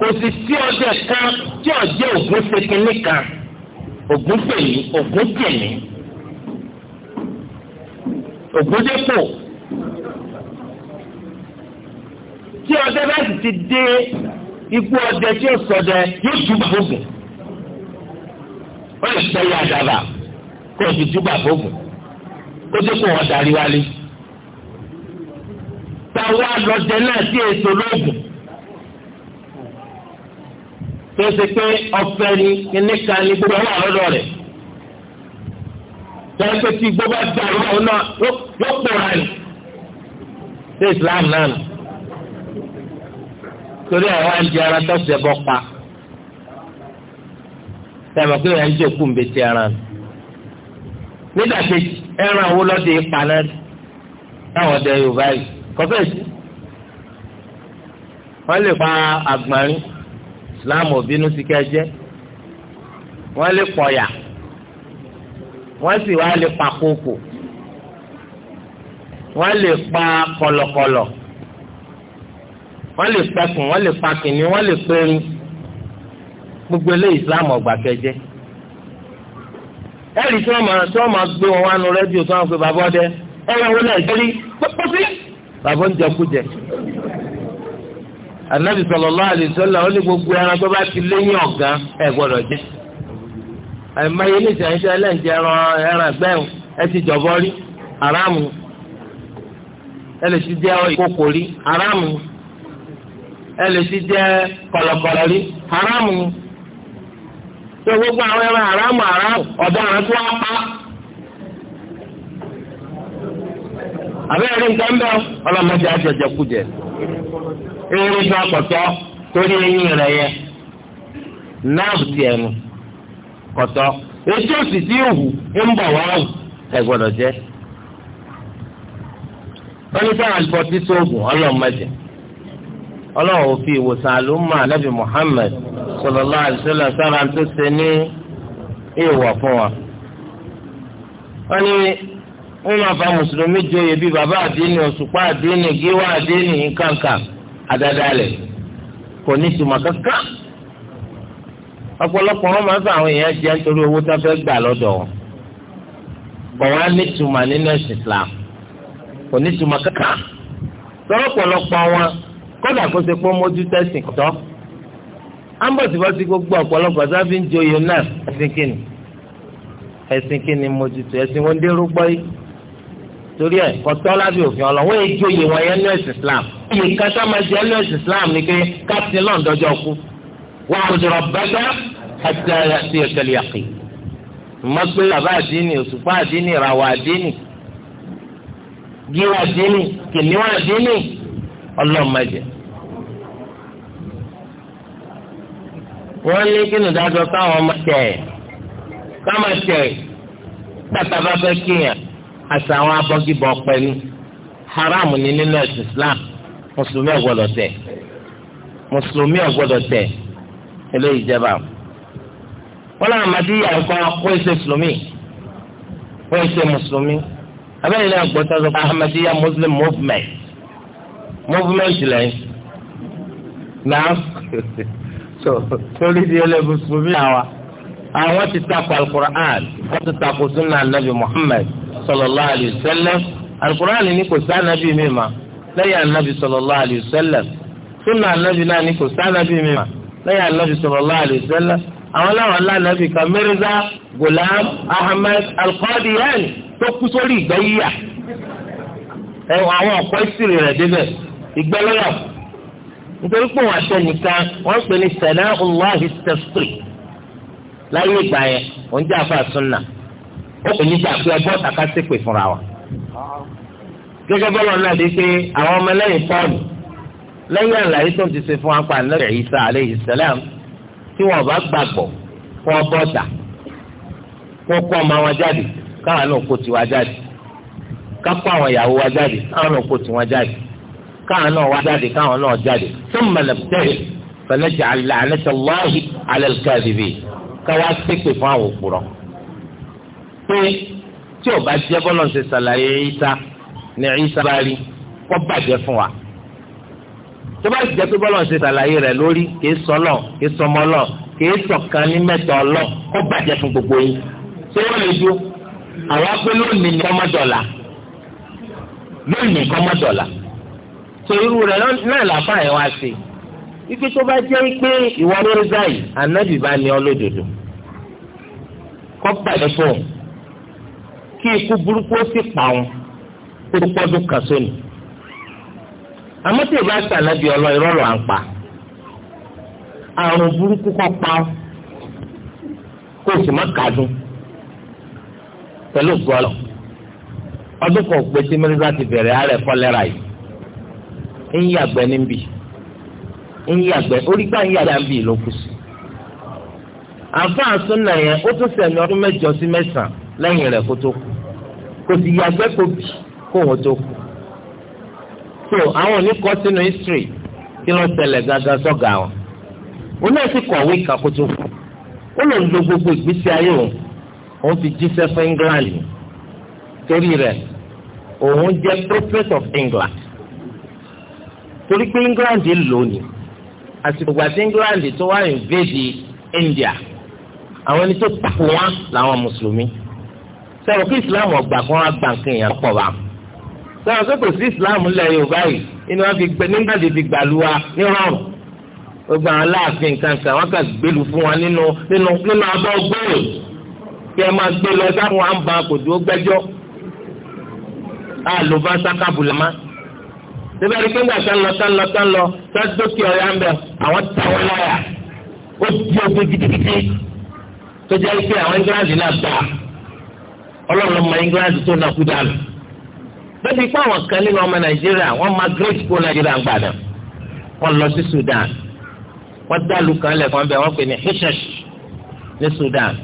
kò sì sí ọdẹ kan tí ọjẹ ògùn ṣe kínní kan ògùn fèyí ògùn tèmí ògùn dépò. tí ọdẹ bá sì ti dé ikú ọdẹ tí ó sọdẹ yóò júbà fóògùn ó lè tẹ́lẹ̀ àdàbà kó o fi júbà fóògùn kó tó kó wọn darí wálé táwa lọdẹ náà sí èso lóògùn tó ṣe pé ọ̀fẹ́ ni kíníkà ni gbogbo wà lọ́dọ̀ rẹ̀ tọ́lá pé tí gbogbo bá dàrú ọ̀hún náà yóò pòórá ni Islam náà torí ẹ̀ wá ń di ara tọ́sẹ̀ bọ́ pa sẹ́mi pé ẹ̀ ń jòkó ń betí ara nù nígbà kejì ẹran owó lọ́dẹ ipa náà táwọn ọdẹ Yorùbá yìí kọ́fẹ́sì wọ́n lè pa àgbọ̀nrín Islam òbínú sí kẹjẹ́ wọ́n lè pọ̀yà wọ́n sì wá lè pa kókò wọ́n lè pa kọ̀lọ̀kọ̀lọ̀. wọ́n lè pẹkùn wọ́n lè wọ́n lè gbogbo ilé islam ọgbà kẹjẹ ẹ̀rí tí wọ́n máa tí wọ́n máa gbé wọn wá nu tí wọ́n pe bàbá ọdẹ ẹ̀rọ wọn náà jẹ́rí pọ́pọ́ bàbá ń jẹkújẹ. gbogbo ẹran tó bá ti léyìn ọ̀gá ẹ̀ gbọ́dọ̀ jẹ. ẹlẹ́ǹjẹ ẹran ẹran ẹ ti rí ẹ lè ti jẹ́ ẹ jẹ kọlọkọlọ rí haramu tó gbogbo àwọn ẹran haramu haramu ọ̀daràn tó wá pa. àbẹ́rẹ́ nǹkan bẹ́ẹ̀ ọlọ́mọdé àjẹjẹkújẹ eré tó àkọ́tọ́ torí eyín rẹ̀ yẹ náàbù tiẹ̀ nù kọ́tọ́ ètò òsì tí ò hù ń wá ọlọ́run ò fi ìwòsàn àlùmọ́ ànábì Muhammad sallallahu alaihi sára tó ṣe ní ìwọ̀ fún wa. wọ́n ní wọ́n máa fa mùsùlùmí joyè bíi bàbá àdínì òṣùpá àdínì gíwá àdínì kò ní ìtumọ̀ kankan. ọ̀pọ̀lọpọ̀ wọn máa ń fa àwọn èèyàn jẹ́ nítorí owó tó fẹ́ gbà lọ́dọ̀ wọn. ní ìtumọ̀ nínú Islam kò ní ìtumọ̀ kankan. tọ́lọ́pọ̀lọpọ̀ wọn. kódà kó ṣe pé mójú tẹ̀sìn tọ́ ambọ̀sibọ́sí gbogbo ọ̀pọ̀lọpọ̀ sábì ń joyè náà ẹ̀sìn kìnnì ẹ̀sìn kìnnì mójútó ẹ̀sìn wọn dérú gbọ́ yìí torí ẹ̀ kọ́tọ́ lábẹ́ òfin ọlọ́wọ́ èyí joyè wọn yẹn ní Islam iye kátà máa jẹ́ ní Islam ni pé kápítì náà dọ́jọ́ kú wà á rọ̀jọ̀rọ̀ bẹ́tẹ́ ẹ̀sìn àti ẹ̀sẹ̀lẹ̀ yàkì mọ́ pé bàbá àdínì ọlọ́mọdé wọ́n ní kí nìdájọ́ káwọn ọmọ tẹ̀ káma tẹ̀ bàtà bá fẹ́ kíyàn àti àwọn abọ́gibọ̀ pẹ̀lú haram ní nínú Islam mùsùlùmí ò gbọ́dọ̀ mùsùlùmí ò gbọ́dọ̀ eléyìí jẹba wọn náà màdíyà ẹ̀kọ́ wọ́n ṣe mùsùlùmí wọ́n ṣe mùsùlùmí náà Ahmadiyya Muslim movement movement lẹ́yìn náà. so torí di ẹlẹ́bùn sùnmí àwa àwọn ti takò alukur'an wọ́n ti takò sunna anabi muhammed sallallahu alayhi wa sallam alukur'an ni kò sí anabi mi ma lẹ́yìn anabi sallallahu alayhi wa sallam sunna anabi náà ni kò sí anabi mi ma lẹ́yìn anabi sallallahu alayhi wa sallam àwọn làwọn alánàbì kan mirza gulam ahmed alqadiyani tó kú sórí ìgbẹ́ yíyà ẹ̀ àwọn ọ̀pọ̀ ìsìrì rẹ̀ débẹ̀ ìgbẹ́ lọ́yọ̀ nítorí pé òun àtẹnìkan wọ́n pè ní sẹ̀nà ọlọ́hì sẹ́fìrì láyé ìgbà yẹn òun jẹ́ àfa súnà ó pè ní jà pé ẹgbọ́n tàkà sí pè fúnra wa. gẹ́gẹ́ bọ́lá náà di pé àwọn ọmọ lẹ́yìn pọ́ọ̀lù lẹ́yìn àlàyé tó ń ti ṣe fún apá náà Ìsá alayhi salam tí wọ́n bá gbàgbọ́ fún ọbọ̀dà kó kó ọmọ wọn jáde káwọn náà kó tiwa jáde ká àwọn ìyàwó wa jáde káwọn náà kó tiwọn jáde káwọn náà wá jáde káwọn náà jáde sọmọ nàbẹrẹ fẹlẹjà àlànàtà lọhì alẹkàdìbì káwá ṣépè fún àwọn òpùrọ́. pé tí ò bá jẹ́ bọ́lọ̀ ṣe ṣàlàyé ìta ní ìta bá rí kọ́ bàjẹ́ fún wa. tó bá jẹ́ pé bọ́lọ̀ ṣe ṣàlàyé rẹ̀ lórí kìí sọ́lọ̀ kìí sọmọlọ̀ kìí sọ̀kan ní mẹ́ta ọlọ́ kọ́ bàjẹ́ fún gbogbo yín. ṣé wọ́n lè dúró àwọn apẹ́ lónìí ní kọ́mọ́dọ̀là lónìí kọ́mọ́dọ̀là tó irú rẹ̀ náà làbá ẹ̀ wá sí ike tó bá jẹ́ pé ìwọ lórí báyìí ànábì bá ní ọlódodo kọ́ pàdé fún kí ikú burúkú ó sì pa wọn kó tó pọ́dún kan sóni àmọ́ tí ìbá sànábì ọlọ́ ìrọ́lọ́ à ń pa àrùn burúkú kọ́ pa kó sì má kàdún pẹ̀lú gbọ́lọ̀ ọdún kan pé tí mírísà ti bẹ̀rẹ̀ àárẹ̀ kọ́lẹ́rà yìí ń yàgbẹ́ níbí ń yàgbẹ́ orígbà ń yàgbẹ́ níbí ló kù sí. àǹfààní súnà yẹn ó tún sẹ̀mí ọdún mẹ́jọ sí mẹ́sàn-án lẹ́yìn rẹ̀ kó tó kù kò so àwọn ni kọ́ sínú history kí ló ṣẹlẹ̀ gangan sọ́gà wọn. òun náà sì kọ̀wé ìkà kó tó kù ó lè lo gbogbo ìgbésí ayé òun òun fi jíṣẹ́ fún England torí rẹ̀ òun jẹ́ prophet of England torí pé England lò ní àsìkò gbàtí England tó wá invade India àwọn ẹni tó takò wọn làwọn mùsùlùmí sọ̀rọ̀ kí Islam ọgbà kan wá gbà nǹkan èèyàn pọ̀ bá sọ̀rọ̀ pé sí Islam ńlẹ̀ Yorùbá yìí inú wọn fi gbẹ nígbà tí fi gbàlú wa ní rọrùn gbogbo àwọn aláàfin kankan wọn kà gbélu fún wa nínú nínú nínú abọ́ gbòòrò kí ẹ máa gbé lọ sáwọn àǹbá kò dúró gbẹ́jọ́ àlùbáṣá kábùlẹ̀ máa síbẹ̀ rí kéńgà tán lọ tán lọ tán lọ tán dókè ọ̀yà ń bẹ̀ àwọn táwọn láyà ó di ogun gidigidi tó jẹ́ pé àwọn England náà gbà ọlọ́run ọmọ England tó náà kú dànù bẹ́ẹ̀ni pé àwọn kan nínú ọmọ Nàìjíríà wọ́n máa great kó Nàìjíríà gbà náà wọ́n lọ sí Sudan wọ́n dàlú kan lẹ́kọ̀ọ́ bẹ́ẹ̀ wọ́n pè ní Hishash ní Sudan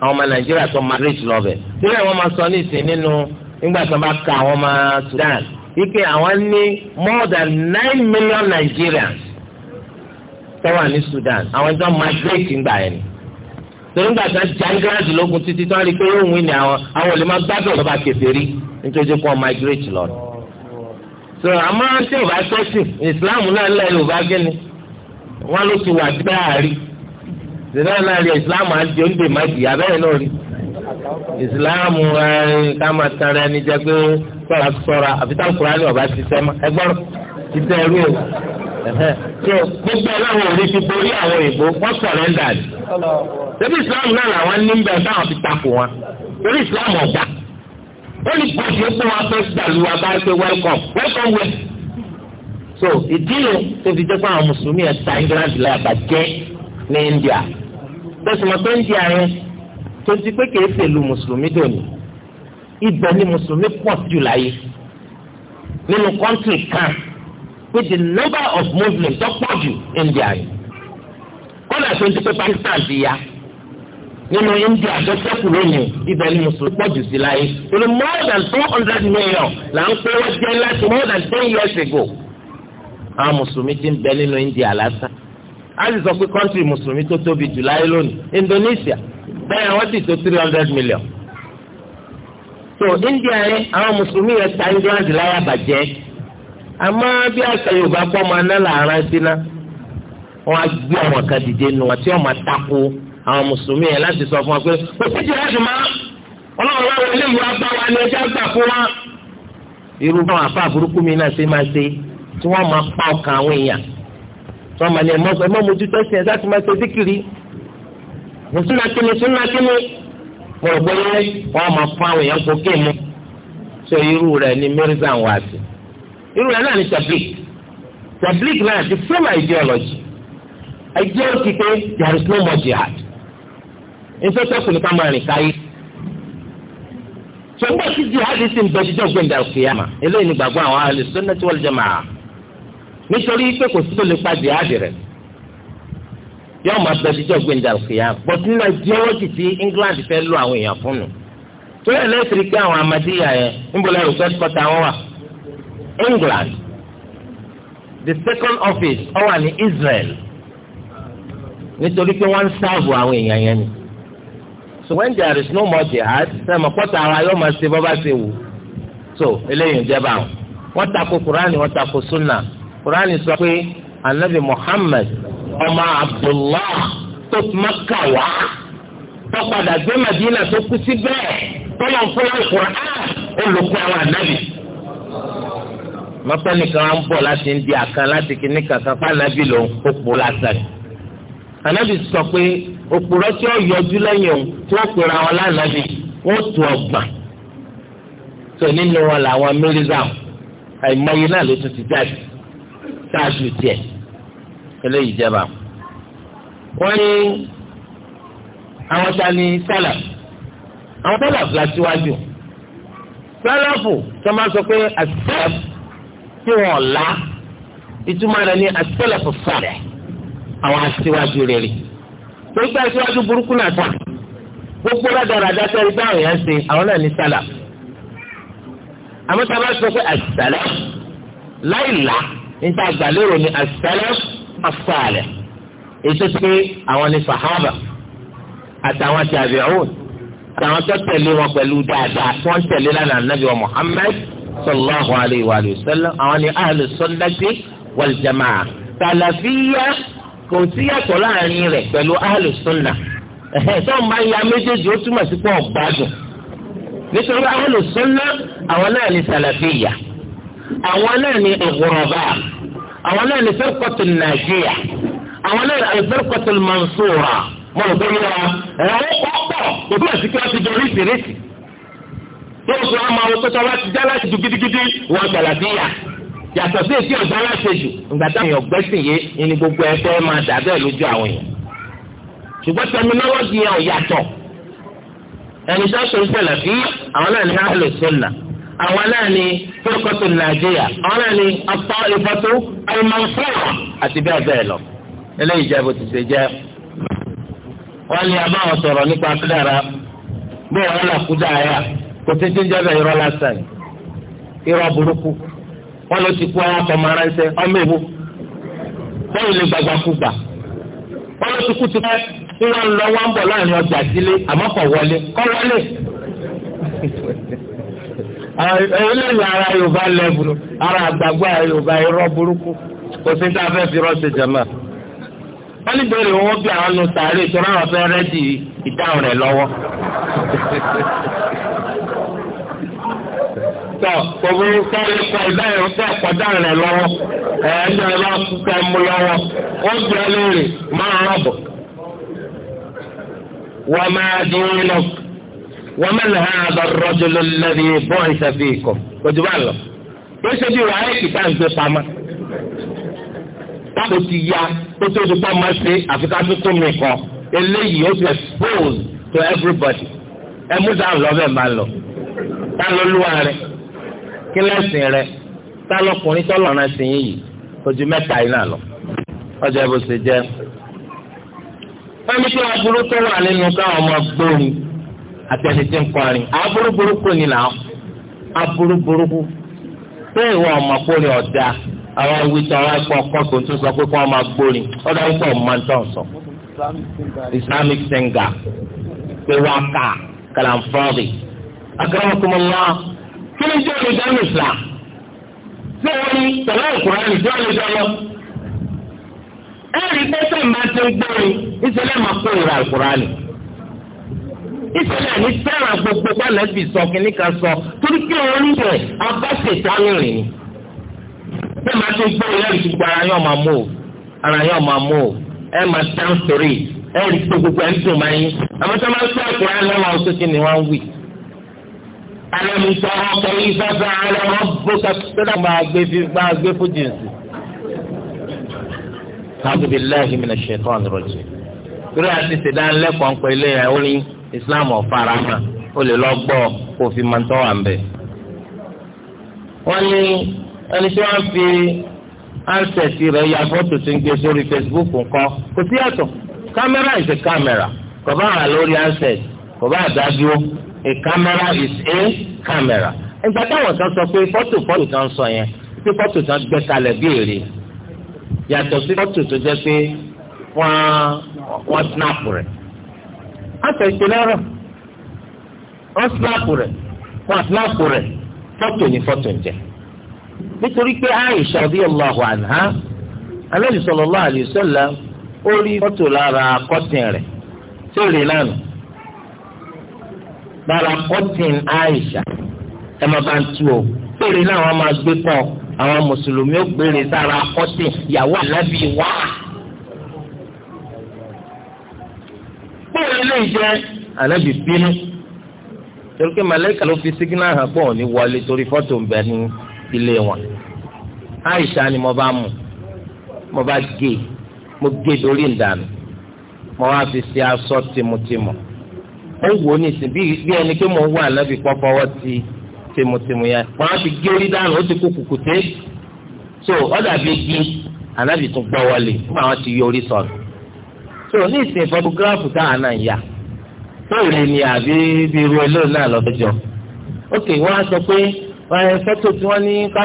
àwọn ọmọ Nàìjíríà tó máa great lọ bẹ̀ síbẹ̀ wọ́n máa sọ ní ìsìn nínú nígbà tó bá ka àwọn ọmọ Sudan ike àwọn ní more than nine million Nigerians tó wà ní Sudan àwọn tó migrate ń gbà yẹn ni torí ńgbà tó jangirasi lógun títí tó ń rí pé yóò wí ni àwọn àwọn olè máa gbádùn ọ̀dọ́ bá kẹfẹ́ rí nítorí kó migrate lọ. so àmọ́ tí ò bá tẹ́sì Islam náà lẹ́ ló bá gé ni wọ́n ló ti wà dáàrí ìdáná náà rí Islam àti oníbèémá ìyá bẹ́ẹ̀ náà rí ìsìláàmù ká máa tara ẹni jẹ pé sọ̀rọ̀ sọ̀rọ̀ àfi tá Kùránì ọba ti tẹ́ ma ẹ gbọ́rọ̀ ti tẹ́ ẹrú o. gbogbo ọlọ́run òní ti borí àwọn òyìnbó wọ́n sọ̀rẹ́ndà ni. ṣebí ìsìláàmù náà làwọn ní bẹ̀ táwọn fi takò wọn torí ìsìláàmù ọ̀gbà. ó ní pàṣẹ ó fún wa pé gbàlú wa bá pé welcome welcome well. so ìdí yẹn tó fi jẹ́ pé àwọn mùsùlùmí ẹ̀ ta England láyà bàjẹ́ ní India. bẹ́sùn mọ̀ pé India yẹn tó ti pé kìí ṣèlú mùsùlùmí dòní ibẹ̀ ni mùsùlùmí pọ̀ jù láyé nínú kọ́ńtì kan pé the number of muslims tó pọ̀ jù India yìí kọ́nà tó ti pé Pakistan ti ya nínú India tó ṣẹ́kù lónìí ibẹ̀ ni mùsùlùmí pọ̀ jù sí láyé torí more than two hundred million là ń pé wọ́n jẹ́ láti more than ten years ago àwọn mùsùlùmí ti ń bẹ nínú India lásán a sì sọ pé kọ́ńtì mùsùlùmí tó tóbi jù láyé lónìí Indonesia. bẹ́ẹ̀ wọ́n sì tó three hundred million. so India yẹn àwọn mùsùlùmí yẹn ta England láyà bàjẹ́ àmọ́ bí àṣà Yorùbá pọ̀ máa ná làárá síná wọ́n á gbé àwọn kan dìde nù àti ọmọ àwọn mùsùlùmí yẹn láti sọ fún wa pé kò sí jìláàdì máa ọlọ́run láwọn eléyìí wá bá wa ní ẹjẹ́ àgbà fún wa. irú báwọn afá burúkú mi náà ṣe máa ṣe tí wọ́n máa pa ọkàn àwọn èèyàn tí wọ́n máa ní ẹ̀mọ́ ẹ̀mọ́ ẹ̀ súnà kíni súnà kíni mo rò bóyá wọn máa fún àwọn èèyàn kókè mu sọ irú rẹ̀ ní Mirza Nwazi irú rẹ̀ náà ní tablik tablik náà ti same ideology ideology pé there is no more jihad nítorí sẹ́kù ní ká máa rìn káyé sọgbà tí jihad ti ń bẹ jíjọ́ gbẹ̀ndà kìyàmà eléyìí ni gbàgbọ́ àwọn Ahlus Sunnah wal Jama'ah nítorí pé kò sí tó lè pa jihad rẹ̀ yóò máa bẹ títí ọgbẹ́ ìjà òkèèyàn but nínú ìdíyẹwò sì ti England fẹ́ lo àwọn èèyàn fún un torí ẹlẹ́tìrìkì àwọn amadíyà yẹn níbo la request kọ́ta wọn wà England the second office ó wà ní Israel nítorí pé wọ́n ń sáàbù àwọn èèyàn yẹn ni so when there is no more jihad sẹ́mi kọ́ta ara yóò máa ṣe bọ́bá ṣe wù so eléyìí ń jẹ́ báwọn wọ́n tako Kùránì wọ́n tako Sunna Kùránì sọ pé anabi Muhammad ọmọ abdullah tó maka wá tó padà gbé madina tó kú sí bẹ́ẹ̀ tọ́lọ̀ ń fún àkùrá olùkọ́ àwọn ànábì. mọ́tò nìkan á ń bọ̀ láti ń di àkàn láti kíní kankan fànàbì ló ń kópo lásán. ànábì sọ pé òpùrọ́ tí ó yọjú lẹ́yìn tí ó pèrè àwọn lánàbì wọ́n tu ọgbà. tó nínú wọn làwọn mírízà àìmọye náà ló tún ti jáde ṣáájú tiẹ̀ eléyìí jẹba wọ́n ní àwọn sani sálàf àwọn sálàf la síwájú sálàfù tó máa sọ pé àsálàf tí wọ́n la ìtumọ̀ rẹ̀ ní àsálàfù sálẹ̀ àwọn aṣíwájú rere torí pé aṣíwájú burúkú náà ta gbogbo ládàradà sẹ́rí pé àwọn èèyàn ṣe àwọn náà ní sálàf àmọ́ tá sọ pé àsálàf láìla níta àgbàlérò ní àsálàf asaalẹ ètò pé àwọn ní sahaba àtàwọn tabi'un àtàwọn tó tẹ̀lé wọn pẹ̀lú dáadáa tí wọ́n tẹ̀lé lánàá nàbí wa muhammed sallallahu alayhi wa sallam àwọn ní ahlu sunnati wal jama'a salafiya kò síyàtọ̀ láàrin rẹ̀ pẹ̀lú ahlu sunna tó ń bá ya méjèèjì ó túmọ̀ sí pé ọ̀gbádùn nítorí ahlu sunna àwọn náà ní salafiya àwọn náà ní ìgbọ̀rọ̀bà àwọn náà ní fẹ́rẹ́kọ̀tì nàìjíríà àwọn náà ní fẹ́rẹ́kọ̀tì mansoura mo rò pé yíra ẹ̀rọ pọ̀ òbí àti kí wọ́n ti dorí ìṣèlérí yóò fún wa máa wọ pé tọ́wọ́ ti já láti ju gidigidi wọn gbàlàdíyà yàtọ̀ sí èsì ọ̀dọ́ aláṣejù ìgbà táwọn èèyàn gbẹ́sìn yé ni gbogbo ẹgbẹ́ máa dà bẹ́ẹ̀ lójú àwọn èèyàn ṣùgbọ́n tẹminọ́lọ́gì yẹn ò yàtọ̀ ẹni tó ṣe ń àwọn náà ní àlè sọ́nà àwọn náà ni fúrúkọ́tù nàìjíríà àwọn náà ni ọ̀pọ̀ ìfọ́tò àìmọ̀fọ́ọ̀ àti bẹ́ẹ̀ bẹ́ẹ̀ lọ. eléyìí jẹ́ bó ti ṣe jẹ́. wọ́n ní abáwọn sọ̀rọ̀ nípa kúdàrà wọ́n là kúdà yà kò tí tí ń jẹ́ bẹ́ẹ̀ irọ́ lásán irọ́ burúkú wọ́n ló ti kú ọmọ lè gbàgbà wọ́n ló ti kú ti fẹ́ wọ́n lọ wọ́n ń bọ̀ láàrin ọjà sílé àmọ́ kọ̀ wọlé kọ́ wọlé. ara yorùbá lẹ́bùrú ara àgbàgbọ́ yorùbá irọ́ burúkú kò sí tá a fẹ́ fi rọ́ọ̀ṣì jẹ̀mọ́. wọ́n ní bèrè wọn bí àwọn nu sàárè ìṣòro àwọn fẹ́ rẹ́dì ìdáhùn rẹ̀ lọ́wọ́. tọ gbogbo sáré kọ ìdáhùn fẹ́ kọ̀dáhùn rẹ̀ lọ́wọ́ mú lọ́wọ́ bí ọ lóore máa wọ́n máa ومن هذا الرجل الذي بعث فيكم kojú bá lọ yóò ṣe bí wàá ẹ̀kì tá à ń gbé pamọ́ táàbù ti ya tó tó dupọ́ máa ṣe àfikà tuntun mi kan eléyìí ó ti expose to everybody ẹ mú dáhùn lọ́bẹ̀ máa lọ tá ló lúwa rẹ kí lẹ́sìn rẹ tá lọkùnrin tọ́lọ̀ náà sì yín yìí kojú mẹ́ta yìí náà lọ ọjọ́ ìbùsùn jẹ́ ẹni tí wọ́n burú tó wà nínú káwọn ọmọ gbóòrùn àtẹni tí ń kọrin aburúburúkú ni nà aburúburúkú pé ìwọ ọmọ kórè ọ̀dà àwọn awitọ̀ àwọn ẹ̀kọ́ ọkọ̀ tó sọ pé kó ọmọ agbórin ọ̀dà wípé ọmọ ń tọ̀ sọ. islamic singer pé wákà kàlàǹfọ̀rì akérèmọkùnmọ́lá kí ni jẹ́ olùdarí islam tí wọ́n ní tẹ̀lé ìkùránì tí wọ́n lè jọ lọ. ẹ̀rí pẹ́sẹ̀ máa ti ń gbórin ìṣẹ̀lẹ̀ máa kó ìrà ìkùránì. e àní fẹ́ràn gbogbo gbànàbì sọ kìnnì kan sọ torí kí wọn rí bẹ abáṣetánù rìn ni. bí wọn bá ti gbọ́ ìlẹ́rìí gbogbo ara yóò máa mú o ara yóò máa mú o ẹ máa tán sórí ẹ rí gbogbo ẹ ń dùn máa yín àwọn tó máa ń sọ àkùrẹ́ alẹ́ oṣù tí ni wọ́n ń wì. alẹ́mu ọkọ̀ yìí fẹ́fẹ́ alẹ́ wọn bó sọ́dọ̀ máa gbé máa gbé fújì nsì. a'udhu islam ọ̀fara hàn ó lè lọ gbọ́ kó fi máa ń tọ́ wà ń bẹ̀. wọ́n ní ẹni tí wọ́n fi ansẹ̀tì rẹ̀ ya fọ́tò tó ń gbé sórí facebook nǹkan kò sí ẹ̀tọ́ camera is a camera kò bá wà lórí ansẹ̀tì kò bá dádúró a camera is a camera. ìgbà táwọn kan sọ pé fọ́tò fọ́tò kan sọ yẹn pé fọ́tò kan gbé kalẹ̀ bí èrè yàtọ̀ sí fọ́tò tó jẹ́ pé wọ́n wọ́n snap rẹ̀ àtẹ̀sẹ̀ lọ́rọ̀ ọrụ sílápù rẹ̀ wọ́n sílápù rẹ̀ fọ́tò ní fọ́tò ń jẹ nítorí pé Aisha radiyallahu anha Ànábì sallallahu alayhi wasallam ó rí fọ́tò lára kọ́tìn rẹ̀ tó rí lánàá lára kọ́tìn Aisha ẹ má bá ń o tó náà wọ́n máa gbé pọ̀ àwọn mùsùlùmí ó gbére sára wá. eléyìí jẹ́ ànábì bínú torí pé màlẹ́kà ló fi sígínà hàn pọ̀ ní wọlé torí fọ́tò ń ní ilé wọn Àìṣà ni mo bá mú mo bá gé mo gé dorí ìdànù mo wá fi ṣe aṣọ tìmùtìmù ó wò ó nìsín bí ẹni pé mo ń wà ànábì ti tìmùtìmù yẹn mo wá fi gé orí dànù ó ti kú kùkùté so ọ̀dà bíi gí ànábì tún gbọ́ wọlé fún àwọn ti yọ orí sọ̀rọ̀. so ní ìsìn fọtográfù táwọn náà yà lóore ni àbí bí irú olóòrùn náà lọ́jọ́ ok wọ́n á sọ pé fọ́tò tí wọ́n ní ká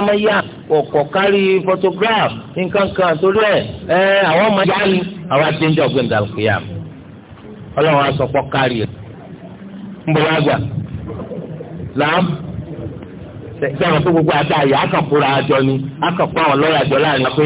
ọ̀kọ̀ kárí photograph nǹkan kan torí ẹ̀ ẹ̀ àwọn ọmọ yá ni àwọn àtẹnjọ́ ọ̀gbìn dàlùkìyà ọlọ́run á sọ pọ́ kárí ẹ̀ ń gbogbo àti àyà akàkúra àjọ ni akàkú àwọn lọ́ọ̀yà àjọ láàrin pé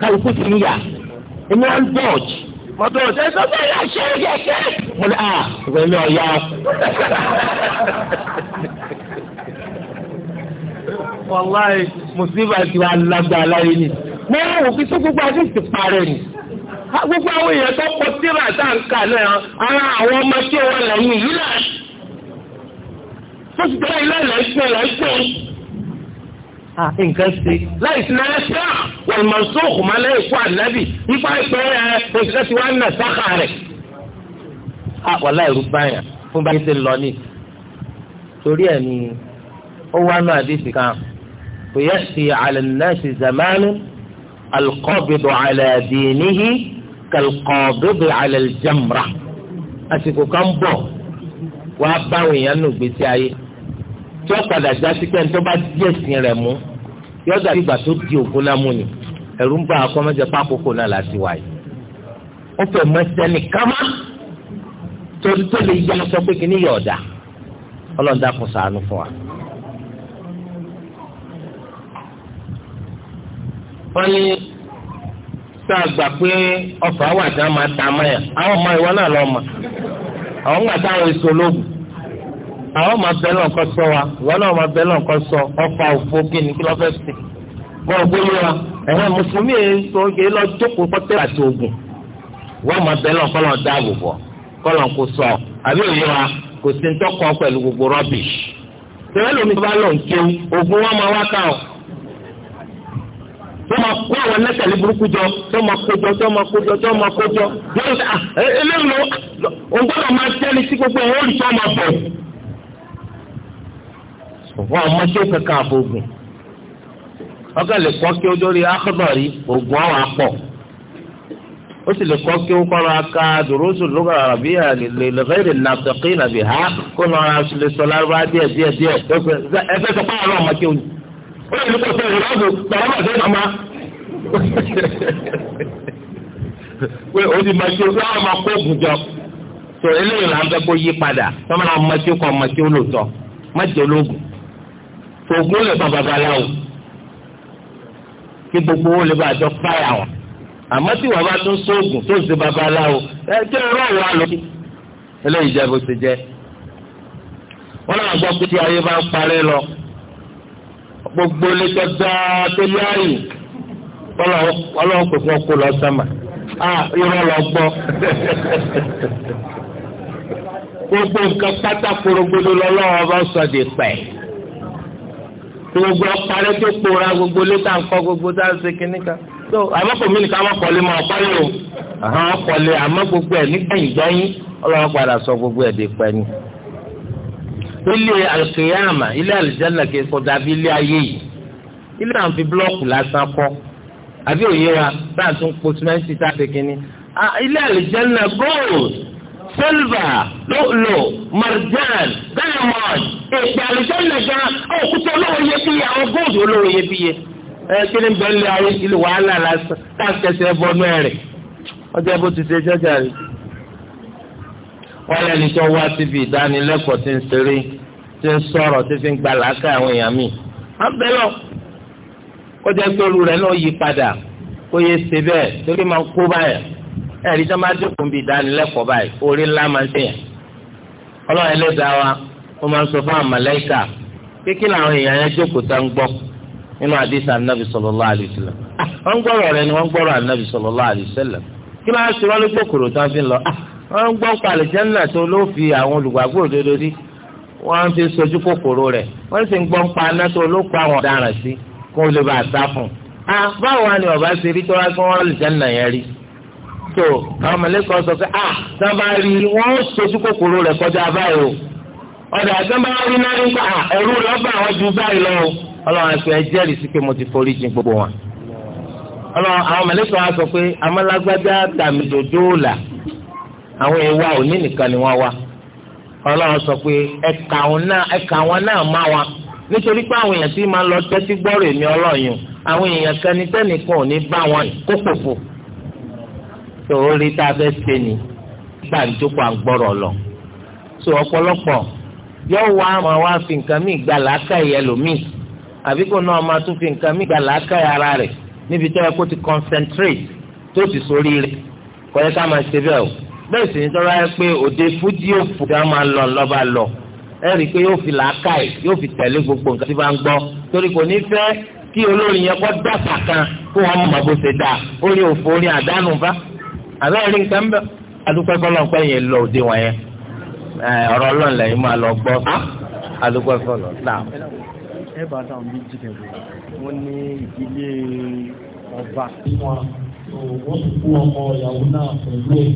kálukú sì ń yà èmi wọn dọ̀jì mo dọ̀jì ẹ sọ́kọ́ ìyá ṣe é kẹ̀kẹ́ mo ní à ìgbẹ́ mi ò yá o. wàláì mùsùlùmí àti alágbára láyé ni mo ń wò pé tó gbogbo àti ti parẹ́ ni gbogbo àwọn èèyàn tó kọ síra tá à ń kà náà ara àwọn ọmọ tí wọn lẹ́yìn yìí náà tó ti tẹ́lẹ̀ ilé lẹ́sìn lẹ́sìn nǹkan ṣe láì sí náà ṣe à wọ́n mọ̀ sóòkù máa lẹ́yìn ikú ànábì ipa ìpẹ́ ẹ òṣìṣẹ́ ti wá nà sáka rẹ̀. wàhálà ìlú báyà fún báyìí ṣe lọ ní torí ẹ̀ ni ó wá náà àdéhùn kan kò yẹ ṣe àlẹ́ náà ṣe zamanu alqabidu ala dinihi kalqabidu ala aljamra àsìkò kan bọ̀ wàá báwọn èèyàn nù gbèsè ayé tí ó padà já sí pé nítorí bá díẹ̀ sí rẹ̀ mú yóò dàbí ìgbà tó di òkú náà mú ni ẹ̀rù ń bá akọ́mọ́jẹ pákókó náà láti wáyé ó fẹ́ mẹ́sẹ́ni kámá torí tó lè yá sọ pé kí ni yọ̀ ọ̀dà ọlọ́ọ̀dà kò sànù fún wa. wọ́n ní tá a pé ọfà wà tí máa ta mọ́ ẹ̀ àwọn ọmọ ìwọ náà lọ́ọ́ mọ̀ àwọn ń gbà èso lóògùn àwọn ọmọ abẹ náà kọ sọ wa ìwọ náà ọmọ abẹ náà kọ sọ ọfà òfò kíni kí lọ́ọ́ fẹ́ sí bọ́ ọ gbóyè wa ẹ̀hẹ́ mùsùlùmí yẹn sọ yẹ lọ jókòó kọ́tẹ́ àti ogun ìwọ ọmọ abẹ náà kọ́ lọ́ọ́ dáàbò bọ̀ kọ́ lọ́ọ́ kó sọ àbí òye wa kò sí ń tọkọ pẹ̀lú gbogbo rọ́bìṣì tẹ́lẹ̀ lómi bá lọ nkéwu ogun wọn máa wá ká ọ tó máa kó àwọn nẹ́tẹ̀lẹ́ burúkú jọ tó máa kó jọ tó máa kó jọ tó máa kó jọ wọn ọmọ tí ó kankan àbògùn ọkàn lè kọ́ kí ó dórí akọ́dọ̀rí ògùn àwọn apọ̀ ó sì lè kọ́ kí ó kọ́ ra ka dòrósù lóga àbí lẹ́fẹ̀rẹ̀ nàfẹ̀kì nàbí ha kó nà ra lè sọ lárúbá díẹ̀ díẹ̀ díẹ̀ ẹgbẹ́ sọ pé àwọn ọmọ tí ó ní. ó lè kọ́ sọ ìrọ̀lẹ́ ọ̀dọ̀ tọ̀rọ̀ màdé màmá. pé ó ti máa ṣe wọ́n máa kó ògùn jọ. sọ eléyìí là ń fẹ́ kó yí padà sọ́mọ́nà ọmọ tí ó ọmọ tí ó lò tọ́ oògùn lè fa babaláwo kí gbogbo owó lè bá àjọ páyà wọn àmọ́ tí wọ́n bá tún sóògùn tó ṣe babaláwo ẹ jẹ́ ọlọ́run wa lọ. eléyìí jẹ́ bó ṣe jẹ́ wọ́n náà gbọ́ pé tí ayé bá ń parí lọ gbogbo lẹ́tọ́ dáa tó yáàyè ọlọ́run kò fún ọkọ lọ sọ́mà irọ́ lọ gbọ́ gbogbo nǹkan pátákó rogbodo lọ́wọ́ ọba sọ̀dẹ̀ pẹ̀ gbogbo ọparẹ́ tó kpora gbogbo létà ńkọ gbogbo tá a ṣe kínní kan tó àmọ́kò mi nìkan ọmọkọ̀lé mọ ọ̀páyé o àhán ọkọ̀lé àmọ́ gbogbo ẹ̀ nígbẹ̀yìn gbẹ̀yìn ọlọ́wọ́ padà sọ gbogbo ẹ̀ dé pẹ́ ni. ilé alùkìyàmà ilé alùjẹ́nà kì í kọ́ dàbí ilé ayé yìí ilé àwọn fi blọ́ọ̀kù lásán kọ́ àbí òye wa bá a tún po simẹ́ntì tá a ṣe kínní ah, ilé alùjẹ́nà gold silva lóòlò marjan diamond èpè àlùjọ́nà gan òkúta olówó iyebíye àwọn góòdù olówó iyebíye ẹ kí ni bẹ́ẹ̀ lé ayé ìlú wàhálà lásán káàkẹ́sẹ̀ bọ́nú ẹ̀rẹ̀ ọjọ́ bó ti ṣe jẹ́jà rẹ̀ wọ́n lẹ́ni tó wá síbi ìdánilẹ́kọ̀ọ́ tí ń ṣeré tí ń sọ̀rọ̀ tí fi ń gba làákà àwọn èèyàn mi. wọ́n bẹ lọ kó jẹ́ pé olú náà yí padà kó yé ṣe bẹ́ẹ̀ torí máa kó báyà ẹ̀rí sọ máa dẹ́kun bíi ìdánilẹ́kọ̀ọ́ báyìí orí ńlá máa ń tẹ̀yàn ọlọ́run ẹlẹ́dàá wa ó máa ń sọ fún àmàlẹ́kà kíkí làwọn èèyàn yẹn jókòó tá ń gbọ́ nínú àdìsí ànábì sallallahu alaihi wasallam ah, wọ́n gbọ́rọ̀ rẹ ni wọ́n gbọ́rọ̀ ànábì sallallahu alaihi wasallam kí ló ń sọ wọn lóko kòrò tán fi lọ ah, wọ́n gbọ́ palẹ̀ jẹ́nà tó ló fi àwọn olùgbàgbọ́ òdodo rí wọ́n fi sojú kòkòrò rẹ̀ wọ́n sì ń gbọ́ pa aná tó ló pa àwọn ọ̀daràn sí kó lè bá sá fún un. àbáwo ah, ni ọba ṣe rí tọ́lá gbọ́n wọn lè jẹ́nà yẹn rí tó àwọn mọ̀lẹ́kọ̀ sọ pé ah sábà rí wọn ó kòkòrò rẹ̀ kọjá báyìí o ọ̀dà sábà rí náà nípa ah, ẹ̀rú lọ́gbà wọn ju báyìí lọ o ọlọ́run sí pé mo gbogbo wọn. ọlọ́run àwọn mọ̀lẹ́kọ̀ wa sọ pé tàmídòdó là àwọn ìwà ni wọ́n wa nítorí pé àwọn èèyàn máa lọ tẹ́tí gbọ́rọ̀ èmi ọlọ́run àwọn èèyàn kan ní tó o rí tá a fẹ́ ṣe ni gbà ń jókòó à ń gbọ́rọ̀ lọ. so ọ̀pọ̀lọpọ̀ yóò wá àwọn wá fi nǹkan mí gba làákàyè ẹlòmíì àbí kò náà máa tún fi nǹkan mí gba làákàyè ara rẹ̀ níbi tó yẹ kó ti concentrate tó ti sórí rẹ̀ kò yẹ ká máa ṣe bẹ́ẹ̀ o bẹ́ẹ̀ sì ni tọ́lá yẹ pé òde fújì òfò kí wọ́n máa lọ lọ́ba lọ ẹ rí i pé yóò fi làákàyè yóò fi tẹ̀lé gbogbo nǹkan tí bá ń gbọ́ torí kò ní fẹ́ kí olórin yẹn kọ́ dàpà kan kó wọn mọ̀ bó ṣe dà ó rí òfò ó rí àdánù bá àbẹ́rẹ́ nǹkan bẹ́ẹ̀ adúpẹ́ fọlọ́n pé yẹn lọ òde wọn yẹn ọ̀rọ̀ ọlọ́run lẹ́yìn máa lọ gbọ́ adúpẹ́ ah! fọlọ́n náà. ẹ bá dáhùn bí jìnnà bò wọn ní ìdílé ọba wọn wọn ti kú ọmọ ìyàwó náà pẹ̀lú ẹ̀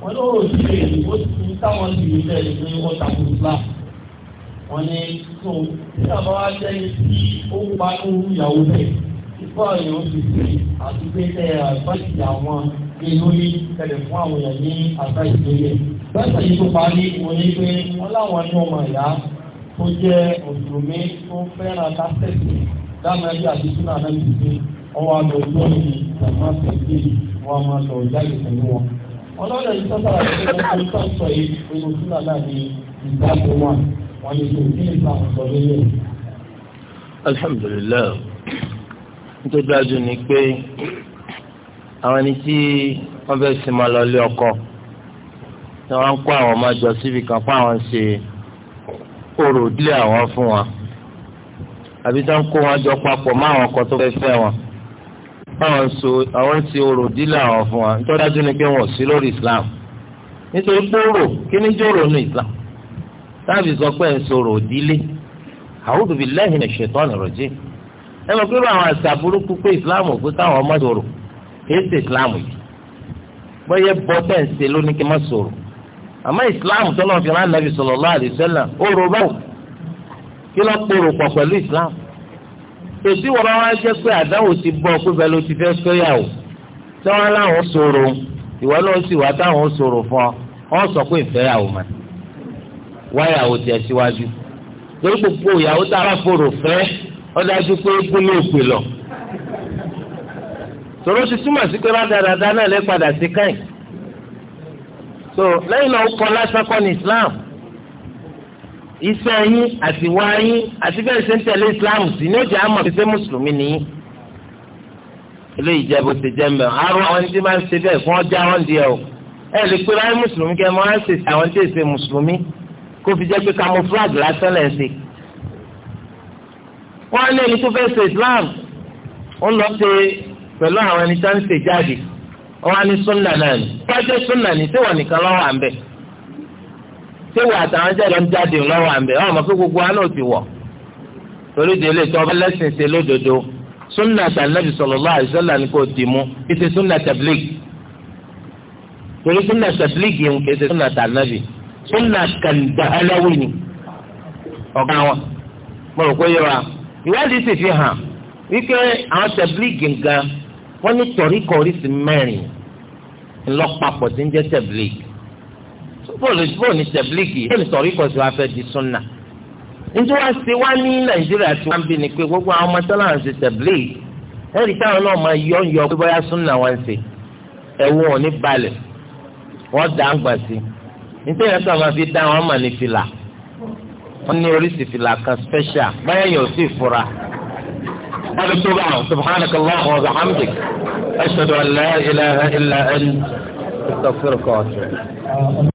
wọn lọ́wọ́ òṣìṣẹ́ ìdìbò ti táwọn ti rí bẹ́ẹ̀ ni wọ́n takò Islam wọn ní tó tí àbáwá jẹ́ ní ó pa ní ìyàwó bẹ́ẹ̀ kíkọ́ àyàn oṣù sí àti pé tẹ àgbàjì àwọn ní lórí fún àwọn èèyàn ní àgbà ìgbélé bẹ́ẹ̀ yìí tó parí wọ́n ní pé wọ́n láwọn ní ọmọ ìyá tó jẹ́ òṣùmí tó fẹ́ràn kásẹ̀tì dáná àti súnà náà ti ṣe ọwọ́ àgbẹ̀jọ́ ní ìjàmbá tẹ̀lé wọn máa lọ jáde pẹ̀lú wọn. wọn yìí sọ́sọ́ra pé wọ́n nítorí dájú ni pé àwọn ẹni tí wọ́n fẹ́ẹ́ sì máa lọ lé ọkọ tí wọ́n ń kó àwọn ọmọ jọ síbi kan fún àwọn ṣe orò dílé àwọn fún wọn àbí tí wọ́n kó wọn jọ papọ̀ mọ́ àwọn ọkọ tó fẹ́ẹ́ fẹ́ wọn báwọn so àwọn ṣe orò dílé àwọn fún wọn nítorí dájú ni pé wọn ò sí lórí Islam nítorí pé orò kí ni jòrò ní Islam táàbì sọ pé ẹ̀ ń sọ̀rọ̀ òdílé a'udhu billahi minash shaitani rajim ẹ mọ̀ pé àwọn àṣà burúkú pé ìsìláàmù òfin káwọn ọmọ sọ̀rọ̀ kìí ṣe ìsìláàmù yìí bọ́yẹ bọ́ bẹ́ẹ̀ ṣe lónìí kí n má sọ̀rọ̀ àmọ́ ìsìláàmù tó náà fi rán nàbì sallallahu alaihi wasallam ó rò báwò kí lọ́ kporò pọ̀ pẹ̀lú ìsìláàmù tòsí wọ́n wá jẹ́ pé àdáwò ti bọ́ pé bẹ́ẹ̀ ló ti fẹ́ sọ́yàwó tí wọ́n láwọn sọ̀rọ̀ ìwọ náà sì wá ó dájú pé eégún ní òpè lọ tòró ti túmọ̀ sí pé rádaràda náà lè padà sí káyìn so lẹ́yìn náà ó kọ́ lásán kọ́ ní Islam iṣẹ́ yín àti wá yín àti bẹ́ẹ̀ ṣe ń tẹ̀lé Islam sí ní ọjà àmọ̀ fi ṣe mùsùlùmí nìyí eléyìí jẹ́ bó ṣe jẹ́ ń bẹ̀ àrùn àwọn tí máa ń ṣe bẹ́ẹ̀ fún ọjà wọn di ẹ o ẹ lè pe láyé mùsùlùmí kẹ́ ẹ máa ń ṣe àwọn tí ì ṣe mùsùlùmí kó fi jẹ́ pé camouflage lásán lẹ́ wọ́n lé ẹni tó fẹ́ ṣe islam ó lọ ṣe pẹ̀lú àwọn ẹni tó ń ṣe jáde wọ́n á ní sunna náà ni wọ́n jẹ́ sunna ni tí wọ́n nìkan lọ́wọ́ à ń bẹ̀ tí àtàwọn jẹ́ lọ́n jáde lọ́wọ́ à ń bẹ̀ mọ̀ pé gbogbo wa náà ti wọ̀ torí délé tó ọba lẹ́sìn ṣe lódodo sunna tànàbì ni kò dì mú ṣe sunna tabligh torí sunna yẹn ṣe sunna sunna ìwádìí sì fi hàn wípé àwọn tẹ̀blíìgì gan wọ́n ní tọ̀ríkọ̀ oríṣi mẹ́rin ńlọ́pàpọ̀ tí ń jẹ́ tẹ̀blíìgì bóòlù bóòlù ní tẹ̀blíìgì bóòlù tọ̀ríkọ̀ sí wa fẹ́ di súnà nítorí wá sí wá ní nàìjíríà tí wọ́n bí ni pé gbogbo àwọn ọmọ tọ́lá ń ṣe tẹ̀blíìgì ẹ̀rí táwọn náà máa yọ yọ pé bóyá súnà wọn ṣe ẹ̀wọ̀n ò ní balẹ̀ wọ́n dá ń sí nítorí wọ́n ní oríṣi fìlà kan special báyọ̀ yóò sì fura. wọ́n ti tó báwọn subhanaka Allahumma wa bihamdik ashhadu an la ilaha illa anta astaghfiruka.